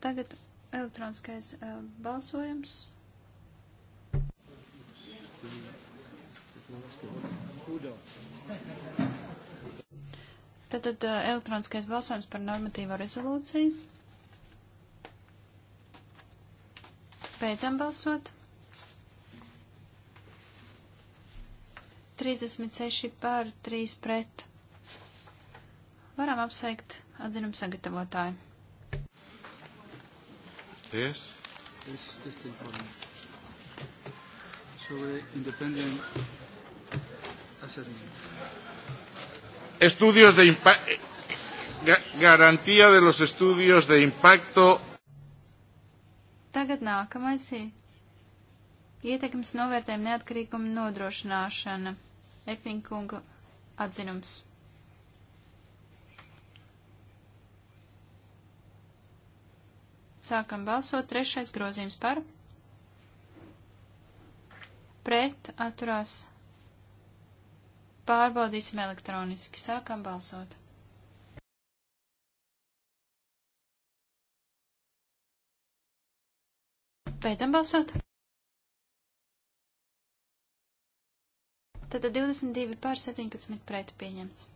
Speaker 1: Tagad elektroniskais uh, balsojums. Tātad uh, elektroniskais balsojums par normatīvo rezolūciju. Beidzam balsot. 36 pār 3 pret. Varam apsveikt atzinumu sagatavotāju
Speaker 3: es. Es este informe sobre independent assessment. Estudios de impacto. Eh, Garantija de los estudios de impacto.
Speaker 1: Tagad nākamais ir ietekmes novērtējuma neatkarīguma nodrošināšana. Efinkunga atzinums. Sākam balsot. Trešais grozījums par. Pret atturās. Pārbaudīsim elektroniski. Sākam balsot. Beidzam balsot. Tātad 22 pār 17 pret pieņemts.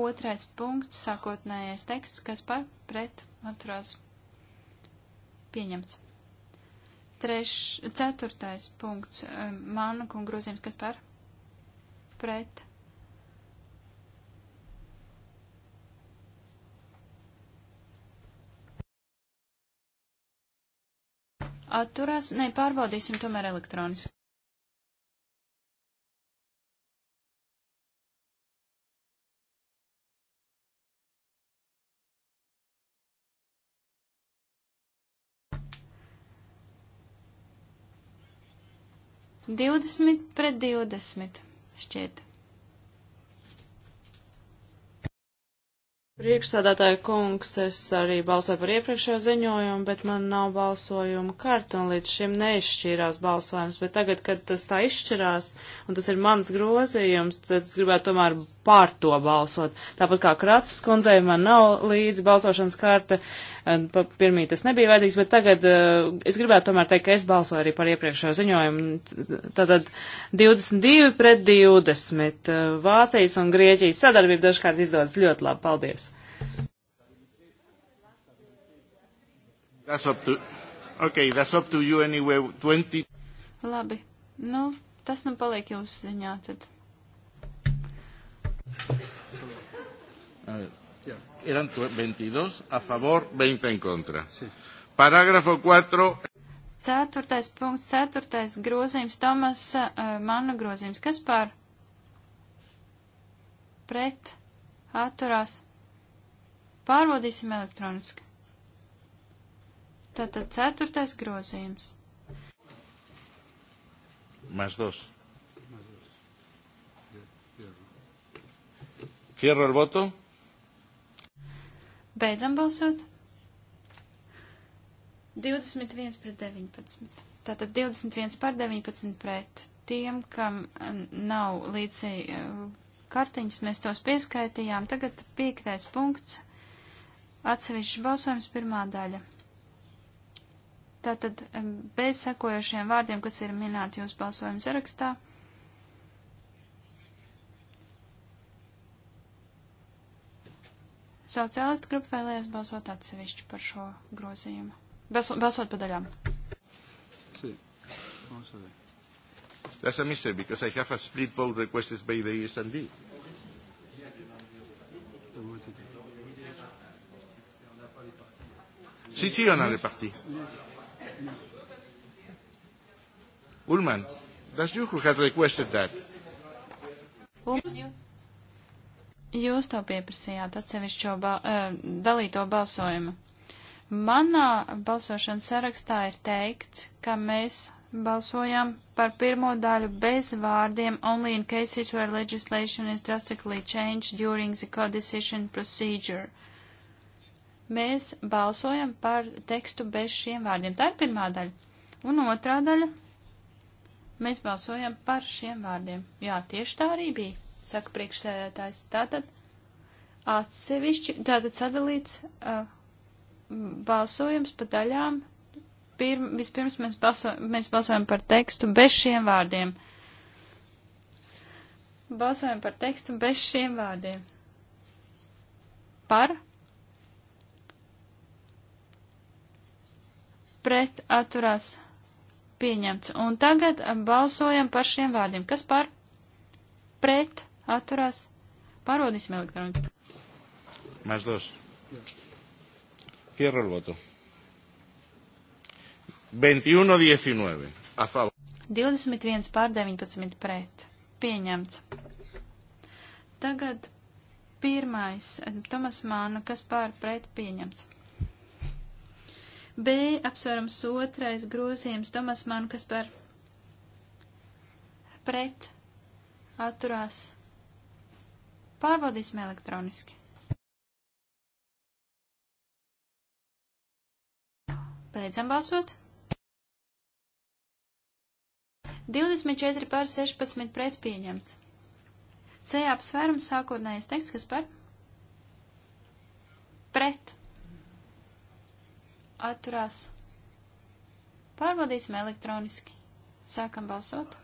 Speaker 1: Otrais punkts, sākotnējais teksts, kas par pret atturās pieņemts. Treš, ceturtais punkts, um, manu un grozījums, kas par pret. Atturās, ne, pārbaudīsim tomēr elektroniski. 20 pret 20
Speaker 2: šķiet. Priekšsādātāja kungs, es arī balsoju par iepriekšējo ziņojumu, bet man nav balsojuma karta un līdz šim neizšķīrās balsojums, bet tagad, kad tas tā izšķirās un tas ir mans grozījums, tad es gribētu tomēr pār to balsot. Tāpat kā Kratsas kundzei man nav līdz balsošanas karta, Pirmī tas nebija vajadzīgs, bet tagad uh, es gribētu tomēr teikt, ka es balsoju arī par iepriekšējo ziņojumu. Tātad 22 pret 20. Uh, Vācijas un Grieķijas sadarbība dažkārt izdodas ļoti labi. Paldies!
Speaker 3: That's up to, okay, that's up to you anyway, 20.
Speaker 1: Labi, nu, tas nu paliek jūsu ziņā tad.
Speaker 3: Uh eran 22 a favor, 20 en contra. Sí. Parágrafo 4.
Speaker 1: Ceturtais punkts, ceturtais grozījums, Tomas uh, eh, Manna grozījums. Kas par? Pret, atturās. Pārbaudīsim elektroniski. Tātad ceturtais grozījums.
Speaker 3: Más dos. Cierro el voto.
Speaker 1: Beidzam balsot. 21 pret 19. Tātad 21 pār 19 pret tiem, kam eh, nav līdzi eh, kartiņas, mēs tos pieskaitījām. Tagad piektais punkts. Atsevišķi balsojums pirmā daļa. Tātad eh, bez sekojošiem vārdiem, kas ir minēti jūsu balsojuma sarakstā. Sociālistu grupa vēlējās balsot atsevišķi par šo grozījumu. Balso, balsot pa daļām.
Speaker 3: That's a mystery because I have a split vote requested by the e S&D. Si, si, on a les partis. Ullman, that's you who had requested that.
Speaker 1: Ullman, you? Jūs to pieprasījāt atsevišķo ba eh, dalīto balsojumu. Manā balsošanas sarakstā ir teikts, ka mēs balsojam par pirmo daļu bez vārdiem only in cases where legislation is drastically changed during the co-decision procedure. Mēs balsojam par tekstu bez šiem vārdiem. Tā ir pirmā daļa. Un otrā daļa. Mēs balsojam par šiem vārdiem. Jā, tieši tā arī bija saka priekšsēdētājs. Tātad atsevišķi, tātad sadalīts uh, balsojums pa daļām. Pirm, vispirms mēs, balso, mēs balsojam par tekstu bez šiem vārdiem. Balsojam par tekstu bez šiem vārdiem. Par. Pret atturās pieņemts. Un tagad balsojam par šiem vārdiem. Kas par? Pret atturās. Pārbaudīsim elektroniski.
Speaker 3: Mēs dos. Cierro el voto. 21-19. A favor.
Speaker 1: 21 pār 19 pret. Pieņemts. Tagad pirmais. Tomas Māna, kas pār pret pieņemts. B. Apsvērums otrais grozījums. Tomas Māna, kas pār pret atturās Pārbaudīsim elektroniski. Beidzam balsot. 24 pār 16 pret pieņemts. C apsvērums sākotnējais teksts, kas par? Pret. Atturās. Pārbaudīsim elektroniski. Sākam balsot.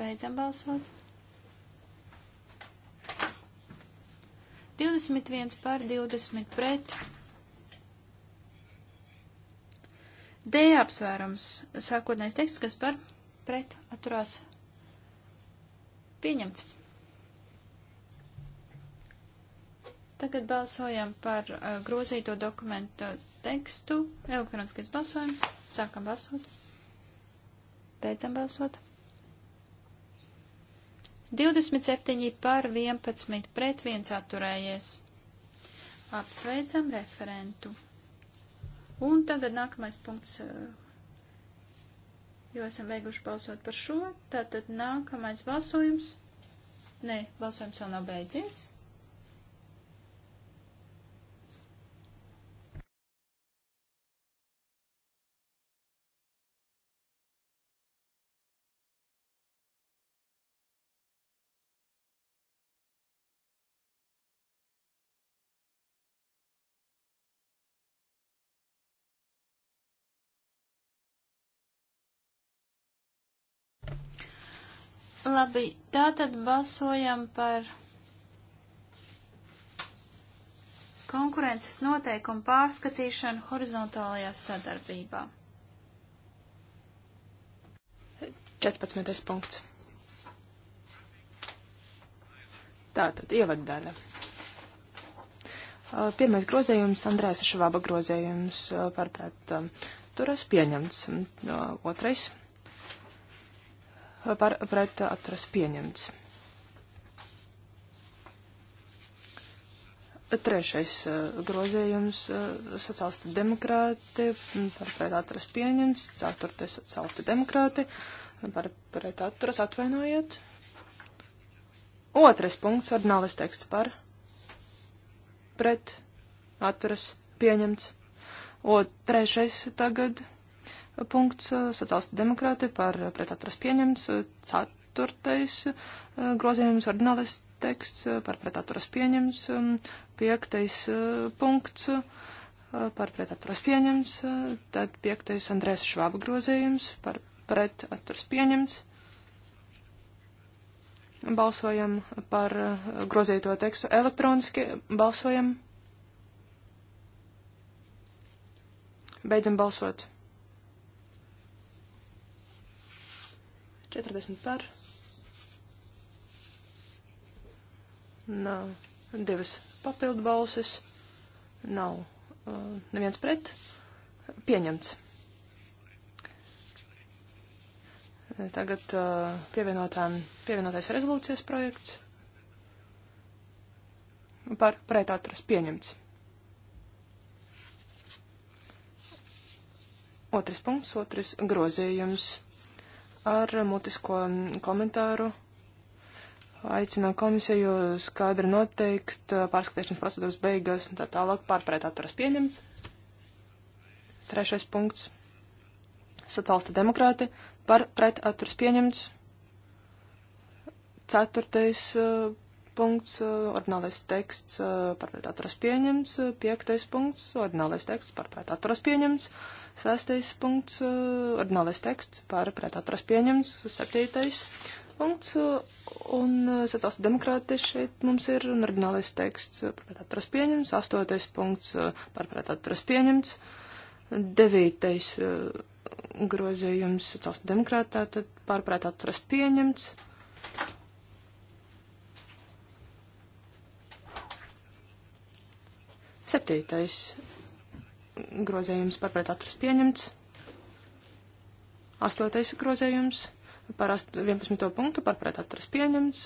Speaker 1: Beidzam balsot. 21 pār 20 pret. D apsvērums. Sākotnējais teksts, kas par pret atturās. Pieņemts. Tagad balsojam par uh, grozīto dokumentu tekstu. Elektroniskais balsojums. Sākam balsot. Beidzam balsot. 27 par 11 pret 1 atturējies. Apsveicam referentu. Un tagad nākamais punkts, eh, jo esam beiguši balsot par šo, tātad nākamais balsojums. Nē, balsojums vēl nav beidzies. Labi, tā tad balsojam par konkurences noteikumu pārskatīšanu horizontālajā sadarbībā.
Speaker 4: 14. punkts. Tātad ievaddaļa. Pirmais grozējums, Andrēsa Švaba grozējums, pārprāt, turas pieņemts. Otrais par pret atturas pieņemts. Trešais uh, grozījums uh, sociālisti demokrāti mm, par pret atturas pieņemts. Ceturtais sociālisti demokrāti mm, par pret atturas atvainojiet. Otrais punkts, ordinālis teksts par pret atturas pieņemts. O trešais tagad punkts eh, satālsta demokrāti par pretaturas pieņemts, eh, ceturtais eh, grozījums ordinālais teksts par pretaturas pieņemts, mm, piektais punkts par pretaturas pieņemts, tad piektais Andrēs Švaba grozījums par pretaturas pieņemts. Balsojam par grozīto tekstu elektroniski, balsojam. Beidzam balsot. 40 par. Nav divas papildu balsis. Nav uh, neviens pret. Pieņemts. Tagad uh, pievienotais rezolūcijas projekts. Par pretātras pieņemts. Otrs punkts, otrs grozījums ar mutisko komentāru. Aicinām komisiju skaidri noteikt uh, pārskatīšanas procedūras beigas un tā tālāk pārpret atturas pieņemts. Trešais punkts. Sociālista demokrāti par pret atturas pieņemts. Ceturtais uh, punkts, eh, ordinālais teksts eh, par pret atturas pieņemts, eh, piektais punkts, ordinālais teksts par pret atturas pieņemts, sestais punkts, ordinālais teksts par pret atturas pieņemts, septītais punkts, un sociāls demokrāti šeit mums ir, un ordinālais teksts par pret atturas pieņemts, astotais punkts par pret atturas pieņemts, devītais grozījums sociāls demokrātā, tad pārpratā atturas pieņemts. Septītais grozējums par pret atturas pieņemts. Astotais grozējums par 11. punktu par pret atturas pieņemts.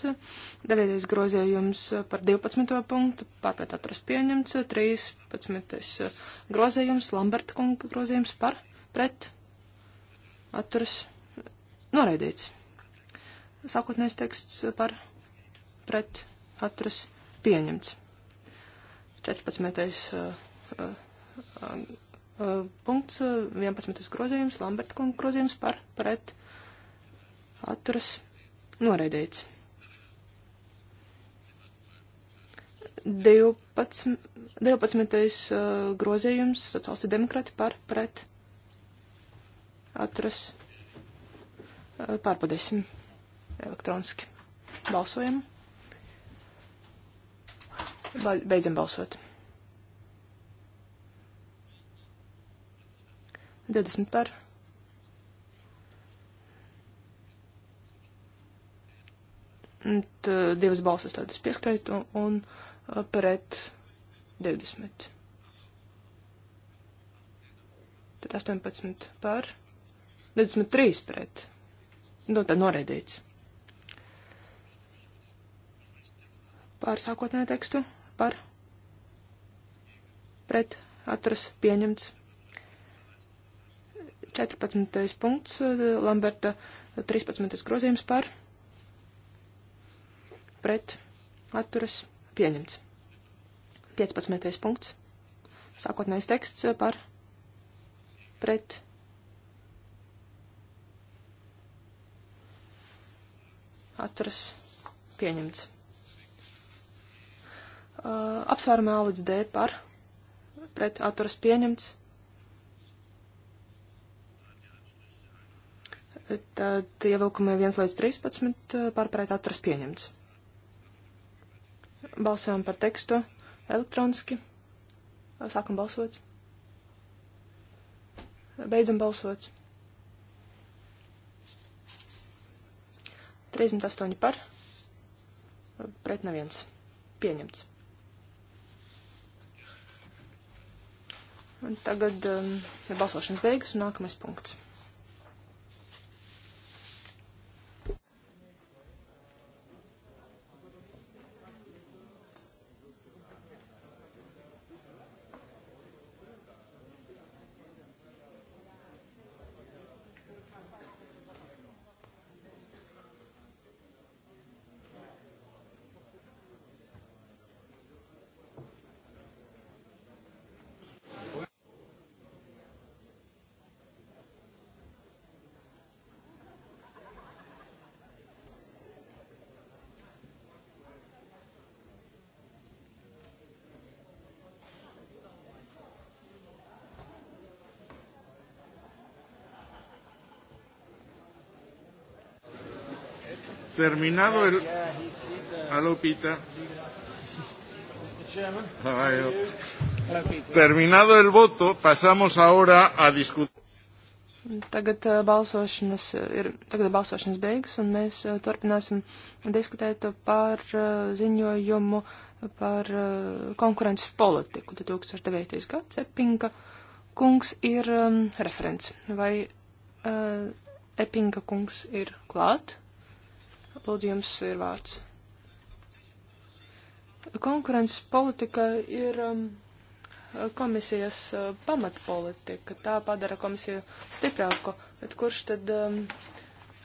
Speaker 4: Devītais grozējums par 12. punktu par pret atturas pieņemts. 13. grozējums Lamberta kunga grozējums par pret atturas noraidīts. Sākotnējais teksts par pret atturas pieņemts. 14. Eh, eh, eh, punkts, 11. grozījums, Lamberta kunga grozījums par pret atturas noraidīts. 12. 12. grozījums, sociālisti demokrati par pret atturas pārbaudīsim elektroniski. Balsojam! Beidzam balsot. 20 par. Divas balsas tādas pieskaitu un pret 20. Tad 18 par. 23 pret. Nu, tad noraidīts. Pārsākotnē tekstu par pret atturas pieņemts. 14. punkts Lamberta 13. grozījums par pret atturas pieņemts. 15. punkts. Sākotnējais teksts par pret. Atras pieņemts. Uh, apsvērumā A līdz D par pret atturas pieņemts. Tad ievilkumē 1 līdz 13 uh, par pret atturas pieņemts. Balsojam par tekstu elektroniski. Sākam balsot. Beidzam balsot. 38 par, pret neviens. Pieņemts. Un tagad um, ir balsošanas beigas un nākamais punkts.
Speaker 3: terminado el. Hello, Peter. Terminado el voto, pasamos ahora a discutir.
Speaker 4: Tagad uh, balsošanas eh, ir, tagad balsošanas beigas, un mēs uh, turpināsim diskutēt par uh, ziņojumu par uh, konkurences politiku. 2009. gads Epinga kungs ir um, referents. Vai uh, Epinga kungs ir klāt? Lūdzu, jums ir vārds. Konkurences politika ir um, komisijas uh, pamatpolitika. Tā padara komisiju stiprāku. Bet kurš tad um,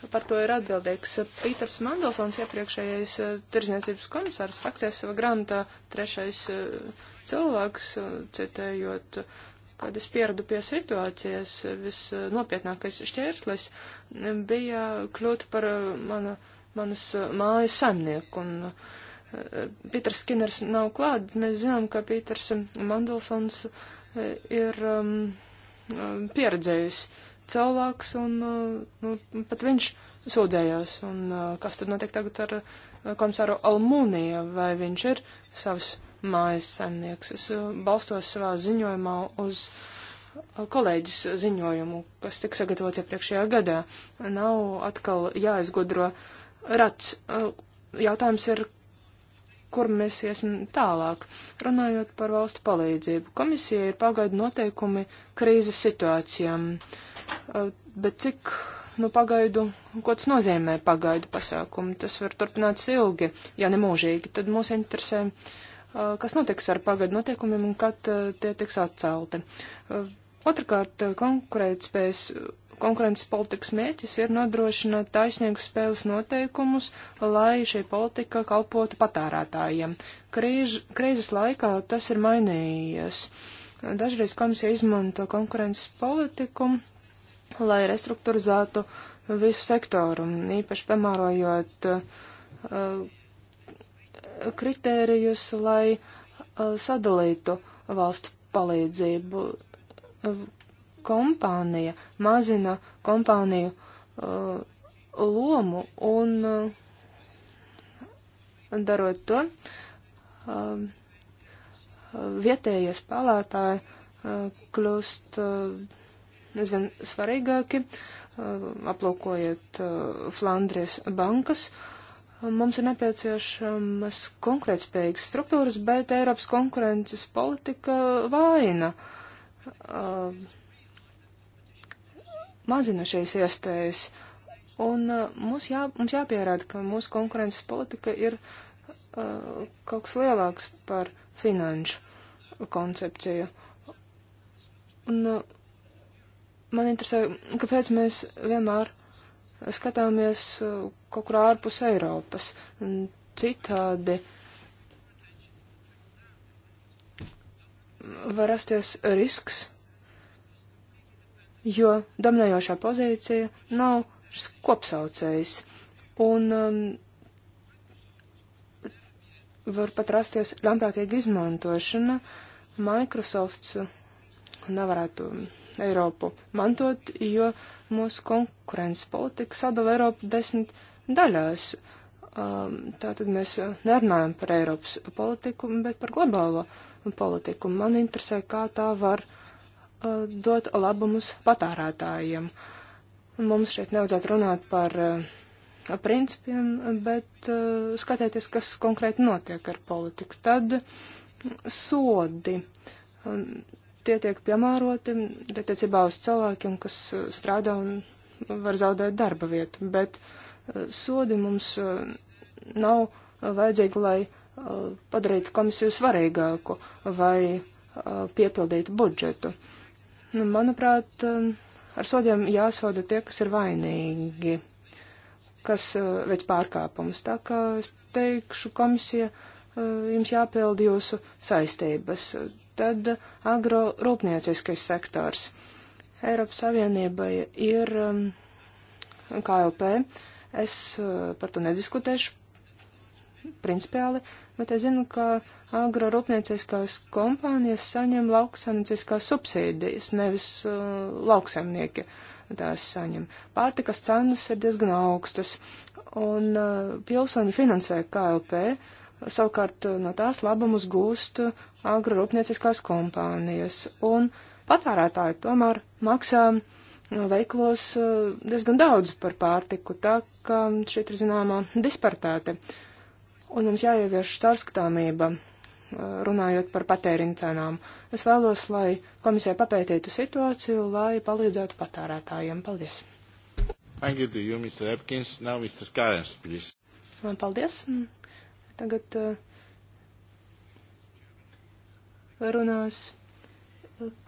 Speaker 4: par to ir atbildīgs? Pīters Mandelsons, iepriekšējais uh, tirzniecības komisārs, faktiski sava granta trešais uh, cilvēks, uh, citējot uh, kad es pieradu pie situācijas, uh, visnopietnākais šķērslis um, bija kļūt par uh, mana manas uh, mājas saimnieku. Un, uh, uh, Pīters Skinners nav klāt, bet mēs zinām, ka Pīters Mandelsons ir um, um pieredzējis cilvēks, un nu, pat viņš sūdzējās. Un, kas tad notiek tagad ar komisāru Almūniju, vai viņš ir savs mājas saimnieks? Es balstos savā ziņojumā uz kolēģis ziņojumu, kas tika sagatavots iepriekšējā gadā. Nav atkal jāizgudro. Uh, rats. Uh, jautājums ir, kur mēs iesim tālāk, runājot par valstu palīdzību. Komisija ir pagaidu noteikumi krīzes situācijām, uh, bet cik, nu, pagaidu, ko tas nozīmē pagaidu pasākumu? Tas var turpināties ilgi, ja ne mūžīgi. Tad mūs interesē, uh, kas notiks ar pagaidu noteikumiem un kad tie tiks atcelti. Otrakārt, konkurētspējas konkurences politikas mēķis ir nodrošināt taisnīgus spēles noteikumus, lai šī politika kalpotu patērētājiem. Krīž, krīzes laikā tas ir mainījies. Dažreiz komisija izmanto konkurences politiku, lai restruktūrizētu visu sektoru, īpaši piemērojot uh, kritērijus, lai uh, sadalītu valstu palīdzību uh, kompānija mazina kompāniju uh, lomu un uh, darot to, uh, vietējie spēlētāji uh, kļūst uh, nezvien svarīgāki, uh, aplūkojiet uh, Flandrijas bankas. Mums ir nepieciešamas konkurētspējīgas struktūras, bet Eiropas konkurences politika vaina. Uh, mazina šīs iespējas. Un uh, mums, jā, mums jāpierāda, ka mūsu konkurences politika ir uh, kaut kas lielāks par finanšu koncepciju. Un uh, man interesē, kāpēc mēs vienmēr skatāmies uh, kaut kur ārpus Eiropas. Citādi var rasties risks jo dominējošā pozīcija nav kopsaucējs. Un um, var pat rasties ļaunprātīga izmantošana. Microsofts nevarētu Eiropu mantot, jo mūsu konkurences politika sadala Eiropu desmit daļās. Um, tātad mēs nerunājam par Eiropas politiku, bet par globālo politiku. Man interesē, kā tā var uh, Uh, dot labumus patārētājiem. Mums šeit nevajadzētu runāt par uh, principiem, bet uh, skatēties, kas konkrēti notiek ar politiku. Tad sodi um, tie tiek piemēroti attiecībā uz cilvēkiem, kas strādā un var zaudēt darba vietu, bet sodi mums nav vajadzīgi, lai padarītu komisiju svarīgāku vai piepildītu budžetu. Uh, Nu, manuprāt, eh, ar sodiem jāsoda tie, kas ir vainīgi, kas eh, veids pārkāpumus. Tā kā es teikšu, komisija, eh, jums jāpild jūsu saistības. Tad agrorūpnieciskais sektors. Eiropas Savienībai ir KLP. Es par to nediskutēšu principiāli, bet es zinu, ka agrorūpnieciskās kompānijas saņem lauksaimnieciskās subsīdijas, nevis uh, lauksaimnieki tās saņem. Pārtikas cenas ir diezgan augstas, un uh, pilsoņi finansē KLP, savukārt uh, no tās labumus gūst uh, agrorūpnieciskās kompānijas, un patērētāji tomēr maksā uh, veiklos uh, diezgan daudz par pārtiku, tā ka šeit ir zināmā dispartāte. Un mums jāievieš starpskatāmība runājot par patēriņu cenām. Es vēlos, lai komisija papētītu situāciju, lai palīdzētu patērētājiem. Paldies!
Speaker 3: Thank you to you, Mr. Epkins. Now Mr. Skārens, please.
Speaker 4: Paldies. Tagad eh, runās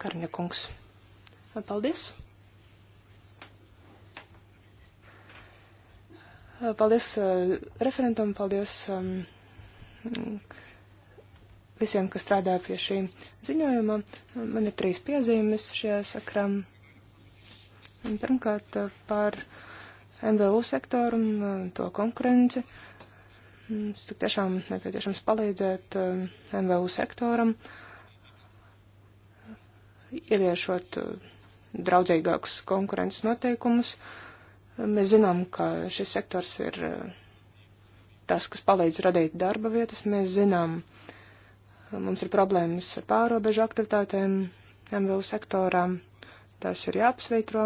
Speaker 4: Karņakungs. Paldies. Paldies eh, referentam, paldies eh, visiem, kas strādā pie šī ziņojuma. Man ir trīs piezīmes šajā sakrā. Pirmkārt, par MVU sektoru un uh, to konkurenci. Mums tik tiešām nepieciešams palīdzēt MVU uh, sektoram, ieviešot uh, draudzīgākus konkurences noteikumus. Mēs zinām, ka šis sektors ir tas, kas palīdz radīt darba vietas. Mēs zinām, uh, Mums ir problēmas ar pārobežu aktivitātēm MVU sektorā. Tas ir jāapsvītro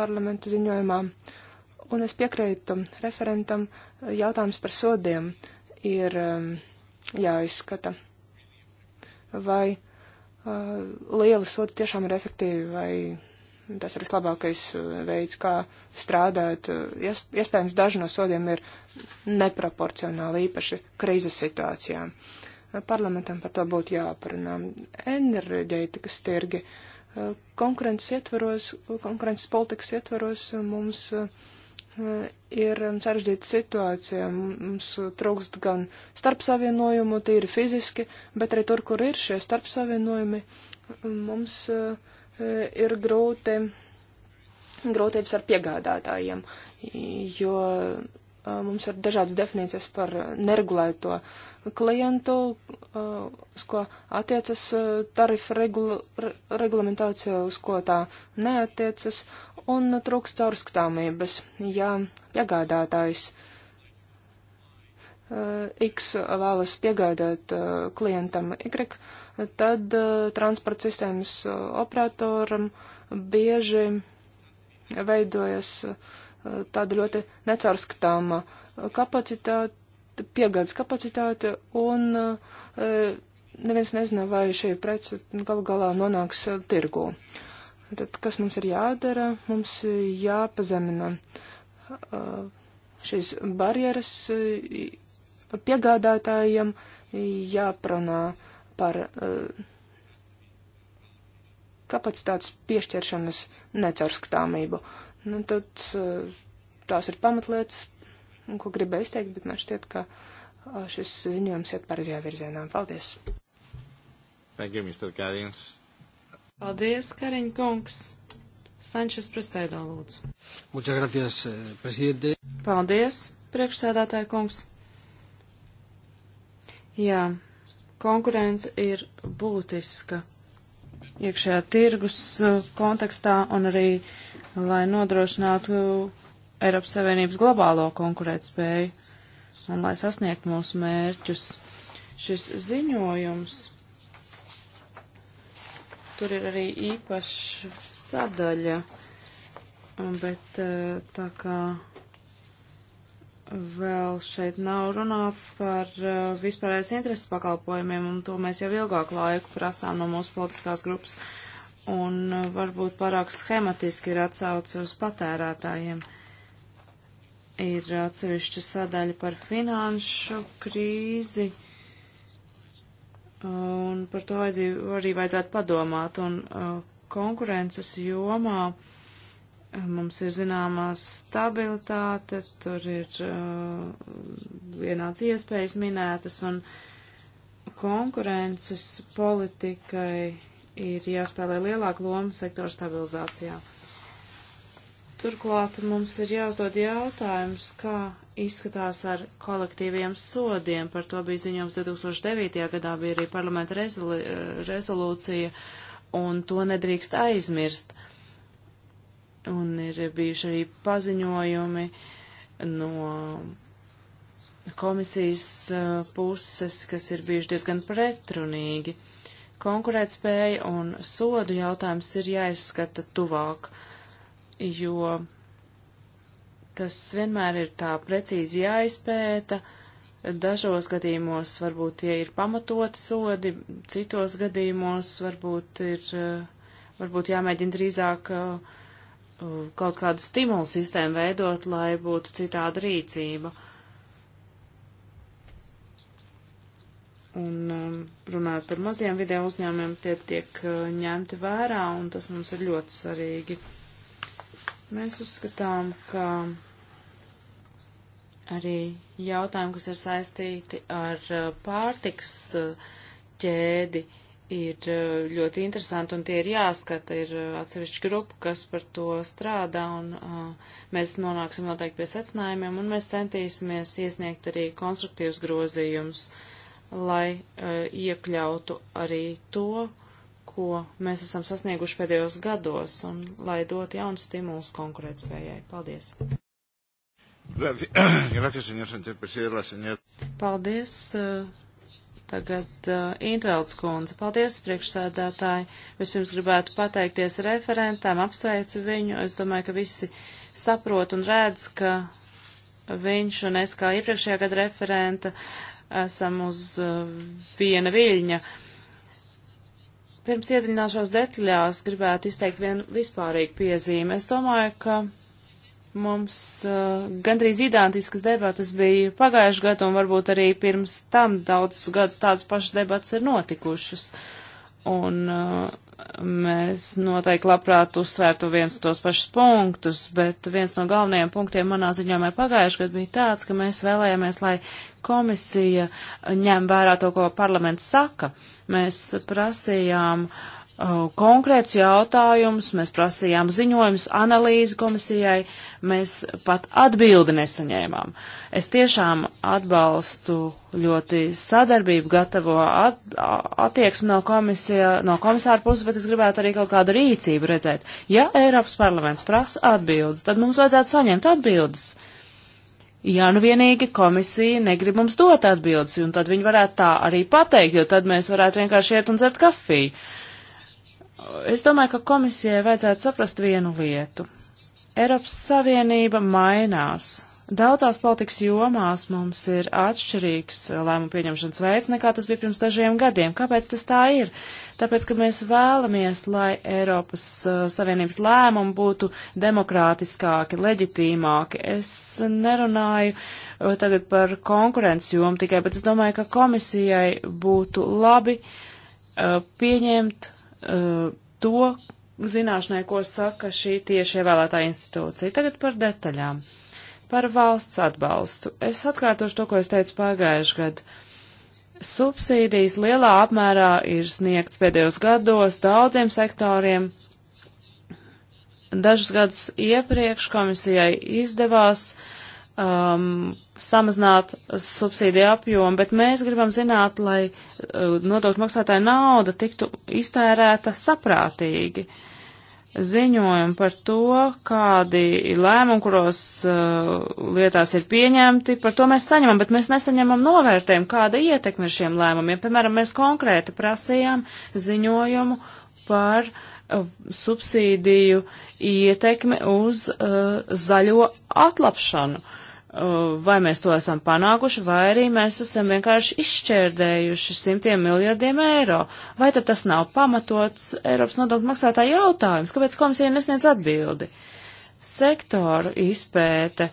Speaker 4: parlamenta ziņojumā. Un es piekrītu referentam, jautājums par sodiem ir um, jāizskata. Vai uh, liela soda tiešām ir efektīva vai tas ir vislabākais uh, veids, kā strādāt. Uh, ies, iespējams, daži no sodiem ir neproporcionāli, īpaši krīzes situācijām. Parlamentam par to būtu jāparunā. Enerģētikas tirgi. Konkurences ietvaros, konkurences politikas ietvaros mums eh, ir sarežģīta situācija. Mums trūkst gan starpsavienojumu, tīri fiziski, bet arī tur, kur ir šie starpsavienojumi, mums eh, ir grūti, grūtības ar piegādātājiem, jo Uh, mums ir dažādas definīcijas par uh, neregulēto klientu, uh, uz ko attiecas tarifa regula, reglamentācija, uz ko tā neatiecas, un trūks caurskatāmības. Ja piegādātājs X vēlas piegādāt klientam Y, tad transporta sistēmas operatoram bieži veidojas uh, tāda ļoti necaurskatāma kapacitāte, piegādes kapacitāte, un e, neviens nezina, vai šī prece galu galā nonāks e, tirgū. Tad, kas mums ir jādara? Mums jāpazemina e, šīs barjeras piegādātājiem, jāprunā par kapacitātes piešķiršanas necaurskatāmību. Nu, tad eh, tās ir pamatlietas, ko gribēju izteikt, bet man šķiet, ka eh, šis ziņojums iet pareizajā virzienā. Paldies!
Speaker 3: Thank you, Mr. Kariņš.
Speaker 4: Paldies, Kariņ kungs!
Speaker 2: Sančes presēdā lūdzu.
Speaker 3: Muchas gracias, eh, presidente.
Speaker 2: Paldies, priekšsēdātāja kungs. Jā, konkurence ir būtiska iekšējā tirgus kontekstā un arī lai nodrošinātu Eiropas Savienības globālo konkurētspēju un lai sasniegtu mūsu mērķus. Šis ziņojums, tur ir arī īpaša sadaļa, bet eh, tā kā vēl šeit nav runāts par eh, vispārējais intereses pakalpojumiem, un to mēs jau ilgāk laiku prasām no mūsu politiskās grupas. Uh, un uh, varbūt pārāk schematiski ir atsauce uz patērētājiem. Ir atsevišķa sadaļa par finanšu krīzi, un par to arī vajadzētu padomāt. Un uh, konkurences jomā uh, mums ir zināmā stabilitāte, tur ir uh, vienāds iespējas minētas, un konkurences politikai ir jāspēlē lielāka loma sektora stabilizācijā. Turklāt mums ir jāuzdod jautājums, kā izskatās ar kolektīviem sodiem. Par to bija ziņojums 2009. gadā, bija arī parlamenta rezolu, rezolūcija, un to nedrīkst aizmirst. Un ir bijuši arī paziņojumi no komisijas uh, puses, kas ir bijuši diezgan pretrunīgi. Uh, konkurētspēja un sodu jautājums ir jāizskata tuvāk, jo tas vienmēr ir tā precīzi jāizpēta. Dažos gadījumos varbūt tie ir pamatoti sodi, citos gadījumos varbūt ir, eh, varbūt jāmēģina drīzāk eh, eh, kaut kādu stimulu sistēmu veidot, lai būtu citāda rīcība. Un um, runājot par maziem video uzņēmumiem, tie tiek uh, ņemti vērā, un tas mums ir ļoti svarīgi. Mēs uzskatām, ka arī jautājumi, kas ir saistīti ar uh, pārtiks uh, ķēdi, ir uh, ļoti interesanti, un tie ir jāskata. Ir uh, atsevišķa grupa, kas par to strādā, un uh, mēs nonāksim noteikti pie secinājumiem, un mēs centīsimies iesniegt arī konstruktīvus grozījumus. Uh, lai uh, iekļautu arī to, ko mēs esam sasnieguši pēdējos gados, un lai dotu jaunu stimulus konkurētspējai. Paldies!
Speaker 3: Gracias, señor Sánchez Presidera, señor.
Speaker 2: Paldies. Eh, tagad uh, Intvelds kundze. Paldies, priekšsēdētāji. Vispirms gribētu pateikties referentām, apsveicu viņu. Es domāju, ka visi saprot un redz, ka viņš un es kā iepriekšējā gada referenta uh, esam uz eh, viena viļņa. Pirms iedziļināšos detaļās, gribētu izteikt vienu vispārīgu piezīmi. Es domāju, ka mums uh, gandrīz identiskas debatas bija pagājuši gadu un varbūt arī pirms tam daudzus gadus tādas pašas debatas ir notikušas. Un uh, mēs noteikti labprāt uzsvērtu viens tos pašus punktus, bet viens no galvenajiem punktiem manā ziņojumā pagājušajā gadā bija tāds, ka mēs vēlējāmies, lai komisija ņem vērā to, ko parlaments saka. Mēs prasījām uh, konkrētus jautājumus, mēs prasījām ziņojumus, analīzi komisijai, uh, mēs pat atbildi nesaņēmām. Es tiešām atbalstu ļoti sadarbību gatavo at, attieksmi no, komisija, no komisāra puses, bet es gribētu arī kaut kādu rīcību redzēt. Ja Eiropas parlaments prasa atbildes, tad mums vajadzētu saņemt atbildes. Ja nu vienīgi komisija negrib mums dot atbildes, un tad viņi varētu tā arī pateikt, jo tad mēs varētu vienkārši iet un dzert kafiju. Es domāju, ka komisijai vajadzētu saprast vienu lietu. Eiropas Savienība mainās. Daudzās politikas jomās mums ir atšķirīgs lēmumu pieņemšanas veids, nekā tas bija pirms dažiem gadiem. Kāpēc tas tā ir? Tāpēc, ka mēs vēlamies, lai Eiropas uh, Savienības lēmumi būtu demokrātiskāki, leģitīmāki. Es nerunāju uh, tagad par konkurences jomu tikai, bet es domāju, ka komisijai būtu labi uh, pieņemt uh, to, zināšanai, ko saka šī tieši ievēlētā institūcija. Tagad par detaļām. Par valsts atbalstu. Es atkārtošu to, ko es teicu pagājušajā gadā. Subsīdijas lielā apmērā ir sniegts pēdējos gados daudziem sektoriem. Dažus gadus iepriekš komisijai izdevās uh, um, samazināt subsīdiju apjomu, bet mēs gribam zināt, lai uh, nodokļu maksātāja nauda tiktu iztērēta saprātīgi. Ziņojumi par to, kādi lēmumi, kuros uh, lietās ir pieņemti, par to mēs saņemam, bet mēs nesaņemam novērtējumu, kāda ietekme ir šiem lēmumiem. Piemēram, mēs konkrēti prasījām ziņojumu par uh, subsīdiju ietekmi uz uh, zaļo atlapšanu. Uh, Uh, vai mēs to esam panākuši, vai arī mēs esam vienkārši izšķērdējuši simtiem miljardiem eiro. Vai tad tas nav pamatots Eiropas nodokļu maksātāju jautājums? Kāpēc komisija nesniedz atbildi? Sektoru izpēte.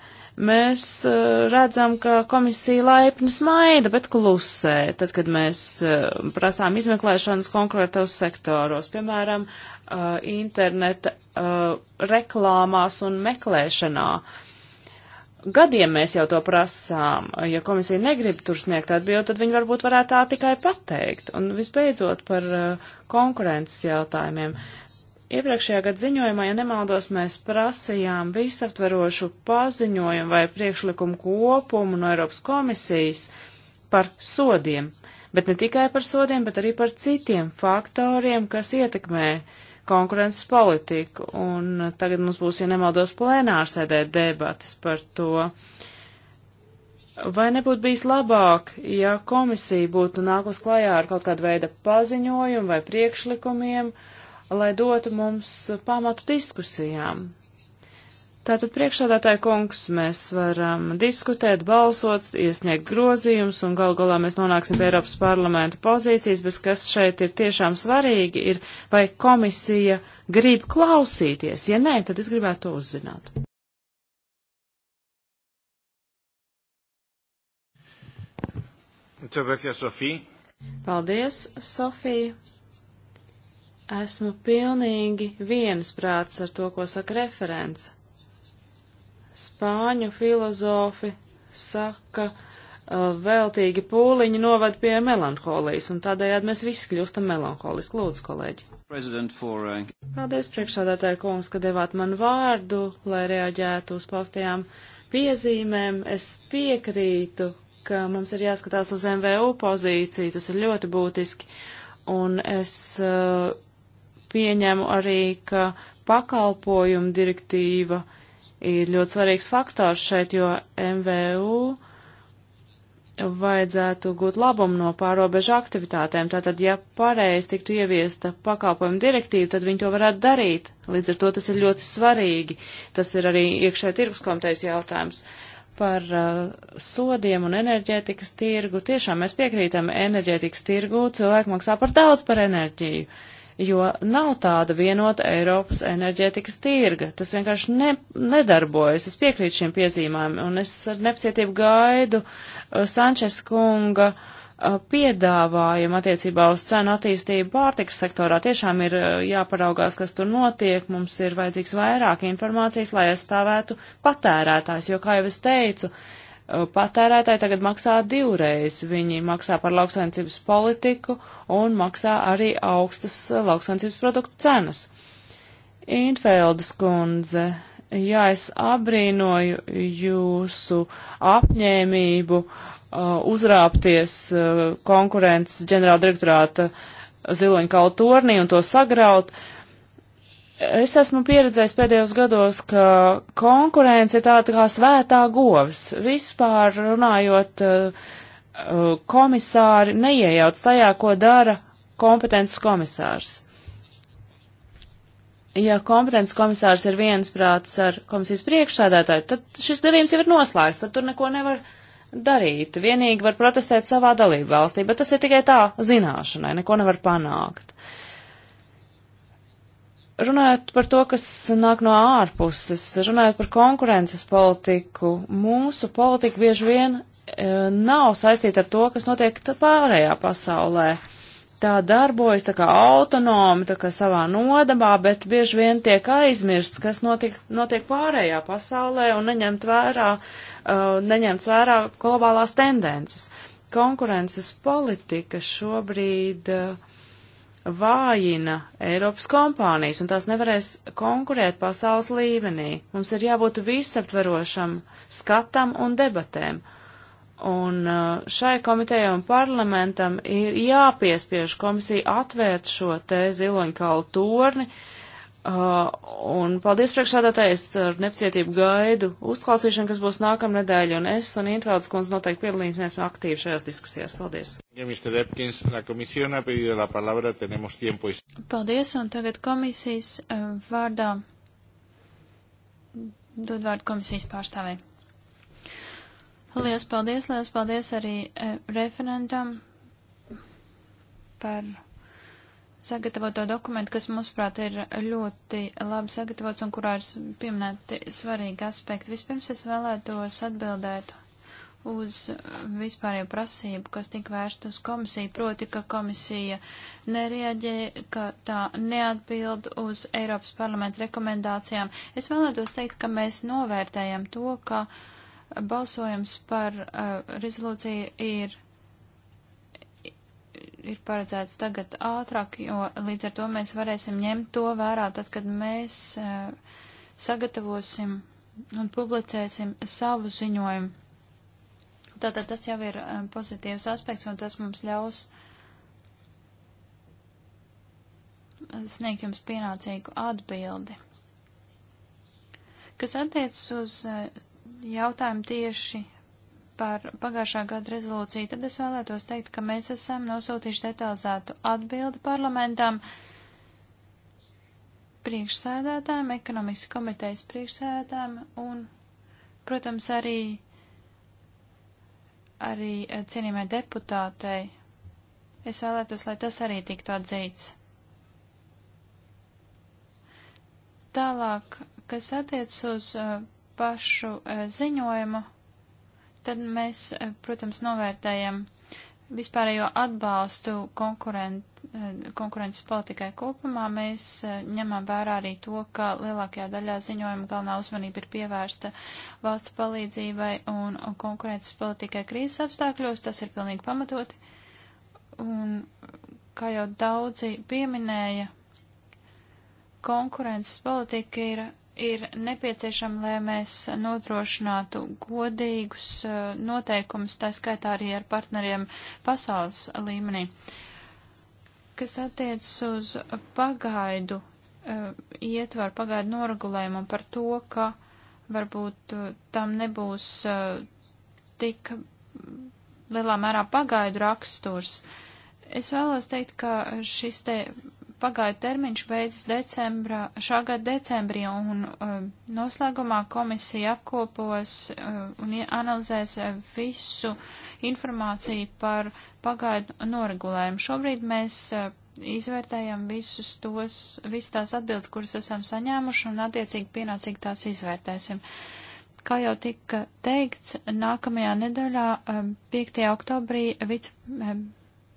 Speaker 2: Mēs uh, redzam, ka komisija laipni smaida, bet klusē, tad, kad mēs uh, prasām izmeklēšanas konkrētos sektoros, piemēram, interneta reklāmās un meklēšanā. Uh, Gadiem mēs jau to prasām. Ja komisija negrib tur sniegt atbildi, tad viņi varbūt varētu tā tikai pateikt. Un visbeidzot par uh, konkurences jautājumiem. Iepriekšējā gada ziņojumā, ja nemaldos, mēs prasījām visaptverošu paziņojumu vai priekšlikumu kopumu no Eiropas komisijas par sodiem. Bet ne tikai par sodiem, bet arī par citiem faktoriem, kas ietekmē uh, konkurences politiku. Un tagad mums būs, ja nemaldos, plēnārsēdē debatas par to. Vai nebūtu bijis labāk, ja komisija būtu nākus klajā ar kaut kādu veidu paziņojumu vai priekšlikumiem, lai dotu mums pamatu diskusijām? Tātad priekšsādātāja kungs, mēs varam diskutēt, balsot, iesniegt grozījumus un gal galā mēs nonāksim pie Eiropas parlamenta pozīcijas, bet kas šeit ir tiešām svarīgi, ir vai komisija grib klausīties. Ja nē, tad es gribētu to uzzināt. Paldies, Sofija. Esmu pilnīgi viensprāts ar to, ko saka referents Spāņu filozofi saka, veltīgi pūliņi novad pie melanholijas, un tādējādi mēs visi kļūstam melanholiski. Lūdzu, kolēģi. For, uh... Paldies, priekšsādātāja kungs, ka devāt man vārdu, lai reaģētu uz paustajām piezīmēm. Es piekrītu, ka mums ir jāskatās uz MVU pozīciju, tas ir ļoti būtiski, un es uh, pieņemu arī, ka pakalpojumu direktīva uh, ir ļoti svarīgs faktors šeit, jo MVU vajadzētu gūt labumu no pārobežu aktivitātēm. Tātad, ja pareizi tiktu ieviesta pakalpojuma direktīva, tad viņi to varētu darīt. Līdz ar to tas ir ļoti svarīgi. Tas ir arī iekšē tirgus komitejas jautājums. Par uh, sodiem un enerģētikas tirgu. Tiešām mēs piekrītam enerģētikas tirgu. Cilvēki maksā par daudz par enerģiju. Uh, jo nav tāda vienota Eiropas enerģētikas tirga. Tas vienkārši ne, nedarbojas. Es piekrītu šiem piezīmēm, un es ar nepacietību gaidu uh, Sančes kunga uh, piedāvājumu attiecībā uz cenu attīstību pārtikas sektorā. Tiešām ir uh, jāparaugās, kas tur notiek. Mums ir vajadzīgs vairāk informācijas, lai aizstāvētu patērētājs, jo, kā jau es teicu, uh, Eh, patērētāji tagad maksā divreiz. Viņi maksā par lauksaimniecības politiku un maksā arī augstas eh, lauksaimniecības produktu cenas. Intfeldes kundze, jā, es abrīnoju jūsu apņēmību uh, uzrāpties uh, konkurences ģenerāldirektorāta ziloņkalu tornī un to sagraut. Uh, Es esmu pieredzējis pēdējos gados, ka konkurence ir tāda kā svētā govs. Vispār runājot, eh, eh, komisāri neiejauc tajā, ko dara kompetences komisārs. Ja kompetences komisārs ir viensprāts ar komisijas priekšsādātāju, tad šis darījums jau ir noslēgts, tad tur neko nevar darīt. Vienīgi var protestēt savā dalību valstī, bet tas ir tikai tā zināšanai, neko nevar panākt. Uh, runājot par to, kas nāk no ārpuses, runājot par konkurences politiku, mūsu politika bieži vien e, nav saistīta ar to, kas notiek pārējā pasaulē. Tā darbojas tā kā autonomi, tā kā savā nodabā, bet bieži vien tiek aizmirsts, kas notiek, notiek pārējā pasaulē un neņemt vērā, uh, e, neņemt vērā globālās tendences. Konkurences politika šobrīd uh, vājina Eiropas kompānijas, un tās nevarēs konkurēt pasaules līmenī. Mums ir jābūt visaptverošam skatam un debatēm. Un uh, šai komitejai un parlamentam ir jāpiespiež komisija atvērt šo te ziloņkalu torni, uh, Uh, un paldies priekšsādātāji, es ar nepacietību gaidu uzklausīšanu, kas būs nākamnedēļ, un es un Intvēlds kundze noteikti piedalīsimies aktīvi šajās diskusijās. Paldies.
Speaker 1: Paldies, un tagad komisijas uh, vārdā dod vārdu komisijas pārstāvē. Lielas paldies, lielas paldies arī uh, referentam par sagatavoto dokumentu, kas, mūsuprāt, ir ļoti labi sagatavots un kurā ir pieminēti svarīgi aspekti. Vispirms es vēlētos atbildēt uz vispārējo prasību, kas tika vērst uz komisiju, proti, ka komisija nereaģē, ka tā neatbild uz Eiropas parlamenta rekomendācijām. Es vēlētos teikt, ka mēs novērtējam to, ka balsojums par uh, rezolūciju ir ir paredzēts tagad ātrāk, jo līdz ar to mēs varēsim ņemt to vērā tad, kad mēs e, sagatavosim un publicēsim savu ziņojumu. Tātad tas jau ir e, pozitīvs aspekts, un tas mums ļaus sniegt jums pienācīgu atbildi. Kas attiecas uz e, jautājumu tieši par pagājušā gada rezolūciju, tad es vēlētos teikt, ka mēs esam nosūtījuši detalizētu atbildi parlamentam priekšsēdētājiem, ekonomikas komitejas priekšsēdētājiem un, protams, arī, arī cienījumai deputātei. Es vēlētos, lai tas arī tiktu atzīts. Tālāk, kas attiec uz uh, pašu uh, ziņojumu tad mēs, eh, protams, novērtējam vispārējo atbalstu konkurent, eh, konkurences politikai kopumā. Mēs eh, ņemam vērā arī to, ka lielākajā daļā ziņojuma galvenā uzmanība ir pievērsta valsts palīdzībai un konkurences politikai krīzes apstākļos. Tas ir pilnīgi pamatoti. Un, kā jau daudzi pieminēja, konkurences politika ir ir nepieciešama, lai mēs nodrošinātu godīgus eh, noteikumus, tā skaitā arī ar partneriem pasaules līmenī. Kas attiecas uz pagaidu eh, ietvaru, pagaidu noregulējumu par to, ka varbūt eh, tam nebūs tik lielā mērā pagaidu raksturs. Es vēlos teikt, ka šis te pagāja termiņš beidzas decembrā, šā gada decembrī, un uh, noslēgumā komisija apkopos uh, un analizēs uh, visu informāciju par pagaidu noregulējumu. Šobrīd mēs uh, izvērtējam visus tos, visas tās atbildes, kuras esam saņēmuši, un attiecīgi pienācīgi tās izvērtēsim. Kā jau tika teikts, nākamajā nedēļā, 5. Um, oktobrī, vice um,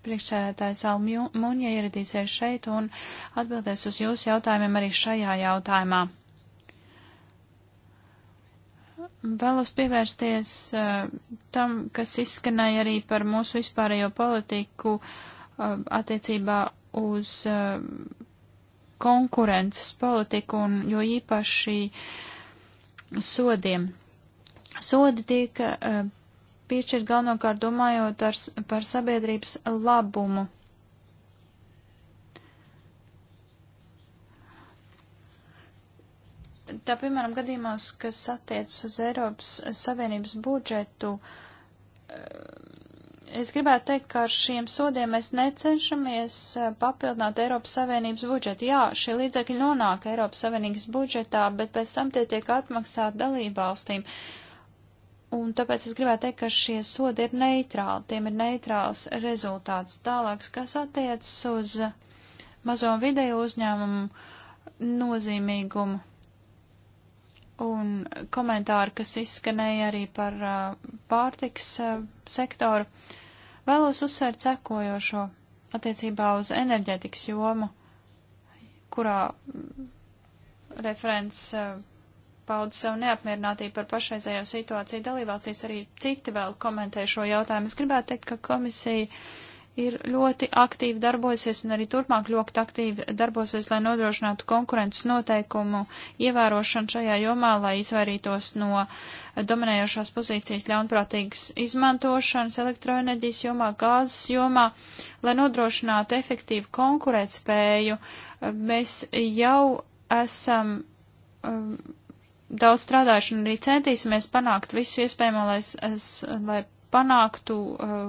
Speaker 1: priekšsēdētājs Almuņa ieradīsies šeit un atbildēs uz jūsu jautājumiem arī šajā jautājumā. Vēlos pievērsties uh, tam, kas izskanēja arī par mūsu vispārējo politiku uh, attiecībā uz uh, konkurences politiku un jo īpaši sodiem. Sodi tiek piešķirt galvenokārt domājot ar, par sabiedrības labumu. Tā, piemēram, gadījumos, kas attiec uz Eiropas Savienības budžetu, eh, es gribētu teikt, ka ar šiem sodiem mēs necenšamies eh, papildināt Eiropas Savienības budžetu. Jā, šie līdzekļi nonāk Eiropas Savienības budžetā, bet pēc tam tie tiek atmaksāti dalībvalstīm. valstīm Un tāpēc es gribētu teikt, ka šie sodi ir neitrāli, tiem ir neitrāls rezultāts. Tālāks, kas attiecas uz mazo un vidēju uzņēmumu nozīmīgumu un komentāru, kas izskanēja arī par uh, pārtiks uh, sektoru, vēlos uzsvērt sekojošo attiecībā uz enerģetikas jomu, kurā mm, referents uh, pauda savu neapmierinātību par pašreizējo situāciju dalībvalstīs, arī citi vēl komentē šo jautājumu. Es gribētu teikt, ka komisija ir ļoti aktīvi darbojusies un arī turpmāk ļoti aktīvi darbosies, lai nodrošinātu konkurences noteikumu ievērošanu šajā jomā, lai izvairītos no dominējošās pozīcijas ļaunprātīgas izmantošanas elektroenerģijas jomā, gāzes jomā, lai nodrošinātu efektīvu konkurētspēju. Mēs jau esam um, daudz strādājuši un arī centīsimies panākt visu iespējamo, lai, es, lai panāktu uh,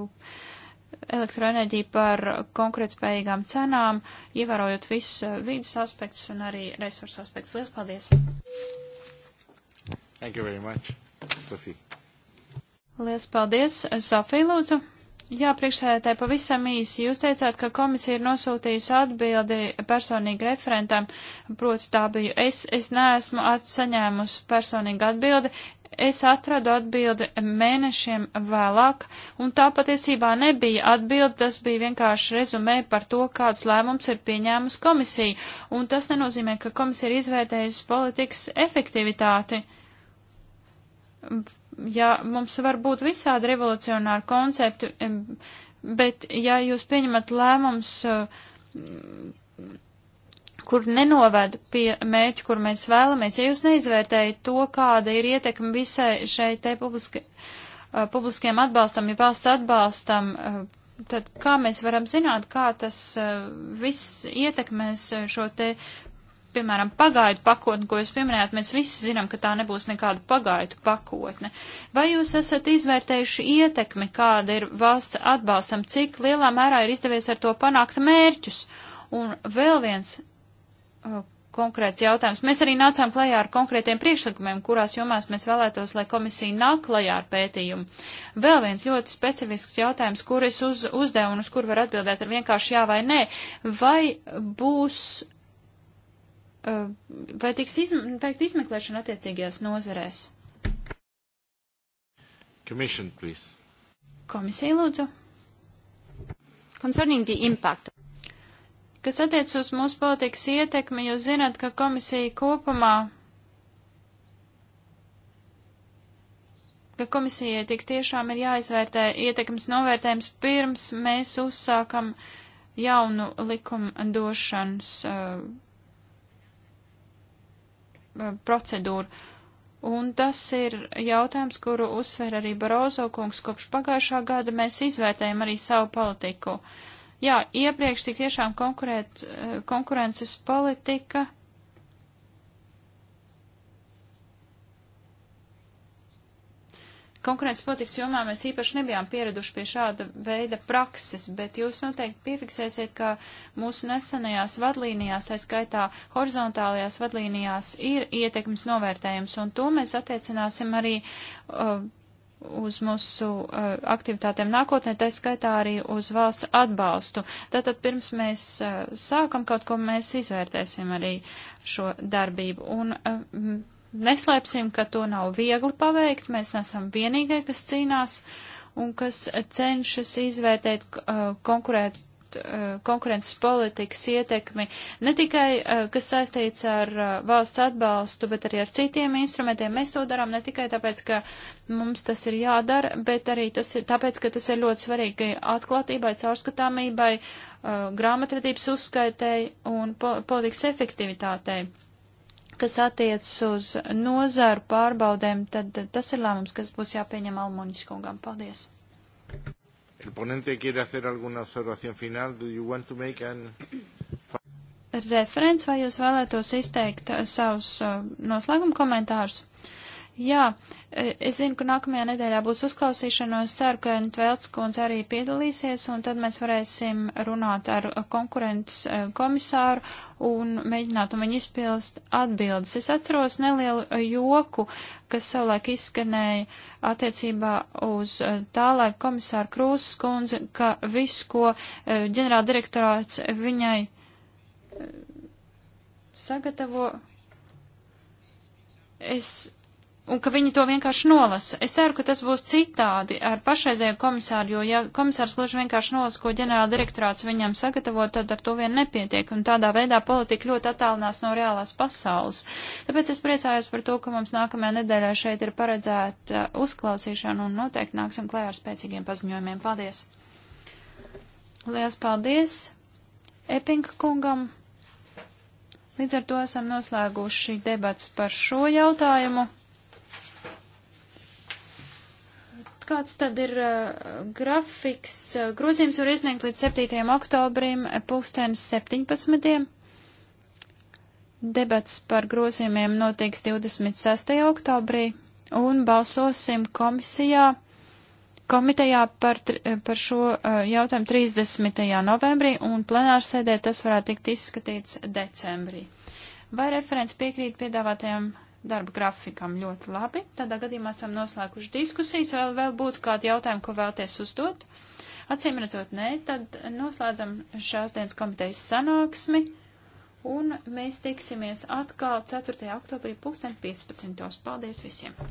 Speaker 1: elektroenerģiju par konkurētspējīgām cenām, ievērojot visus uh, vīdes aspektus un arī resursu aspektus. Lielas paldies!
Speaker 3: Thank you very much, Sofija.
Speaker 1: Lielas paldies, Sofija Lūdzu. Jā, priekšsēdētāji, pavisam īsi. Jūs teicāt, ka komisija ir nosūtījusi atbildi personīgi referentam, proti tā biju. Es, es neesmu saņēmusi personīgi atbildi. Es atradu atbildi mēnešiem vēlāk, un tā patiesībā nebija atbildi, tas bija vienkārši rezumē par to, kādus lēmums ir pieņēmusi komisija, un tas nenozīmē, ka komisija ir izvērtējusi politikas efektivitāti. Uh, ja mums var būt visādi revolucionāri koncepti, bet ja jūs pieņemat lēmums, eh, kur nenovad pie mērķa, kur mēs vēlamies, ja jūs neizvērtējat to, kāda ir ietekme visai šai te publiski, eh, publiskiem atbalstam, ja valsts atbalstam, eh, tad kā mēs varam zināt, kā tas viss ietekmēs šo te piemēram, pagaidu pakotni, ko jūs pieminējāt, mēs visi zinām, ka tā nebūs nekāda pagaidu pakotne. Vai jūs esat izvērtējuši ietekmi, kāda ir valsts atbalstam, cik lielā mērā ir izdevies ar to panākt mērķus? Un vēl viens uh, konkrēts jautājums. Mēs arī nācām klajā ar konkrētiem priekšlikumiem, kurās jomās mēs vēlētos, lai komisija nāk klajā ar pētījumu. Vēl viens ļoti specifisks jautājums, kur es uz, uzdevu un uz kur var atbildēt ar vienkārši jā vai nē. Vai būs Eh, vai tiks izm veikt izmeklēšana attiecīgajās nozerēs?
Speaker 3: Commission, please.
Speaker 1: Komisija, lūdzu. Concerning the impact. Kas attiec uz mūsu politikas ietekmi, jūs zināt, ka komisija kopumā, ka komisijai tik tiešām ir jāizvērtē ietekmes novērtējums pirms mēs uzsākam jaunu likumdošanas uh, Eh, procedūru. Un tas ir jautājums, kuru uzsver arī Barozo kungs kopš pagājušā gada. Mēs izvērtējam arī savu politiku. Jā, iepriekš tik tiešām konkurēt, eh, konkurences politika konkurences politikas jomā mēs īpaši nebijām pieraduši pie šāda veida prakses, bet jūs noteikti piefiksēsiet, ka mūsu nesenajās vadlīnijās, tā skaitā horizontālajās vadlīnijās, ir ietekmes novērtējums, un to mēs attiecināsim arī uh, uz mūsu uh, aktivitātēm nākotnē, tā skaitā arī uz valsts atbalstu. Tātad pirms mēs uh, sākam kaut ko, mēs izvērtēsim arī šo darbību. Un, uh, neslēpsim, ka to nav viegli paveikt. Mēs nesam vienīgie, kas cīnās un kas cenšas izvērtēt uh, konkurēt uh, konkurences politikas ietekmi ne tikai, uh, kas saistīts ar valsts atbalstu, bet arī ar citiem instrumentiem. Mēs to darām ne tikai tāpēc, ka mums tas ir jādara, bet arī tas ir tāpēc, ka tas ir ļoti svarīgi atklātībai, caurskatāmībai, grāmatvedības uzskaitēji un politikas efektivitātei. Kas attiecas uz nozaru pārbaudēm, tad tas ir lēmums, kas būs jāpieņem Almoņas kungam. Paldies!
Speaker 3: El ponente quiere hacer alguna observación final. Do you want to make an...
Speaker 1: Referents, vai jūs vēlētos izteikt uh, savus uh, noslēguma komentārus? Uh, Jā, e, es zinu, ka nākamajā nedēļā būs uzklausīšana, un es ceru, ka Entvelts kundze arī piedalīsies, un tad mēs varēsim runāt ar konkurences e, komisāru un mēģināt un viņu izpilst atbildes. Es atceros nelielu joku, kas savulaik izskanēja attiecībā uz e, tā laika komisāru Krūzes kundze, ka viss, ko ģenerāldirektorāts viņai sagatavo. Es un ka viņi to vienkārši nolasa. Es ceru, ka tas būs citādi ar pašreizējo komisāru, jo ja komisārs gluži vienkārši nolasa, ko ģenerāla direktorāts viņam sagatavo, tad ar to vien nepietiek, un tādā veidā politika ļoti attālinās no reālās pasaules. Tāpēc es priecājos par to, ka mums nākamajā nedēļā šeit ir paredzēta uzklausīšana, un noteikti nāksim klējā ar spēcīgiem paziņojumiem. Paldies! Lielas paldies Epinka kungam! Līdz ar to esam noslēguši debats par šo jautājumu. kāds tad ir uh, grafiks? Uh, grozījums var iesniegt līdz 7. oktobrim, pūkstens 17. Debats par grozījumiem notiks 26. oktobrī un balsosim komisijā, komitejā par, eh, par šo uh, jautājumu 30. novembrī un plenārsēdē tas varētu tikt izskatīts decembrī. Vai referents piekrīt piedāvātajam darba grafikam ļoti labi. Tādā gadījumā esam noslēguši diskusijas, vēl, vēl būtu kādi jautājumi, ko vēlties uzdot. Acīm redzot, nē, tad noslēdzam šās dienas komitejas sanāksmi, un mēs tiksimies atkal 4. oktobrī 2015. Paldies visiem!